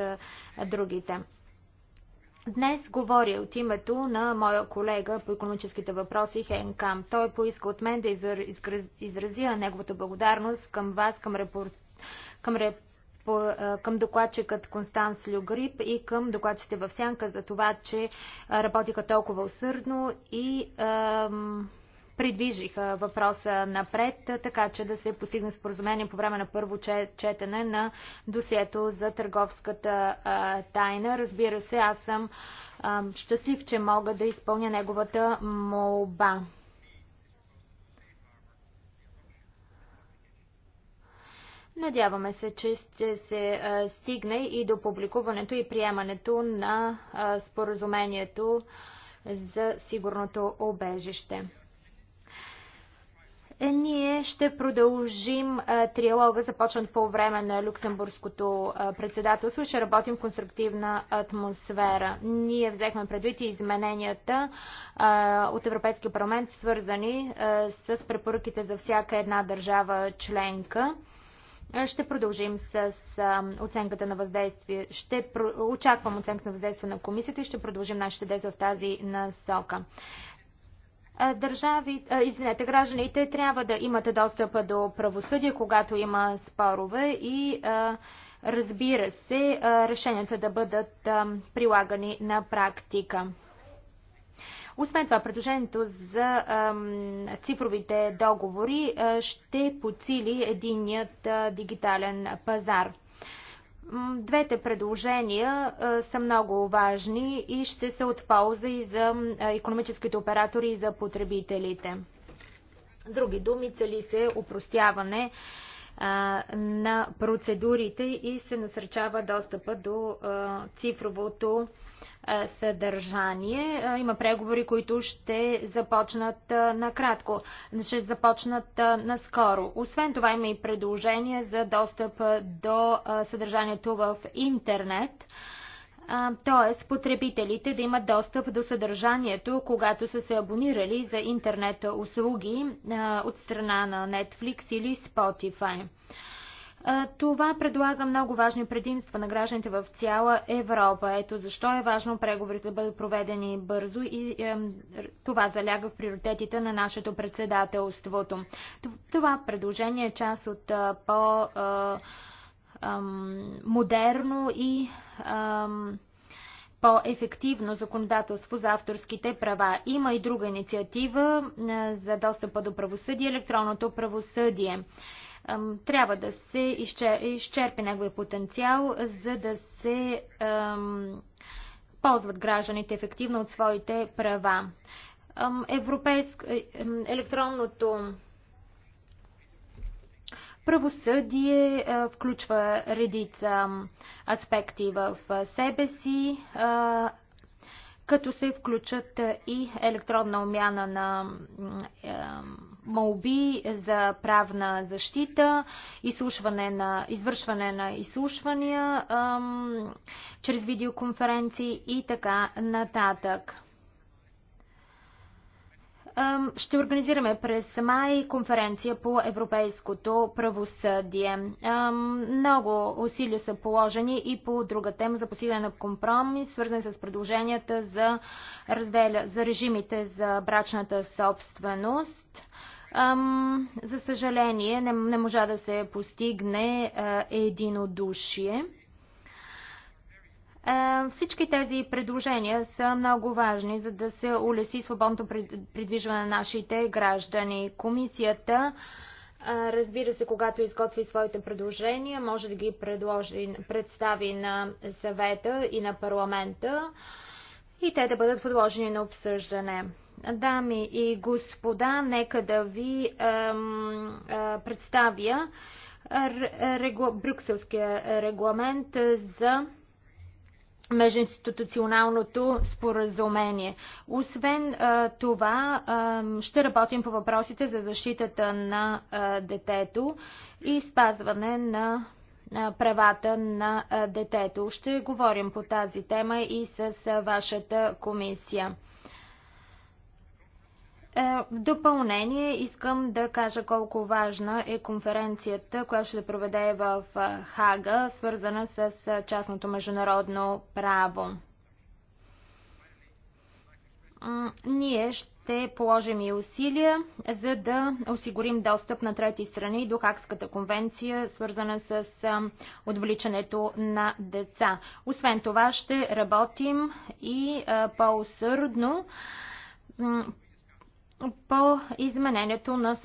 другите. Днес говоря от името на моя колега по економическите въпроси Хен Кам. Той поиска от мен да изразя неговата благодарност към вас, към, репор... към, реп... към докладчикът Констанс Люгрип и към докладчите в Сянка за това, че работиха толкова усърдно и придвижиха въпроса напред, така че да се постигне споразумение по време на първо четене на досието за търговската тайна. Разбира се, аз съм щастлив, че мога да изпълня неговата молба. Надяваме се, че ще се стигне и до публикуването и приемането на споразумението за сигурното обежище. Е, ние ще продължим триалога, започнат по време на люксембургското председателство и ще работим в конструктивна атмосфера. Ние взехме предвид и измененията от Европейския парламент, свързани с препоръките за всяка една държава членка. Ще продължим с оценката на въздействие. Ще очаквам оценка на въздействие на комисията и ще продължим нашите действия в тази насока. Държави, извинете, гражданите трябва да имат достъп до правосъдие, когато има спорове и разбира се, решенията да бъдат прилагани на практика. Освен това, предложението за цифровите договори ще подсили единният дигитален пазар. Двете предложения са много важни и ще се от полза и за економическите оператори и за потребителите. Други думи цели се упростяване на процедурите и се насърчава достъпа до цифровото е, съдържание. Е, има преговори, които ще започнат е, накратко, ще започнат наскоро. Освен това има и предложение за достъп до съдържанието в интернет т.е. потребителите да имат достъп до съдържанието, когато са се абонирали за интернет услуги от страна на Netflix или Spotify. Това предлага много важни предимства на гражданите в цяла Европа. Ето защо е важно преговорите да бъдат проведени бързо и е, това заляга в приоритетите на нашето председателството. Това предложение е част от е, по е, модерно и по-ефективно законодателство за авторските права. Има и друга инициатива за достъпа до правосъдие, електронното правосъдие трябва да се изчерпи неговия потенциал, за да се ползват гражданите ефективно от своите права. Европейско, е, електронното правосъдие включва редица аспекти в себе си, като се включат и електронна умяна на молби за правна защита, изслушване на, извършване на изслушвания ам, чрез видеоконференции и така нататък. Ам, ще организираме през май конференция по европейското правосъдие. Ам, много усилия са положени и по друга тема за посилен на компромис, свързан с предложенията за разделя за режимите за брачната собственост. Ам, за съжаление, не, не можа да се постигне а, единодушие. всички тези предложения са много важни, за да се улеси свободното придвижване на нашите граждани. Комисията Разбира се, когато изготви своите предложения, може да ги предложи, представи на съвета и на парламента и те да бъдат подложени на обсъждане. Дами и господа, нека да ви ем, е, представя регу... Брюкселския регламент за междуинституционалното споразумение. Освен е, това, е, ще работим по въпросите за защитата на е, детето и спазване на правата на детето. Ще говорим по тази тема и с вашата комисия. Е, в допълнение искам да кажа колко важна е конференцията, която ще проведе в е, Хага, свързана с е, частното международно право. Ние ще положим и усилия, за да осигурим достъп на трети страни до Хагската конвенция, свързана с отвличането на деца. Освен това ще работим и по-усърдно по изменението на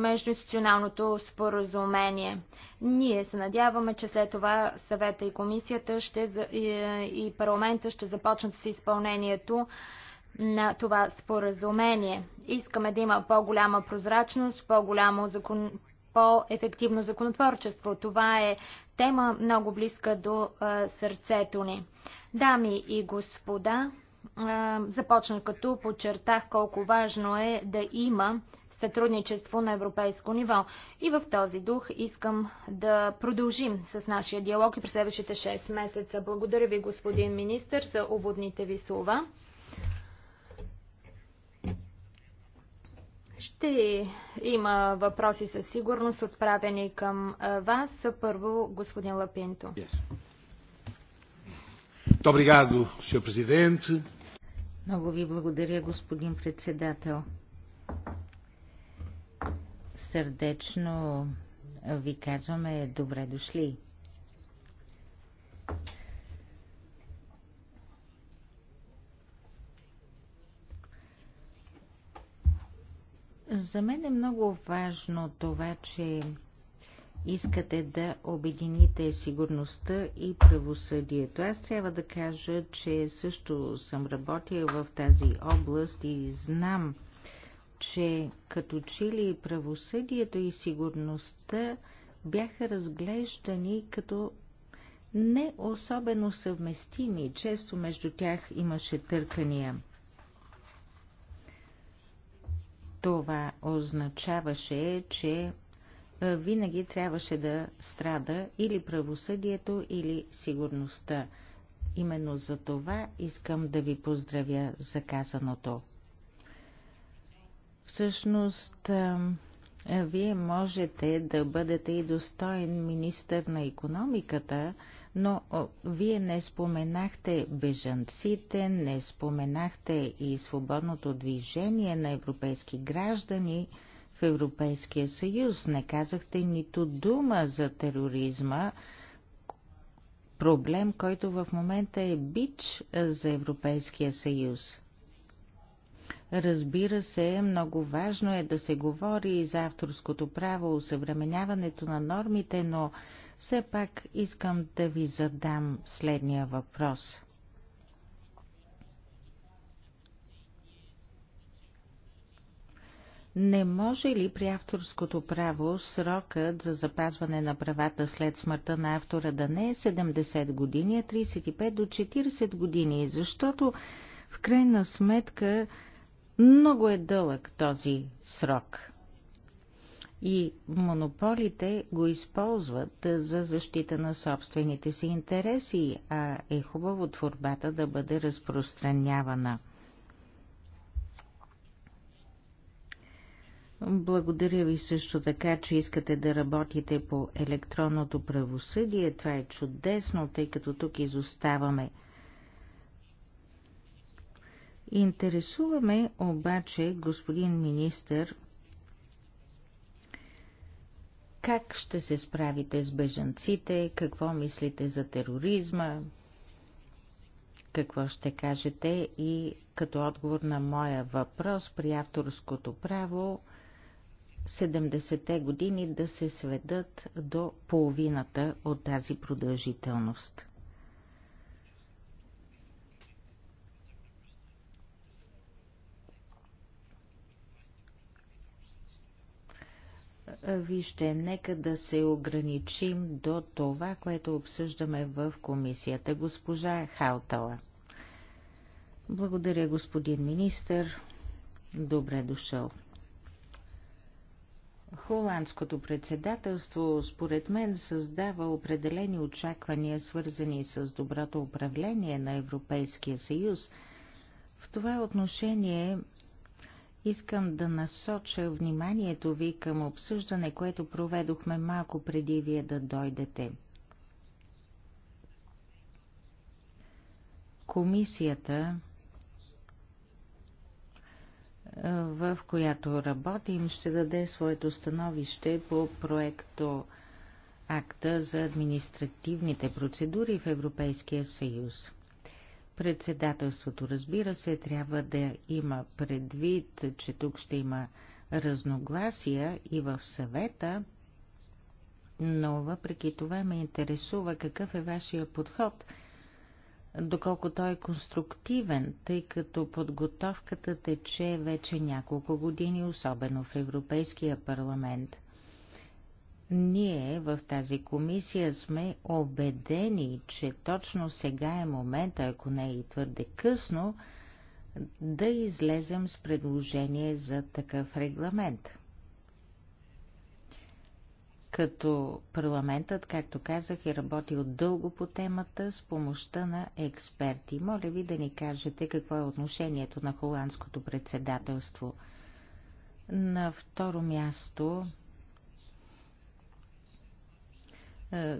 междуинституционалното споразумение. Ние се надяваме, че след това съвета и комисията ще, и парламента ще започнат с изпълнението на това споразумение. Искаме да има по-голяма прозрачност, по-голямо закон... по-ефективно законотворчество. Това е тема много близка до а, сърцето ни. Дами и господа, започна като подчертах колко важно е да има сътрудничество на европейско ниво. И в този дух искам да продължим с нашия диалог и през следващите 6 месеца. Благодаря ви, господин министр, за уводните ви слова. Ще има въпроси със сигурност отправени към вас. Първо господин Лапинто. Yes. Obrigado, Sr. Много ви благодаря, господин председател. Сърдечно ви казваме добре дошли. За мен е много важно това, че искате да обедините сигурността и правосъдието. Аз трябва да кажа, че също съм работил в тази област и знам, че като че ли правосъдието и сигурността бяха разглеждани като не особено съвместими. Често между тях имаше търкания. Това означаваше, че винаги трябваше да страда или правосъдието, или сигурността. Именно за това искам да ви поздравя за казаното. Всъщност, вие можете да бъдете и достоен министър на економиката, но вие не споменахте бежанците, не споменахте и свободното движение на европейски граждани – Европейския съюз. Не казахте нито дума за тероризма, проблем, който в момента е бич за Европейския съюз. Разбира се, много важно е да се говори и за авторското право, съвременяването на нормите, но все пак искам да ви задам следния въпрос – Не може ли при авторското право срокът за запазване на правата след смъртта на автора да не е 70 години, а 35 до 40 години? Защото в крайна сметка много е дълъг този срок. И монополите го използват за защита на собствените си интереси, а е хубаво творбата да бъде разпространявана – Благодаря ви също така, че искате да работите по електронното правосъдие. Това е чудесно, тъй като тук изоставаме. Интересуваме обаче, господин министър, как ще се справите с бежанците, какво мислите за тероризма, какво ще кажете и като отговор на моя въпрос при авторското право – 70-те години да се сведат до половината от тази продължителност. Вижте, нека да се ограничим до това, което обсъждаме в комисията. Госпожа Хаутала. Благодаря, господин министър. Добре дошъл. Холандското председателство, според мен, създава определени очаквания, свързани с доброто управление на Европейския съюз. В това отношение искам да насоча вниманието ви към обсъждане, което проведохме малко преди вие да дойдете. Комисията в която работим, ще даде своето становище по проекто Акта за административните процедури в Европейския съюз. Председателството, разбира се, трябва да има предвид, че тук ще има разногласия и в съвета, но въпреки това ме интересува какъв е вашия подход – доколко той е конструктивен, тъй като подготовката тече вече няколко години, особено в Европейския парламент. Ние в тази комисия сме убедени, че точно сега е момента, ако не е и твърде късно, да излезем с предложение за такъв регламент като парламентът, както казах, е работил дълго по темата с помощта на експерти. Моля ви да ни кажете какво е отношението на холандското председателство. На второ място е,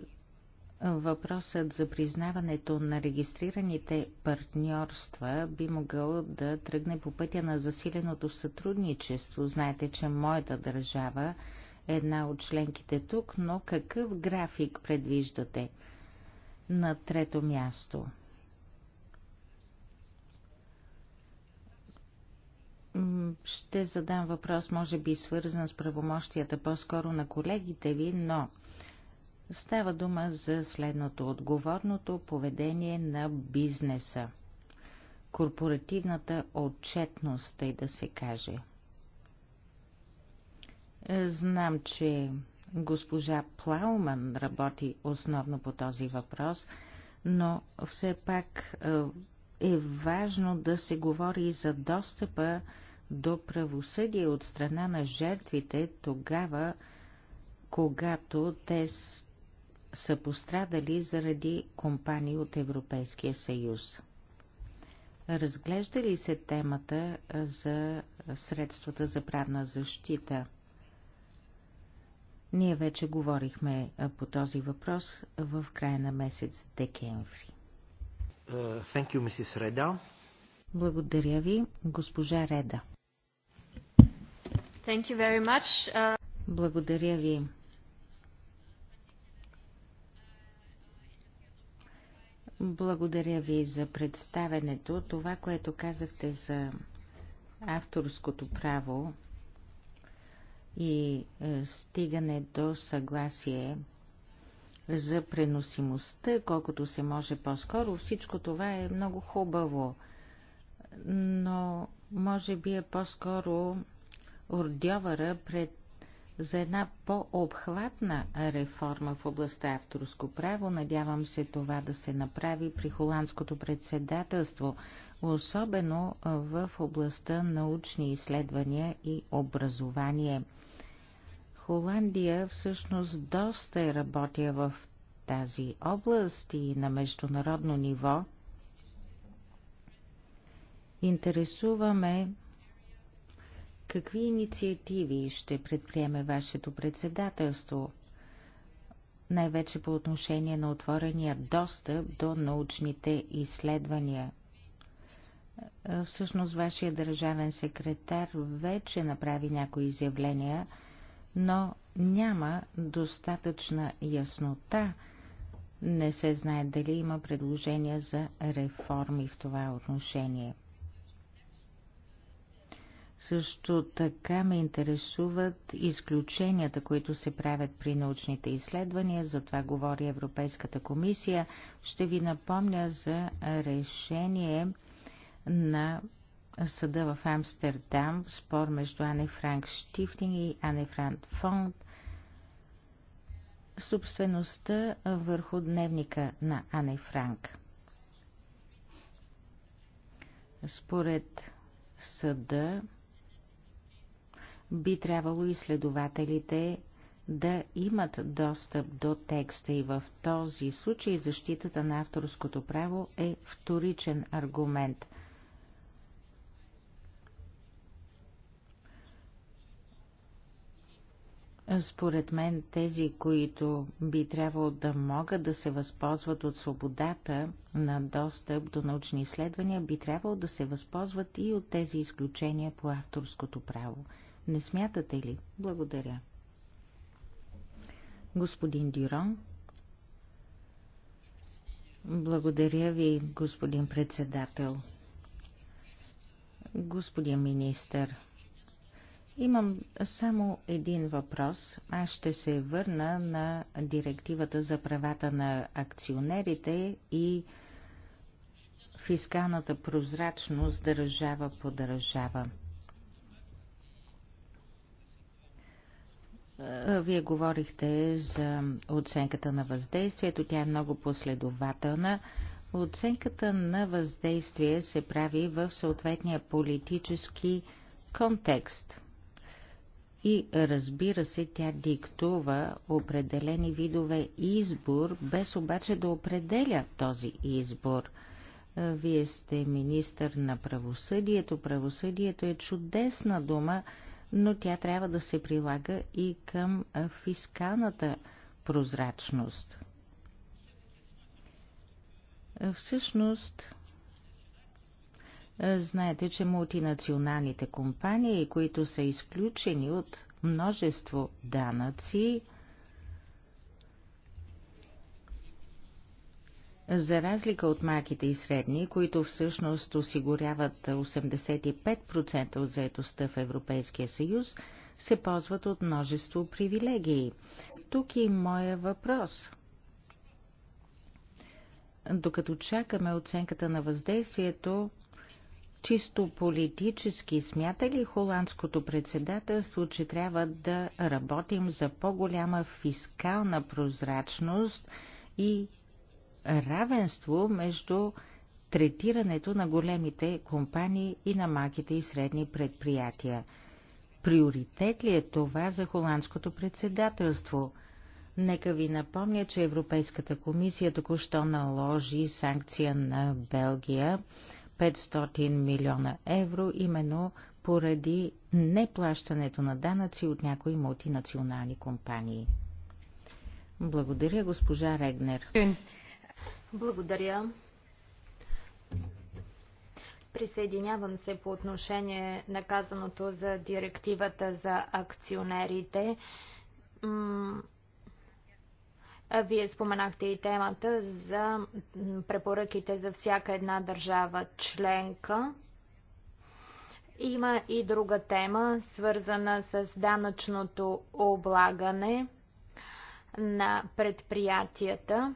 въпросът за признаването на регистрираните партньорства би могъл да тръгне по пътя на засиленото сътрудничество. Знаете, че моята държава една от членките тук, но какъв график предвиждате? На трето място. Ще задам въпрос, може би свързан с правомощията по-скоро на колегите ви, но става дума за следното отговорното поведение на бизнеса. Корпоративната отчетност, тъй да се каже – Знам, че госпожа Плауман работи основно по този въпрос, но все пак е, е важно да се говори и за достъпа до правосъдие от страна на жертвите тогава, когато те са пострадали заради компании от Европейския съюз. Разглежда ли се темата за средствата за правна защита – ние вече говорихме по този въпрос в края на месец декември. Uh, thank you, Mrs. Reda. Благодаря ви, госпожа Реда. Thank you very much. Uh... Благодаря ви. Благодаря ви за представенето. Това, което казахте за авторското право и е, стигане до съгласие за преносимостта, колкото се може по-скоро. Всичко това е много хубаво, но може би е по-скоро ордьовъра пред за една по-обхватна реформа в областта авторско право. Надявам се това да се направи при холандското председателство, особено в областта научни изследвания и образование. Холандия всъщност доста е работя в тази област и на международно ниво. Интересуваме Какви инициативи ще предприеме вашето председателство? Най-вече по отношение на отворения достъп до научните изследвания. Е, всъщност, вашия държавен секретар вече направи някои изявления, но няма достатъчна яснота. Не се знае дали има предложения за реформи в това отношение. Също така ме интересуват изключенията, които се правят при научните изследвания, за това говори Европейската комисия. Ще ви напомня за решение на съда в Амстердам, спор между Ане Франк Штифтинг и Ане Франк Фонд. Собствеността върху дневника на Ане Франк. Според съда би трябвало изследователите да имат достъп до текста и в този случай защитата на авторското право е вторичен аргумент. Според мен тези, които би трябвало да могат да се възползват от свободата на достъп до научни изследвания, би трябвало да се възползват и от тези изключения по авторското право. Не смятате ли? Благодаря. Господин Дюрон. Благодаря ви, господин председател. Господин министър, имам само един въпрос. Аз ще се върна на директивата за правата на акционерите и фискалната прозрачност държава по държава. Е, вие говорихте за оценката на въздействието. Тя е много последователна. Оценката на въздействие се прави в съответния политически контекст. И разбира се, тя диктува определени видове избор, без обаче да определя този избор. Е, вие сте министър на правосъдието. Правосъдието е чудесна дума, но тя трябва да се прилага и към фискалната прозрачност. Всъщност, знаете, че мултинационалните компании, които са изключени от множество данъци, За разлика от малките и средни, които всъщност осигуряват 85% от заетостта в Европейския съюз, се ползват от множество привилегии. Тук и моя въпрос. Докато чакаме оценката на въздействието, чисто политически смята ли холандското председателство, че трябва да работим за по-голяма фискална прозрачност и равенство между третирането на големите компании и на малките и средни предприятия. Приоритет ли е това за холандското председателство? Нека ви напомня, че Европейската комисия току-що наложи санкция на Белгия 500 милиона евро, именно поради неплащането на данъци от някои мултинационални компании. Благодаря, госпожа Регнер. Благодаря. Присъединявам се по отношение на казаното за директивата за акционерите. Вие споменахте и темата за препоръките за всяка една държава членка. Има и друга тема, свързана с данъчното облагане на предприятията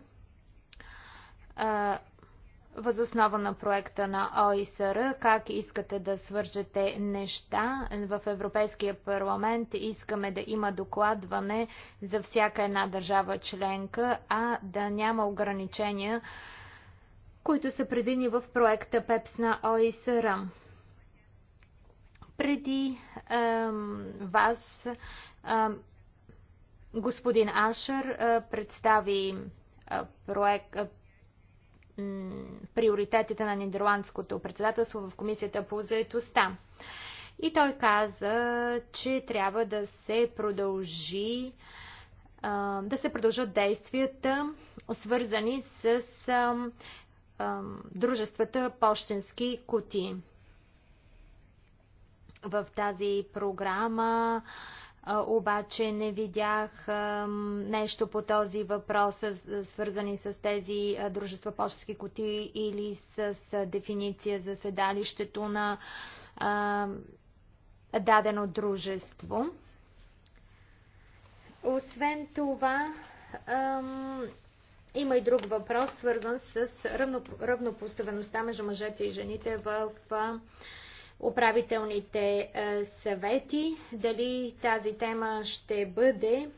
възоснова на проекта на ОИСР, как искате да свържете неща. В Европейския парламент искаме да има докладване за всяка една държава членка, а да няма ограничения, които са предвидени в проекта ПЕПС на ОИСР. Преди ем, вас ем, господин Ашер е, представи проект, приоритетите на Нидерландското председателство в Комисията по заедостта. И той каза, че трябва да се продължи да се продължат действията, свързани с дружествата Пощенски кути. В тази програма обаче не видях нещо по този въпрос, свързани с тези дружества почтски коти или с дефиниция за седалището на дадено дружество. Освен това, има и друг въпрос, свързан с равнопоставеността между мъжете и жените в управителните е, съвети, дали тази тема ще бъде е,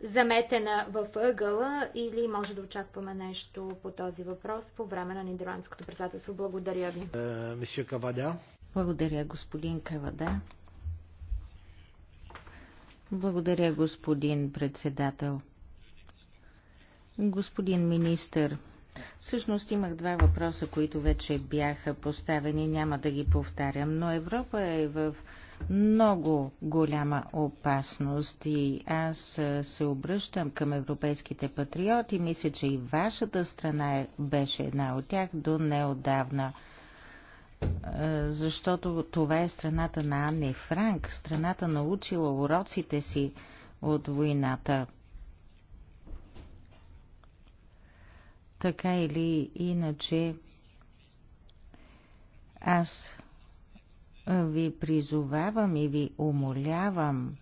заметена в ъгъла или може да очакваме нещо по този въпрос по време на Нидерландското председателство. Благодаря ви. Е, Месье Кавада. Благодаря, господин Кавада. Благодаря, господин председател. Господин министър, Всъщност имах два въпроса, които вече бяха поставени, няма да ги повтарям, но Европа е в много голяма опасност и аз се обръщам към европейските патриоти. Мисля, че и вашата страна е, беше една от тях до неодавна. Защото това е страната на Анне Франк, страната научила уроците си от войната. Така или иначе, аз ви призовавам и ви умолявам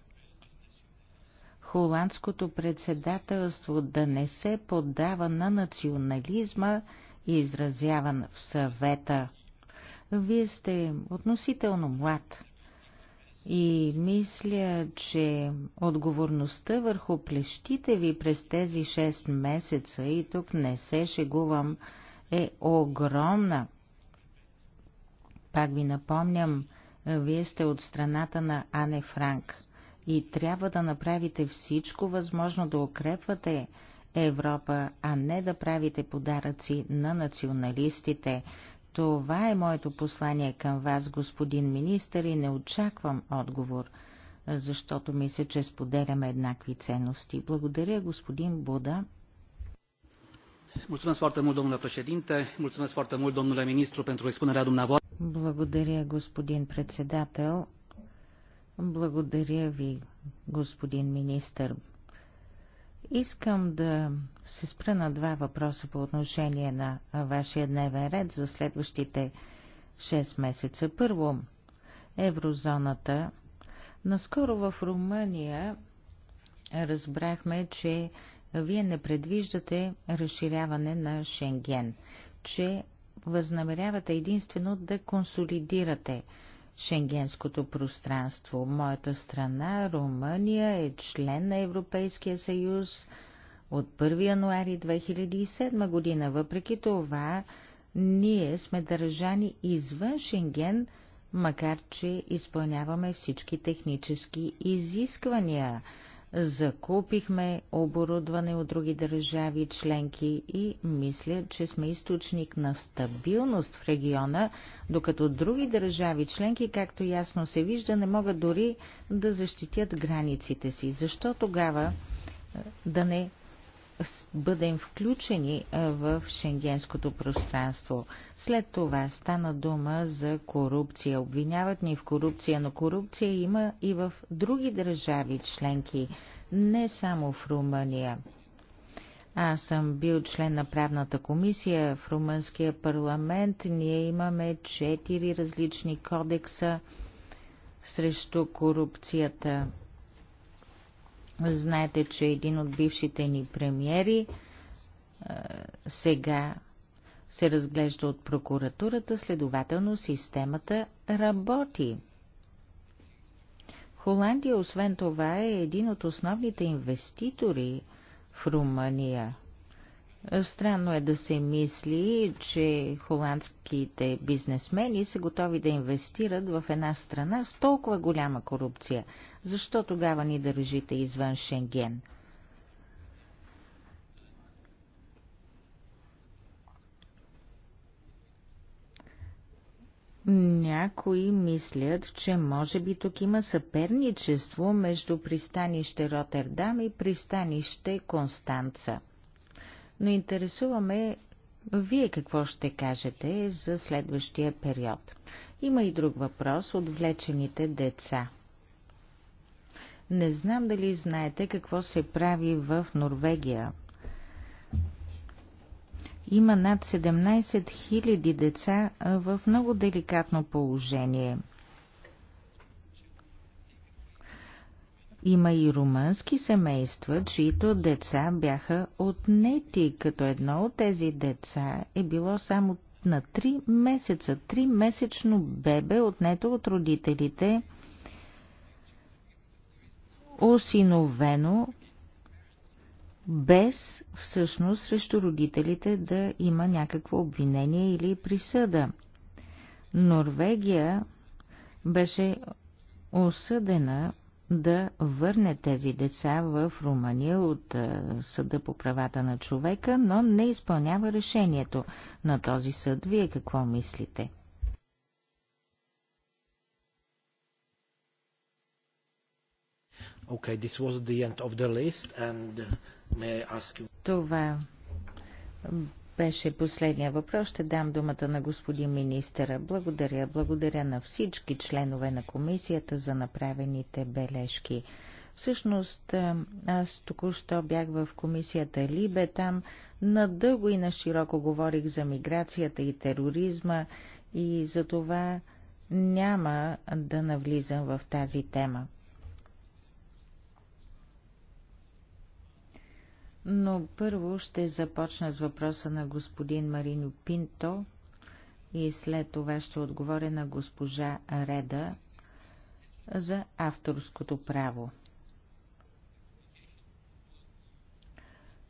холандското председателство да не се поддава на национализма, изразяван в съвета. Вие сте относително млад. И мисля, че отговорността върху плещите ви през тези 6 месеца, и тук не се шегувам, е огромна. Пак ви напомням, вие сте от страната на Ане Франк и трябва да направите всичко възможно да укрепвате Европа, а не да правите подаръци на националистите. Това е моето послание към вас, господин министър, и не очаквам отговор, защото мисля, че споделяме еднакви ценности. Благодаря, господин Буда. Mulțumesc foarte mult, domnule președinte, mulțumesc foarte mult, domnule ministru, pentru expunerea dumneavoastră. Благодаря, господин председател. Благодаря ви, господин министър. Искам да се спра на два въпроса по отношение на вашия дневен ред за следващите 6 месеца. Първо, еврозоната. Наскоро в Румъния разбрахме, че вие не предвиждате разширяване на Шенген, че възнамерявате единствено да консолидирате Шенгенското пространство. Моята страна, Румъния, е член на Европейския съюз, от 1 януари 2007 година. Въпреки това, ние сме държани извън Шенген, макар че изпълняваме всички технически изисквания. Закупихме оборудване от други държави членки и мисля, че сме източник на стабилност в региона, докато други държави членки, както ясно се вижда, не могат дори да защитят границите си. Защо тогава да не бъдем включени в шенгенското пространство. След това стана дума за корупция. Обвиняват ни в корупция, но корупция има и в други държави членки, не само в Румъния. Аз съм бил член на правната комисия в румънския парламент. Ние имаме четири различни кодекса срещу корупцията. Знаете, че един от бившите ни премиери е, сега се разглежда от прокуратурата, следователно системата работи. Холандия, освен това, е един от основните инвеститори в Румъния. Странно е да се мисли, че холандските бизнесмени са готови да инвестират в една страна с толкова голяма корупция. Защо тогава ни държите извън Шенген? Някои мислят, че може би тук има съперничество между пристанище Ротердам и пристанище Констанца – но интересуваме вие какво ще кажете за следващия период. Има и друг въпрос – отвлечените деца. Не знам дали знаете какво се прави в Норвегия. Има над 17 000 деца в много деликатно положение – Има и румънски семейства, чието деца бяха отнети, като едно от тези деца е било само на три месеца. Три месечно бебе отнето от родителите, осиновено, без всъщност срещу родителите да има някакво обвинение или присъда. Норвегия беше осъдена да върне тези деца в Румъния от е, Съда по правата на човека, но не изпълнява решението на този съд. Вие какво мислите? Okay, this was the end of the list and uh, may I ask you... Това беше последния въпрос. Ще дам думата на господин министъра. Благодаря. Благодаря на всички членове на комисията за направените бележки. Всъщност, е, аз току-що бях в комисията Либе, там надълго и на широко говорих за миграцията и тероризма и за това няма да навлизам в тази тема. но първо ще започна с въпроса на господин Марино Пинто и след това ще отговоря на госпожа Реда за авторското право.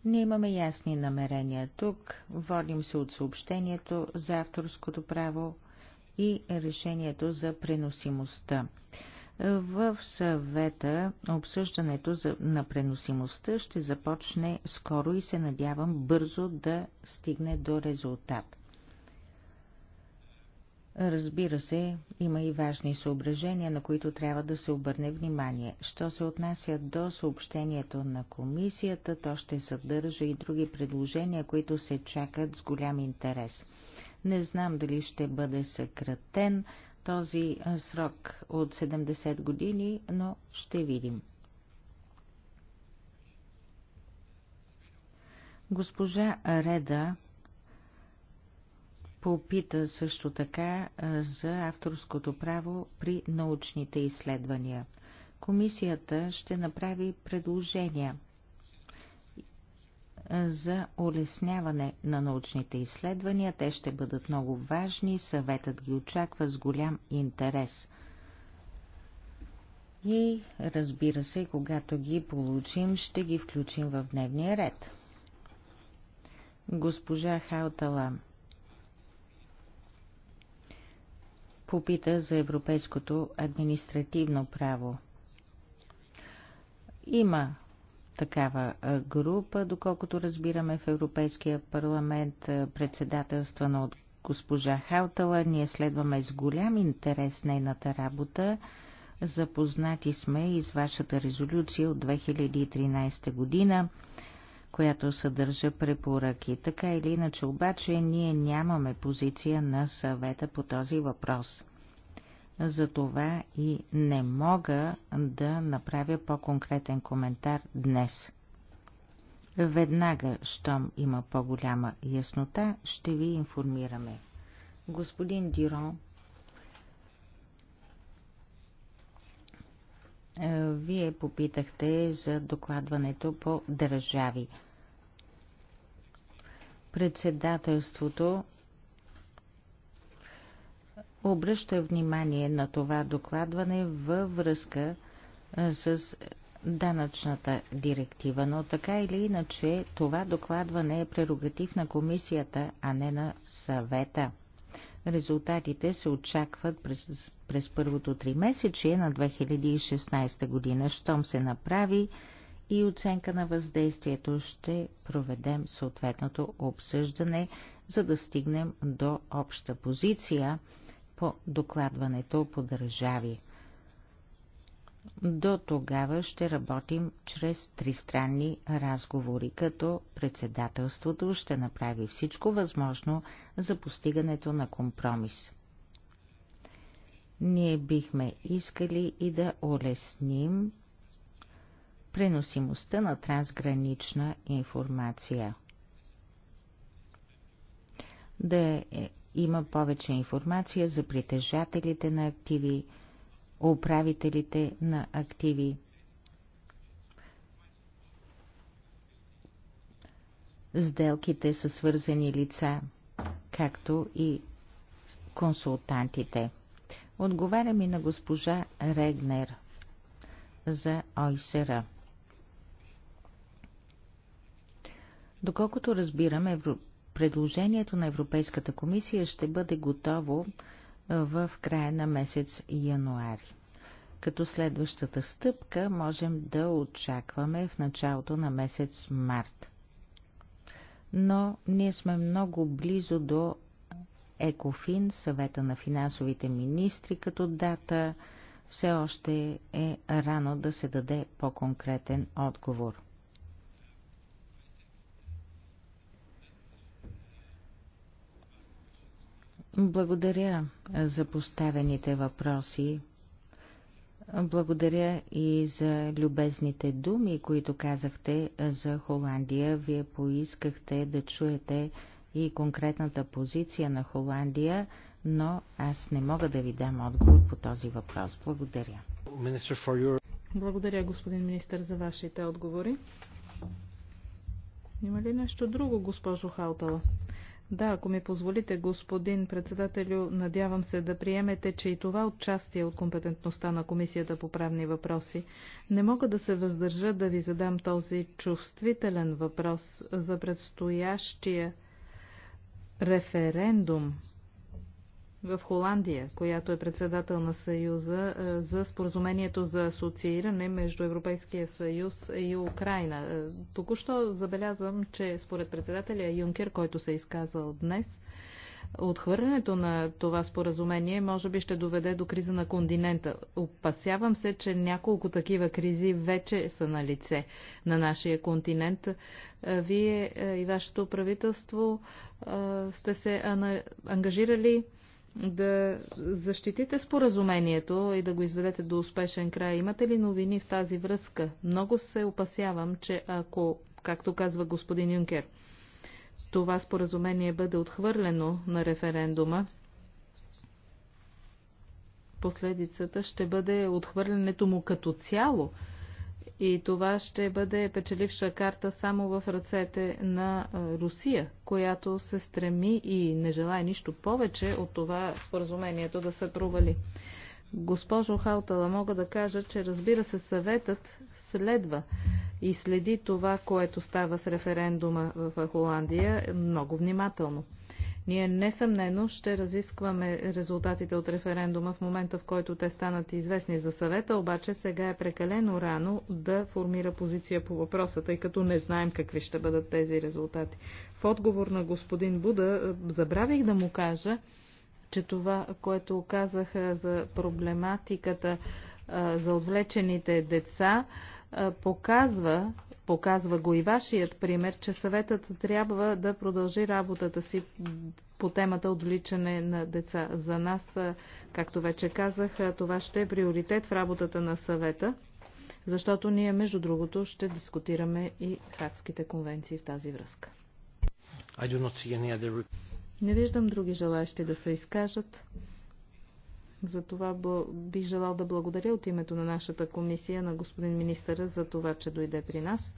Не имаме ясни намерения тук, водим се от съобщението за авторското право и решението за преносимостта. В съвета обсъждането на преносимостта ще започне скоро и се надявам бързо да стигне до резултат. Разбира се, има и важни съображения, на които трябва да се обърне внимание. Що се отнася до съобщението на комисията, то ще съдържа и други предложения, които се чакат с голям интерес. Не знам дали ще бъде съкратен този срок от 70 години, но ще видим. Госпожа Реда попита също така за авторското право при научните изследвания. Комисията ще направи предложения – за улесняване на научните изследвания. Те ще бъдат много важни, съветът ги очаква с голям интерес. И разбира се, когато ги получим, ще ги включим в дневния ред. Госпожа Хаутала попита за европейското административно право. Има такава група, доколкото разбираме в Европейския парламент, председателствана от госпожа Хаутала. Ние следваме с голям интерес нейната работа. Запознати сме и с вашата резолюция от 2013 година, която съдържа препоръки. Така или иначе обаче ние нямаме позиция на съвета по този въпрос затова и не мога да направя по-конкретен коментар днес. Веднага, щом има по-голяма яснота, ще ви информираме. Господин Дирон, е, вие попитахте за докладването по държави. Председателството обръща внимание на това докладване във връзка с данъчната директива, но така или иначе това докладване е прерогатив на комисията, а не на съвета. Резултатите се очакват през, през първото три месече на 2016 година. Щом се направи и оценка на въздействието, ще проведем съответното обсъждане, за да стигнем до обща позиция по докладването по държави. До тогава ще работим чрез тристранни разговори, като председателството ще направи всичко възможно за постигането на компромис. Ние бихме искали и да улесним преносимостта на трансгранична информация. Да е има повече информация за притежателите на активи, управителите на активи. Сделките са свързани лица, както и консултантите. Отговарям и на госпожа Регнер за ОСР. Доколкото разбирам, Предложението на Европейската комисия ще бъде готово в края на месец януари. Като следващата стъпка можем да очакваме в началото на месец март. Но ние сме много близо до ЕКОФИН, съвета на финансовите министри като дата, все още е рано да се даде по-конкретен отговор. Благодаря за поставените въпроси. Благодаря и за любезните думи, които казахте за Холандия. Вие поискахте да чуете и конкретната позиция на Холандия, но аз не мога да ви дам отговор по този въпрос. Благодаря. Благодаря, господин министр, за вашите отговори. Има ли нещо друго, госпожо Халтала? Да, ако ми позволите, господин председателю, надявам се да приемете, че и това е от компетентността на Комисията по правни въпроси. Не мога да се въздържа да ви задам този чувствителен въпрос за предстоящия референдум в Холандия, която е председател на Съюза е, за споразумението за асоцииране между Европейския съюз и Украина. Е, току-що забелязвам, че според председателя Юнкер, който се е изказал днес, Отхвърлянето на това споразумение може би ще доведе до криза на континента. Опасявам се, че няколко такива кризи вече са на лице на нашия континент. Е, вие и вашето правителство сте се ангажирали да защитите споразумението и да го изведете до успешен край. Имате ли новини в тази връзка? Много се опасявам, че ако, както казва господин Юнкер, това споразумение бъде отхвърлено на референдума, последицата ще бъде отхвърлянето му като цяло – и това ще бъде печеливша карта само в ръцете на Русия, която се стреми и не желая нищо повече от това споразумението да се провали. Госпожо Халтала, мога да кажа, че разбира се съветът следва и следи това, което става с референдума в Холандия много внимателно. Ние несъмнено ще разискваме резултатите от референдума в момента, в който те станат известни за съвета, обаче сега е прекалено рано да формира позиция по въпроса, тъй като не знаем какви ще бъдат тези резултати. В отговор на господин Буда е, забравих да му кажа, че това, което казаха за проблематиката е, за отвлечените деца, е, показва, Показва го и вашият пример, че съветът трябва да продължи работата си по темата отвличане на деца. За нас, както вече казах, това ще е приоритет в работата на съвета, защото ние, между другото, ще дискутираме и хакските конвенции в тази връзка. Не виждам други желащи да се изкажат. За това бих желал да благодаря от името на нашата комисия на господин министъра за това, че дойде при нас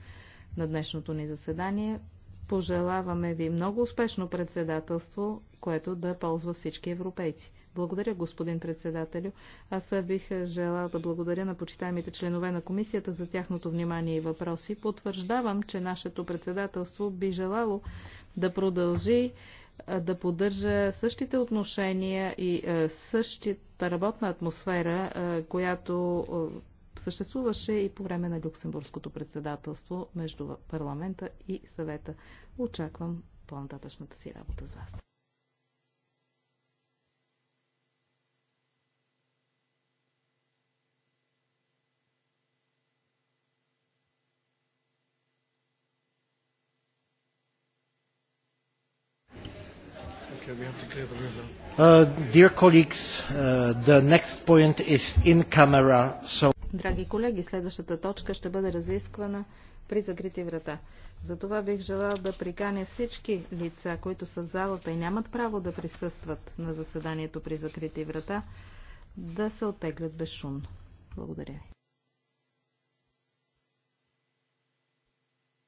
на днешното ни заседание. Пожелаваме ви много успешно председателство, което да ползва всички европейци. Благодаря, господин председателю. Аз бих желал да благодаря на почитаемите членове на комисията за тяхното внимание и въпроси. Потвърждавам, че нашето председателство би желало да продължи да поддържа същите отношения и същата работна атмосфера, която съществуваше и по време на Люксембургското председателство между парламента и съвета. Очаквам по-нататъчната си работа с вас. Uh, uh, Драги колеги, следващата точка ще бъде разисквана при закрити врата. Затова бих желал да приканя всички лица, които са в залата и нямат право да присъстват на заседанието при закрити врата, да се оттеглят безшумно. Благодаря ви.